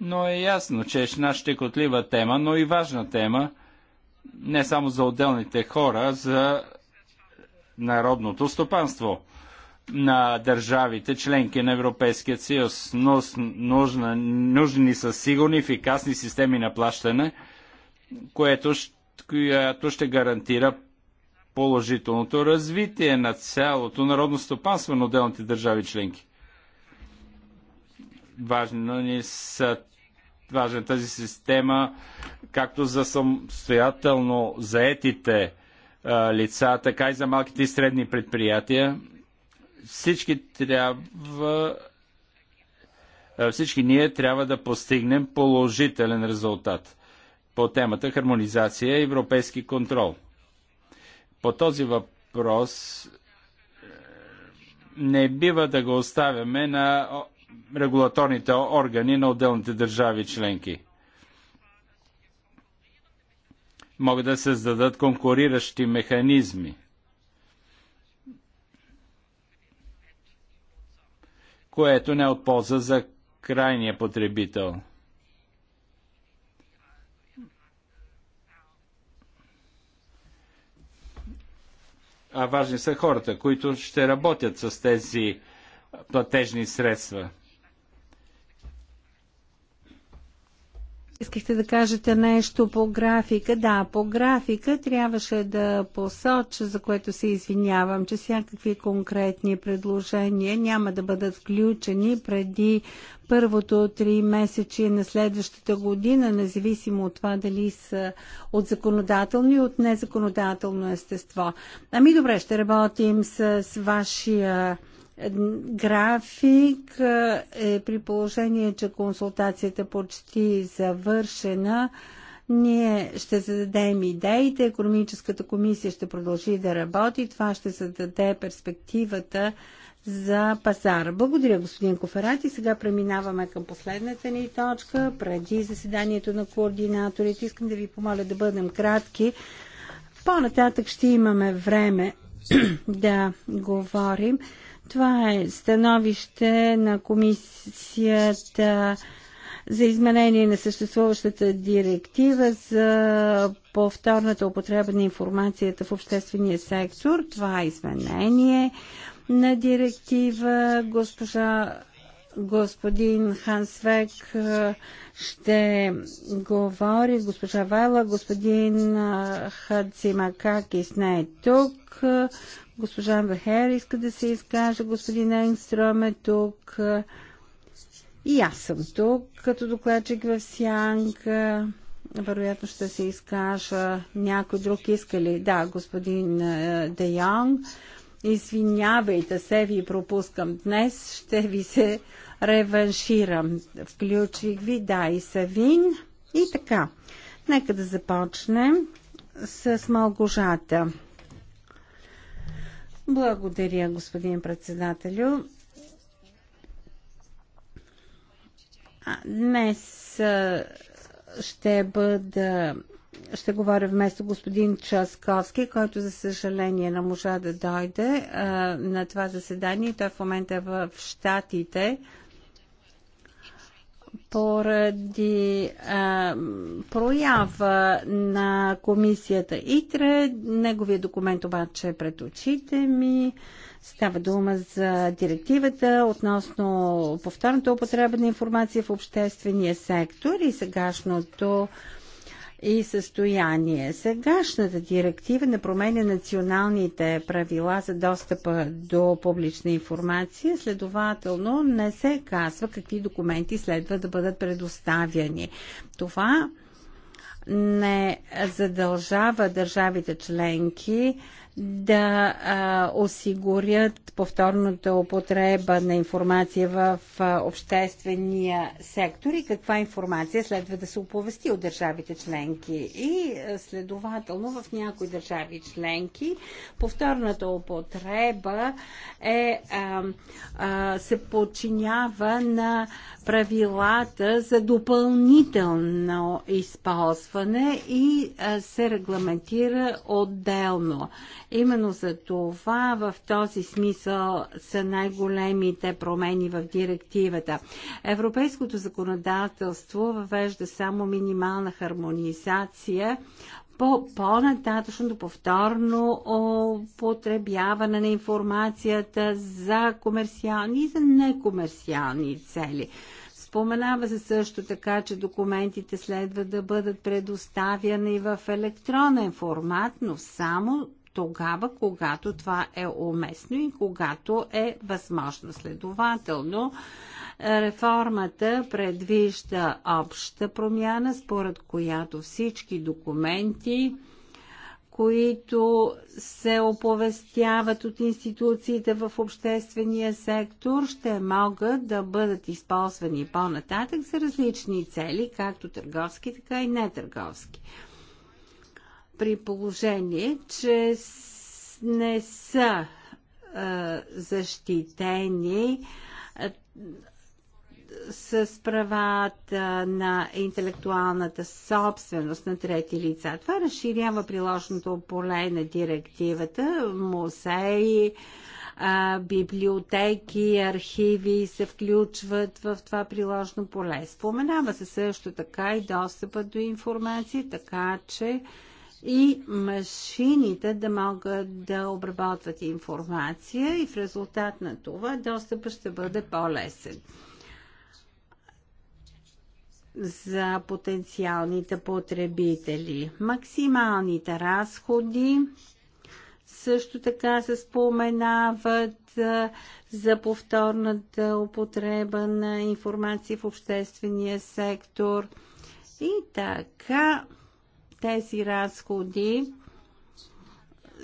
Но е ясно, че е една щекотлива тема, но и важна тема, не само за отделните хора, за народното стопанство на държавите, членки на Европейския съюз, но нужна, нужни са сигурни, ефикасни системи на плащане, което, която ще гарантира положителното развитие на цялото народно стопанство на отделните държави членки. Важно ни са важна е тази система, както за самостоятелно заетите а, лица, така и за малките и средни предприятия. Всички трябва всички ние трябва да постигнем положителен резултат по темата хармонизация и европейски контрол – по този въпрос е, не бива да го оставяме на регулаторните органи на отделните държави членки. Могат да се създадат конкуриращи механизми. което не е от полза за крайния потребител – а важни са хората, които ще работят с тези платежни средства.
Искахте да кажете нещо по графика. Да, по графика трябваше да посоча, за което се извинявам, че всякакви конкретни предложения няма да бъдат включени преди първото три месечи на следващата година, независимо от това дали са от законодателно и от незаконодателно естество. Ами добре, ще работим с вашия график е при положение, че консултацията почти завършена. Ние ще зададем идеите, економическата комисия ще продължи да работи, това ще зададе перспективата за пазара. Благодаря, господин и Сега преминаваме към последната ни точка. Преди заседанието на координаторите искам да ви помоля да бъдем кратки. По-нататък ще имаме време да говорим. Това е становище на комисията за изменение на съществуващата директива за повторната употреба на информацията в обществения сектор. Това е изменение на директива. Госпожа господин Хансвек е, ще говори, госпожа Вайла, господин е, Хацимакакис не е тук, госпожа Вахер иска да се изкаже, господин Енстром е тук и аз съм тук като докладчик в Сянка. Вероятно ще се изкажа някой друг иска ли? Да, господин е, Де Йонг. Извинявайте се, ви пропускам днес, ще ви се реванширам. Включих ви, да, и Савин. И така, нека да започнем с Малгожата. Благодаря, господин председателю. Днес ще бъда ще говоря вместо господин Часковски, който за съжаление не можа да дойде а, на това заседание. Той в момента е в Штатите поради а, проява на комисията ИТРЕ. Неговия документ обаче е пред очите ми. Става дума за директивата относно повторната употреба на информация в обществения сектор и сегашното и състояние. Сегашната директива не променя националните правила за достъпа до публична информация, следователно не се казва какви документи следва да бъдат предоставяни. Това не задължава държавите членки да а, осигурят повторната употреба на информация в а, обществения сектор и каква информация следва да се оповести от държавите членки. И а, следователно в някои държави членки повторната употреба е, а, а, се подчинява на правилата за допълнително използване и се регламентира отделно. Именно за това в този смисъл са най-големите промени в директивата. Европейското законодателство въвежда само минимална хармонизация по по-нататъчното повторно употребяване на информацията за комерциални и за некомерциални цели. Споменава се също така, че документите следва да бъдат предоставяни в електронен формат, но само тогава, когато това е уместно и когато е възможно. Следователно, Реформата предвижда обща промяна, според която всички документи, които се оповестяват от институциите в обществения сектор, ще могат да бъдат използвани по-нататък за различни цели, както търговски, така и нетърговски. При положение, че не са е, защитени с правата на интелектуалната собственост на трети лица. Това разширява приложното поле на директивата. Музеи, библиотеки, архиви се включват в това приложно поле. Споменава се също така и достъпа до информация, така че и машините да могат да обработват информация и в резултат на това достъпът ще бъде по-лесен за потенциалните потребители. Максималните разходи също така се споменават за повторната употреба на информация в обществения сектор. И така тези разходи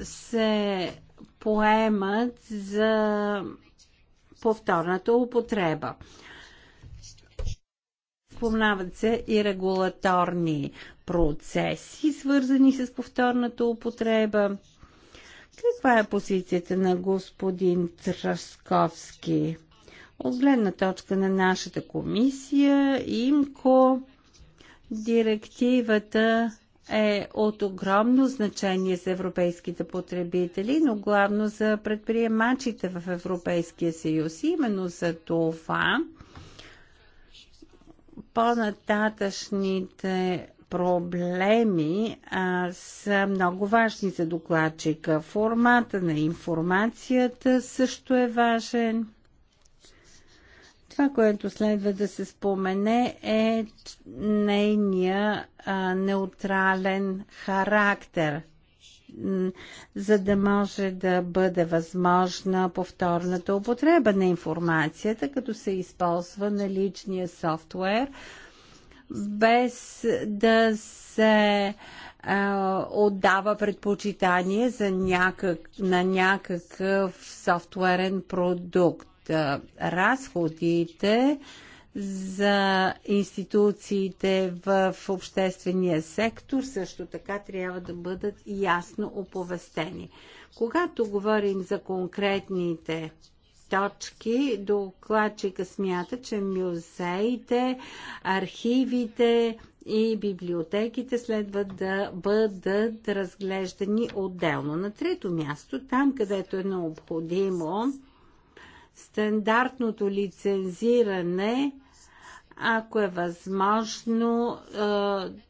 се поемат за повторната употреба. Спомнават се и регулаторни процеси, свързани с повторната употреба. Каква е позицията на господин Трасковски? От гледна точка на нашата комисия, ИМКО, директивата е от огромно значение за европейските потребители, но главно за предприемачите в Европейския съюз. Именно за това по-нататъчните проблеми а, са много важни за докладчика. Формата на информацията също е важен. Това, което следва да се спомене е нейния а, неутрален характер – за да може да бъде възможна повторната употреба на информацията, като се използва на личния софтуер, без да се отдава предпочитание за някак, на някакъв софтуерен продукт. Разходите за институциите в обществения сектор също така трябва да бъдат ясно оповестени. Когато говорим за конкретните точки, докладчика смята, че музеите, архивите и библиотеките следва да бъдат разглеждани отделно. На трето място, там където е необходимо, стандартното лицензиране ако е възможно, е,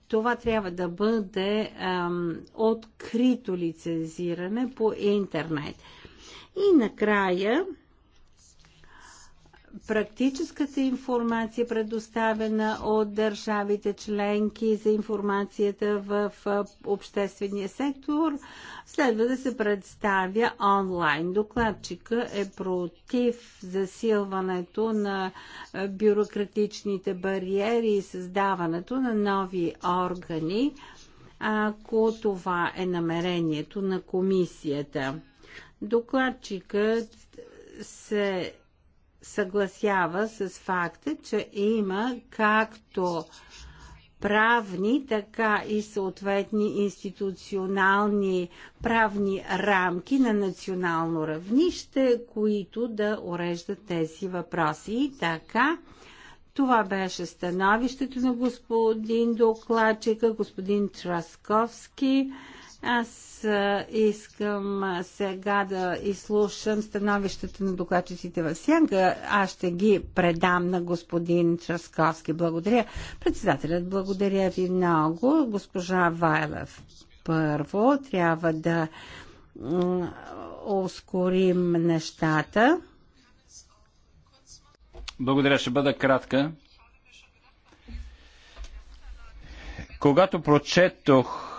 това трябва да бъде открито лицензиране по интернет. И накрая, практическата информация, предоставена от държавите членки за информацията в обществения сектор, следва да се представя онлайн. Докладчика е против засилването на бюрократичните бариери и създаването на нови органи, ако това е намерението на комисията. Докладчикът се съгласява с факта, че има както правни, така и съответни институционални правни рамки на национално равнище, които да уреждат тези въпроси. И така, това беше становището на господин докладчика, господин Трасковски. Аз искам сега да изслушам становищата на докладчиците в Сянка. Аз ще ги предам на господин Часковски. Благодаря. Председателят, благодаря ви много. Госпожа Вайлев, първо трябва да ускорим нещата.
Благодаря, ще бъда кратка. Когато прочетох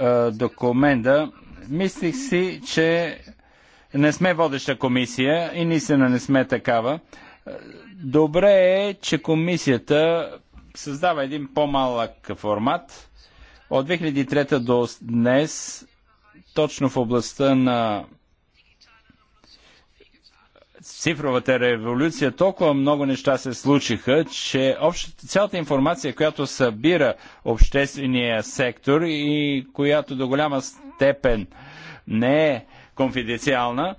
е, документа, мислих си, че не сме водеща комисия и наистина не сме такава. Е, добре е, че комисията създава един по-малък формат. От 2003 до днес, точно в областта на цифровата революция толкова много неща се случиха, че цялата информация, която събира обществения сектор и която до голяма степен не е конфиденциална,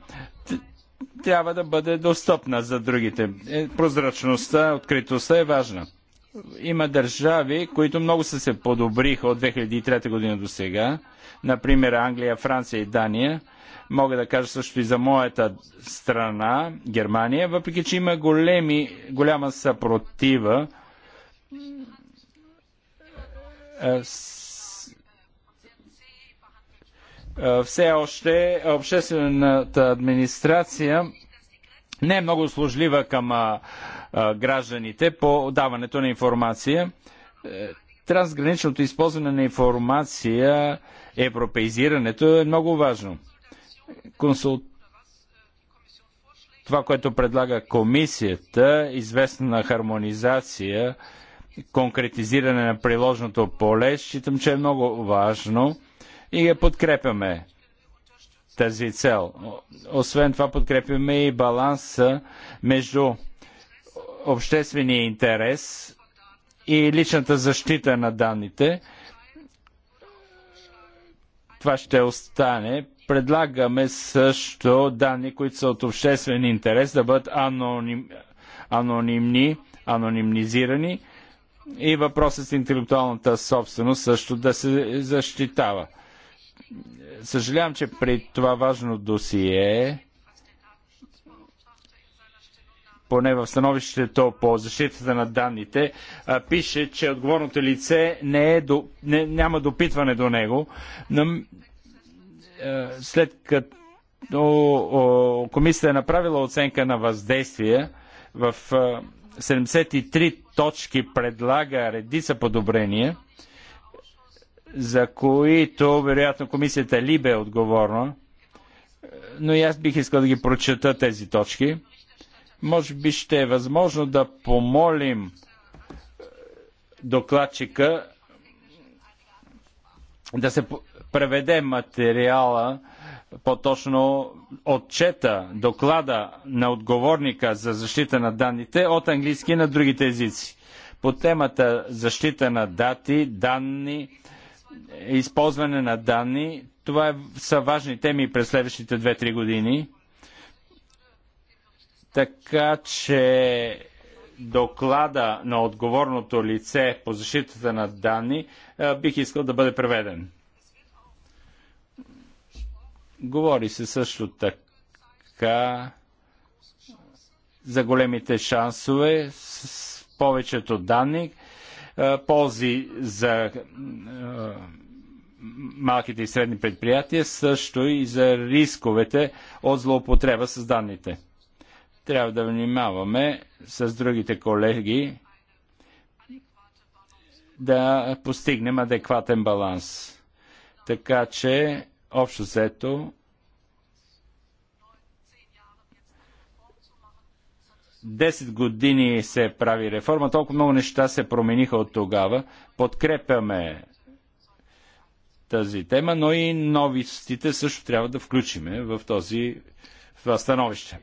трябва да бъде достъпна за другите. Е, прозрачността, откритостта е важна. Има държави, които много са се подобриха от 2003 година до сега. Например, Англия, Франция и Дания – Мога да кажа също и за моята страна, Германия, въпреки че има големи, голяма съпротива все още обществената администрация не е много служлива към гражданите по даването на информация. Е, трансграничното използване на информация, европеизирането е много важно консул... това, което предлага комисията, известна хармонизация, конкретизиране на приложното поле, считам, че е много важно и я подкрепяме тази цел. Освен това подкрепяме и баланса между обществения интерес и личната защита на данните. Това ще остане Предлагаме също данни, които са от обществен интерес, да бъдат аноним, анонимни, анонимизирани и въпросът с интелектуалната собственост също да се защитава. Съжалявам, че при това важно досие, поне в становището по защитата на данните, пише, че отговорното лице не е до, не, няма допитване до него. Но е, след като комисията е направила оценка на въздействие в 73 е, точки предлага редица подобрения, за които вероятно комисията Либе е отговорна, е, но и аз бих искал да ги прочета тези точки. Може би ще е възможно да помолим докладчика да се преведе материала, по-точно отчета, доклада на отговорника за защита на данните от английски на другите езици. По темата защита на дати, данни, използване на данни, това е, са важни теми през следващите 2-3 години. Така че доклада на отговорното лице по защитата на данни е, бих искал да бъде преведен. Говори се също така за големите шансове с повечето данни, е, ползи за е, малките и средни предприятия, също и за рисковете от злоупотреба с данните. Трябва да внимаваме с другите колеги да постигнем адекватен баланс. Така че, общо взето, Десет години се прави реформа, толкова много неща се промениха от тогава. Подкрепяме тази тема, но и новистите също трябва да включиме в този в това становище.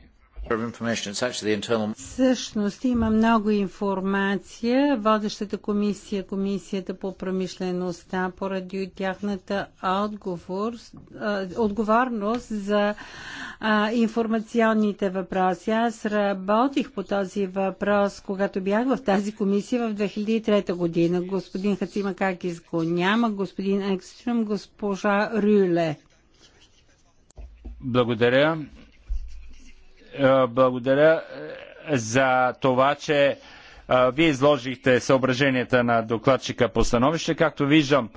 Всъщност има много информация. Водещата комисия, комисията по промишлеността, поради тяхната отговор, отговорност за информационните въпроси. Аз работих по този въпрос, когато бях в тази комисия в 2003 година. Господин Хацимакакис го няма, господин Екстрем, госпожа Рюле.
Благодаря. Е, благодаря е, за това, че е, вие изложихте съображенията на докладчика по становище. Както виждам,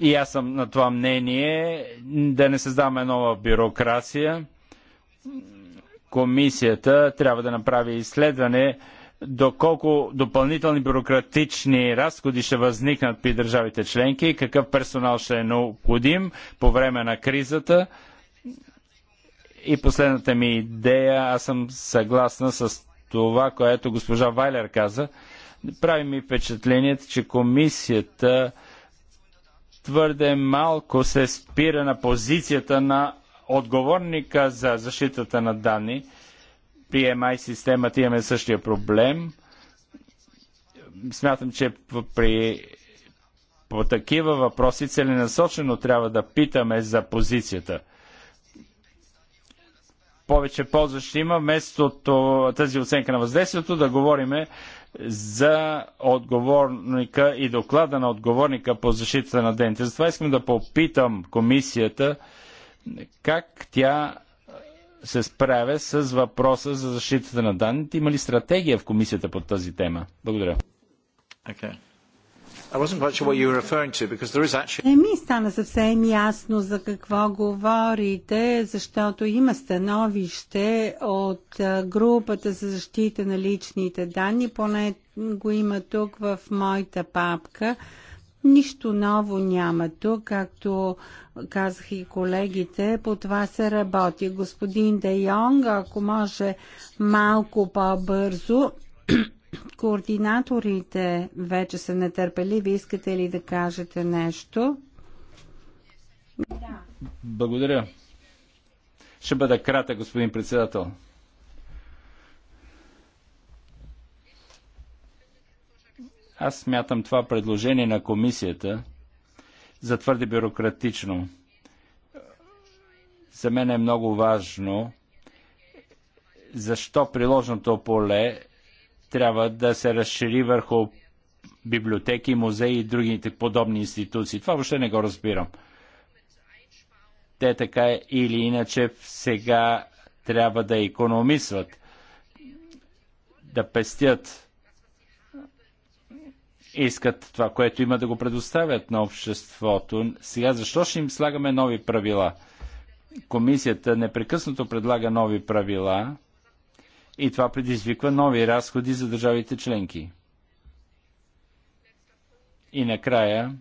и аз съм на това мнение, да не създаваме нова бюрокрация. Комисията трябва да направи изследване доколко допълнителни бюрократични разходи ще възникнат при държавите членки, какъв персонал ще е необходим по време на кризата. И последната ми идея, аз съм съгласна с това, което госпожа Вайлер каза. Прави ми впечатлението, че комисията твърде малко се спира на позицията на отговорника за защитата на данни. При MI системата имаме същия проблем. Смятам, че при по такива въпроси целенасочено трябва да питаме за позицията – повече полза ще има, вместо тази оценка на въздействието да говориме за отговорника и доклада на отговорника по защита на дените. Затова искам да попитам комисията как тя се справя с въпроса за защитата на данните. Има ли стратегия в комисията по тази тема? Благодаря. Okay.
Не ми стана съвсем ясно за какво говорите, защото има становище от групата за защита на личните данни, поне го има тук в моята папка. Нищо ново няма тук, както казах и колегите, по това се работи. Господин Де Йонг, ако може малко по-бързо, Координаторите вече са нетърпеливи. Искате ли да кажете нещо?
Да. Благодаря. Ще бъда кратък, господин председател. Аз смятам това предложение на комисията за твърде бюрократично. За мен е много важно защо приложното поле трябва да се разшири върху библиотеки, музеи и другите подобни институции. Това въобще не го разбирам. Те така или иначе сега трябва да економисват, да пестят. Искат това, което има да го предоставят на обществото. Сега защо ще им слагаме нови правила? Комисията непрекъснато предлага нови правила, и това предизвиква нови разходи за държавите членки. И накрая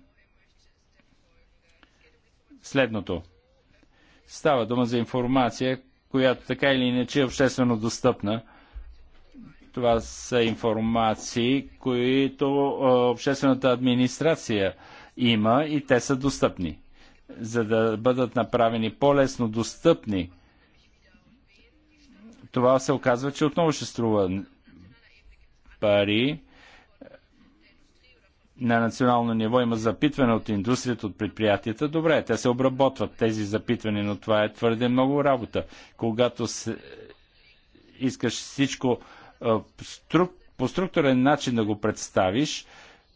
следното. Става дума за информация, която така или иначе е обществено достъпна. Това са информации, които обществената администрация има и те са достъпни. За да бъдат направени по-лесно достъпни това се оказва, че отново ще струва пари. На национално ниво има запитване от индустрията, от предприятията. Добре, те се обработват тези запитвания, но това е твърде много работа. Когато се... искаш всичко по структурен начин да го представиш,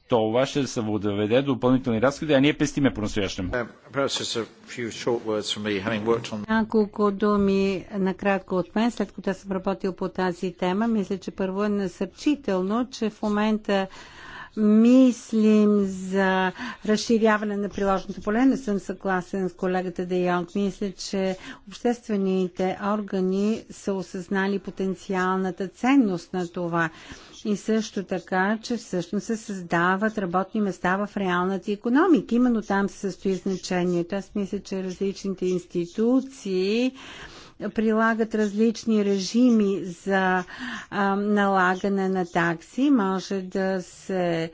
това ще се доведе до допълнителни разходи, а ние пестиме по-настоящем. Uh,
Няколко думи накратко от мен, след като съм работил по тази тема. Мисля, че първо е насърчително, че в момента мислим за разширяване на приложното поле. Не съм съгласен с колегата Де Йонг. Мисля, че обществените органи са осъзнали потенциалната ценност на това и също така, че всъщност се създават работни места в реалната економика. Именно там се състои значението. Аз мисля, че различните институции прилагат различни режими за а, налагане на такси. Може да се а,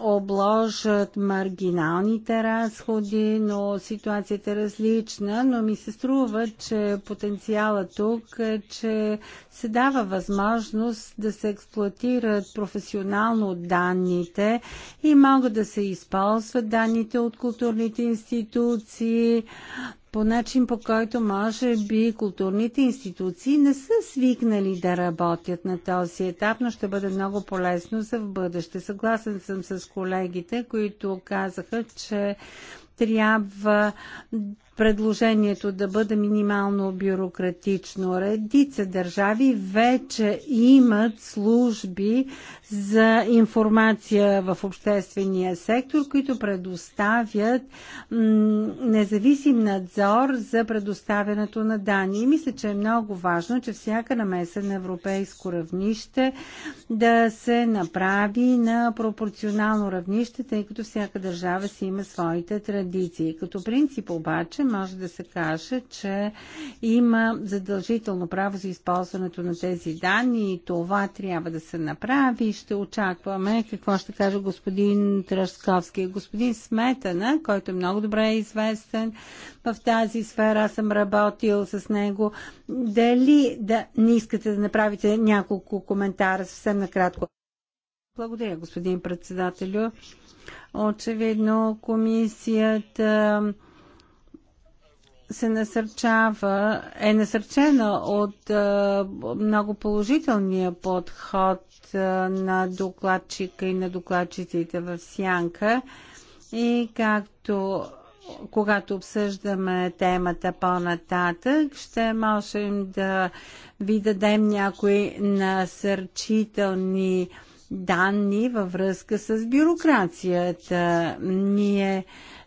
обложат маргиналните разходи, но ситуацията е различна, но ми се струва, че потенциала тук е, че се дава възможност да се експлуатират професионално данните и могат да се използват данните от културните институции, по начин по който може би културните институции не са свикнали да работят на този етап, но ще бъде много полезно за в бъдеще. Съгласен съм с колегите, които казаха, че трябва предложението да бъде минимално бюрократично. Редица държави вече имат служби за информация в обществения сектор, които предоставят независим надзор за предоставянето на данни. И мисля, че е много важно, че всяка намеса на европейско равнище да се направи на пропорционално равнище, тъй като всяка държава си има своите традиции. Като принцип обаче, обаче може да се каже, че има задължително право за използването на тези данни и това трябва да се направи. Ще очакваме какво ще каже господин Трашковски. Господин Сметана, който е много добре известен в тази сфера, аз съм работил с него. Дали да не искате да направите няколко коментара съвсем накратко? Благодаря, господин председателю. Очевидно комисията се насърчава, е насърчена от е, много положителния подход е, на докладчика и на докладчиците в Сянка. И както когато обсъждаме темата по-нататък, ще можем да ви дадем някои насърчителни данни във връзка с бюрокрацията. Ние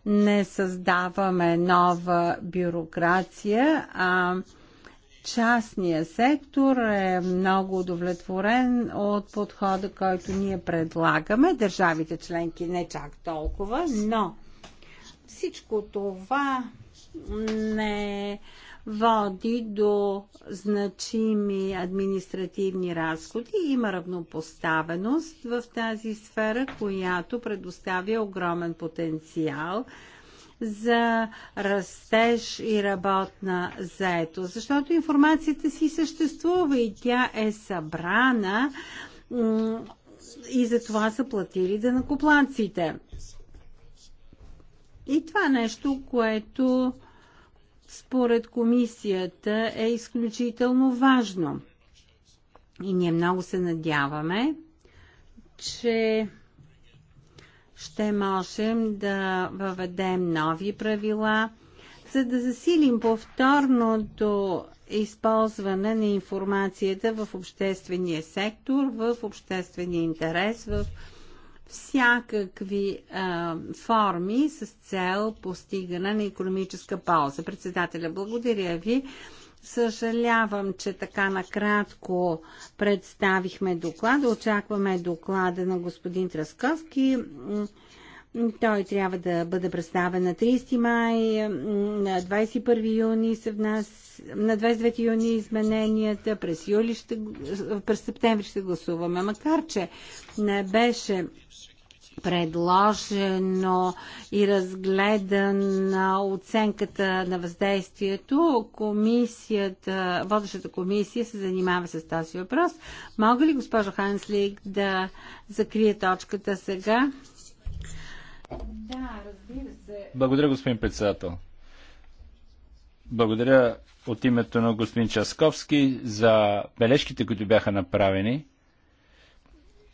не създаваме нова бюрокрация, а частният сектор е много удовлетворен от подхода, който ние предлагаме. Държавите членки не чак толкова, но всичко това не е води до значими административни разходи. Има равнопоставеност в тази сфера, която предоставя огромен потенциал за растеж и работна заето. Защото информацията си съществува и тя е събрана и за това са платили да накопланците. И това е нещо, което според комисията е изключително важно. И ние много се надяваме, че ще можем да въведем нови правила, за да засилим повторното използване на информацията в обществения сектор, в обществения интерес, в всякакви а, форми с цел постигане на економическа полза. Председателя, благодаря ви. Съжалявам, че така накратко представихме доклада. Очакваме доклада на господин Трасковски. Той трябва да бъде представен на 30 май, на 21 юни се внася на 29 юни измененията, през, юли ще, през септември ще гласуваме. Макар, че не беше предложено и разгледана оценката на въздействието, комисията, водещата комисия се занимава с този въпрос. Мога ли, госпожо Ханслик, да закрие точката сега? Да, разбира се.
Благодаря, господин председател. Благодаря от името на господин Часковски за бележките, които бяха направени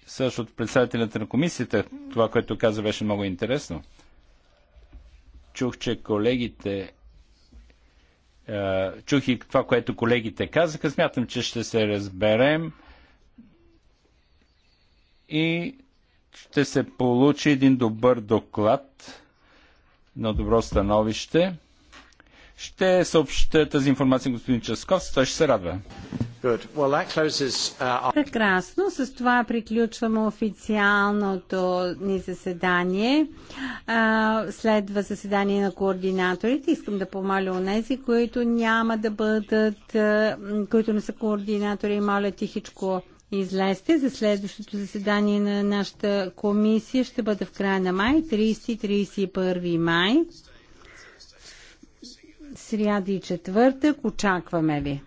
също от председателята на комисията. Това, което каза, беше много интересно. Чух, че колегите. Чух и това, което колегите казаха. Смятам, че ще се разберем и ще се получи един добър доклад на добро становище. Ще съобща тази информация господин Часков, той ще се радва. Uh,
Прекрасно. С това приключваме официалното ни заседание. следва заседание на координаторите. Искам да помоля нези, които няма да бъдат, които не са координатори, моля тихичко излезте. За следващото заседание на нашата комисия ще бъде в края на май, 30-31 май сряда и четвъртък. Очакваме ви.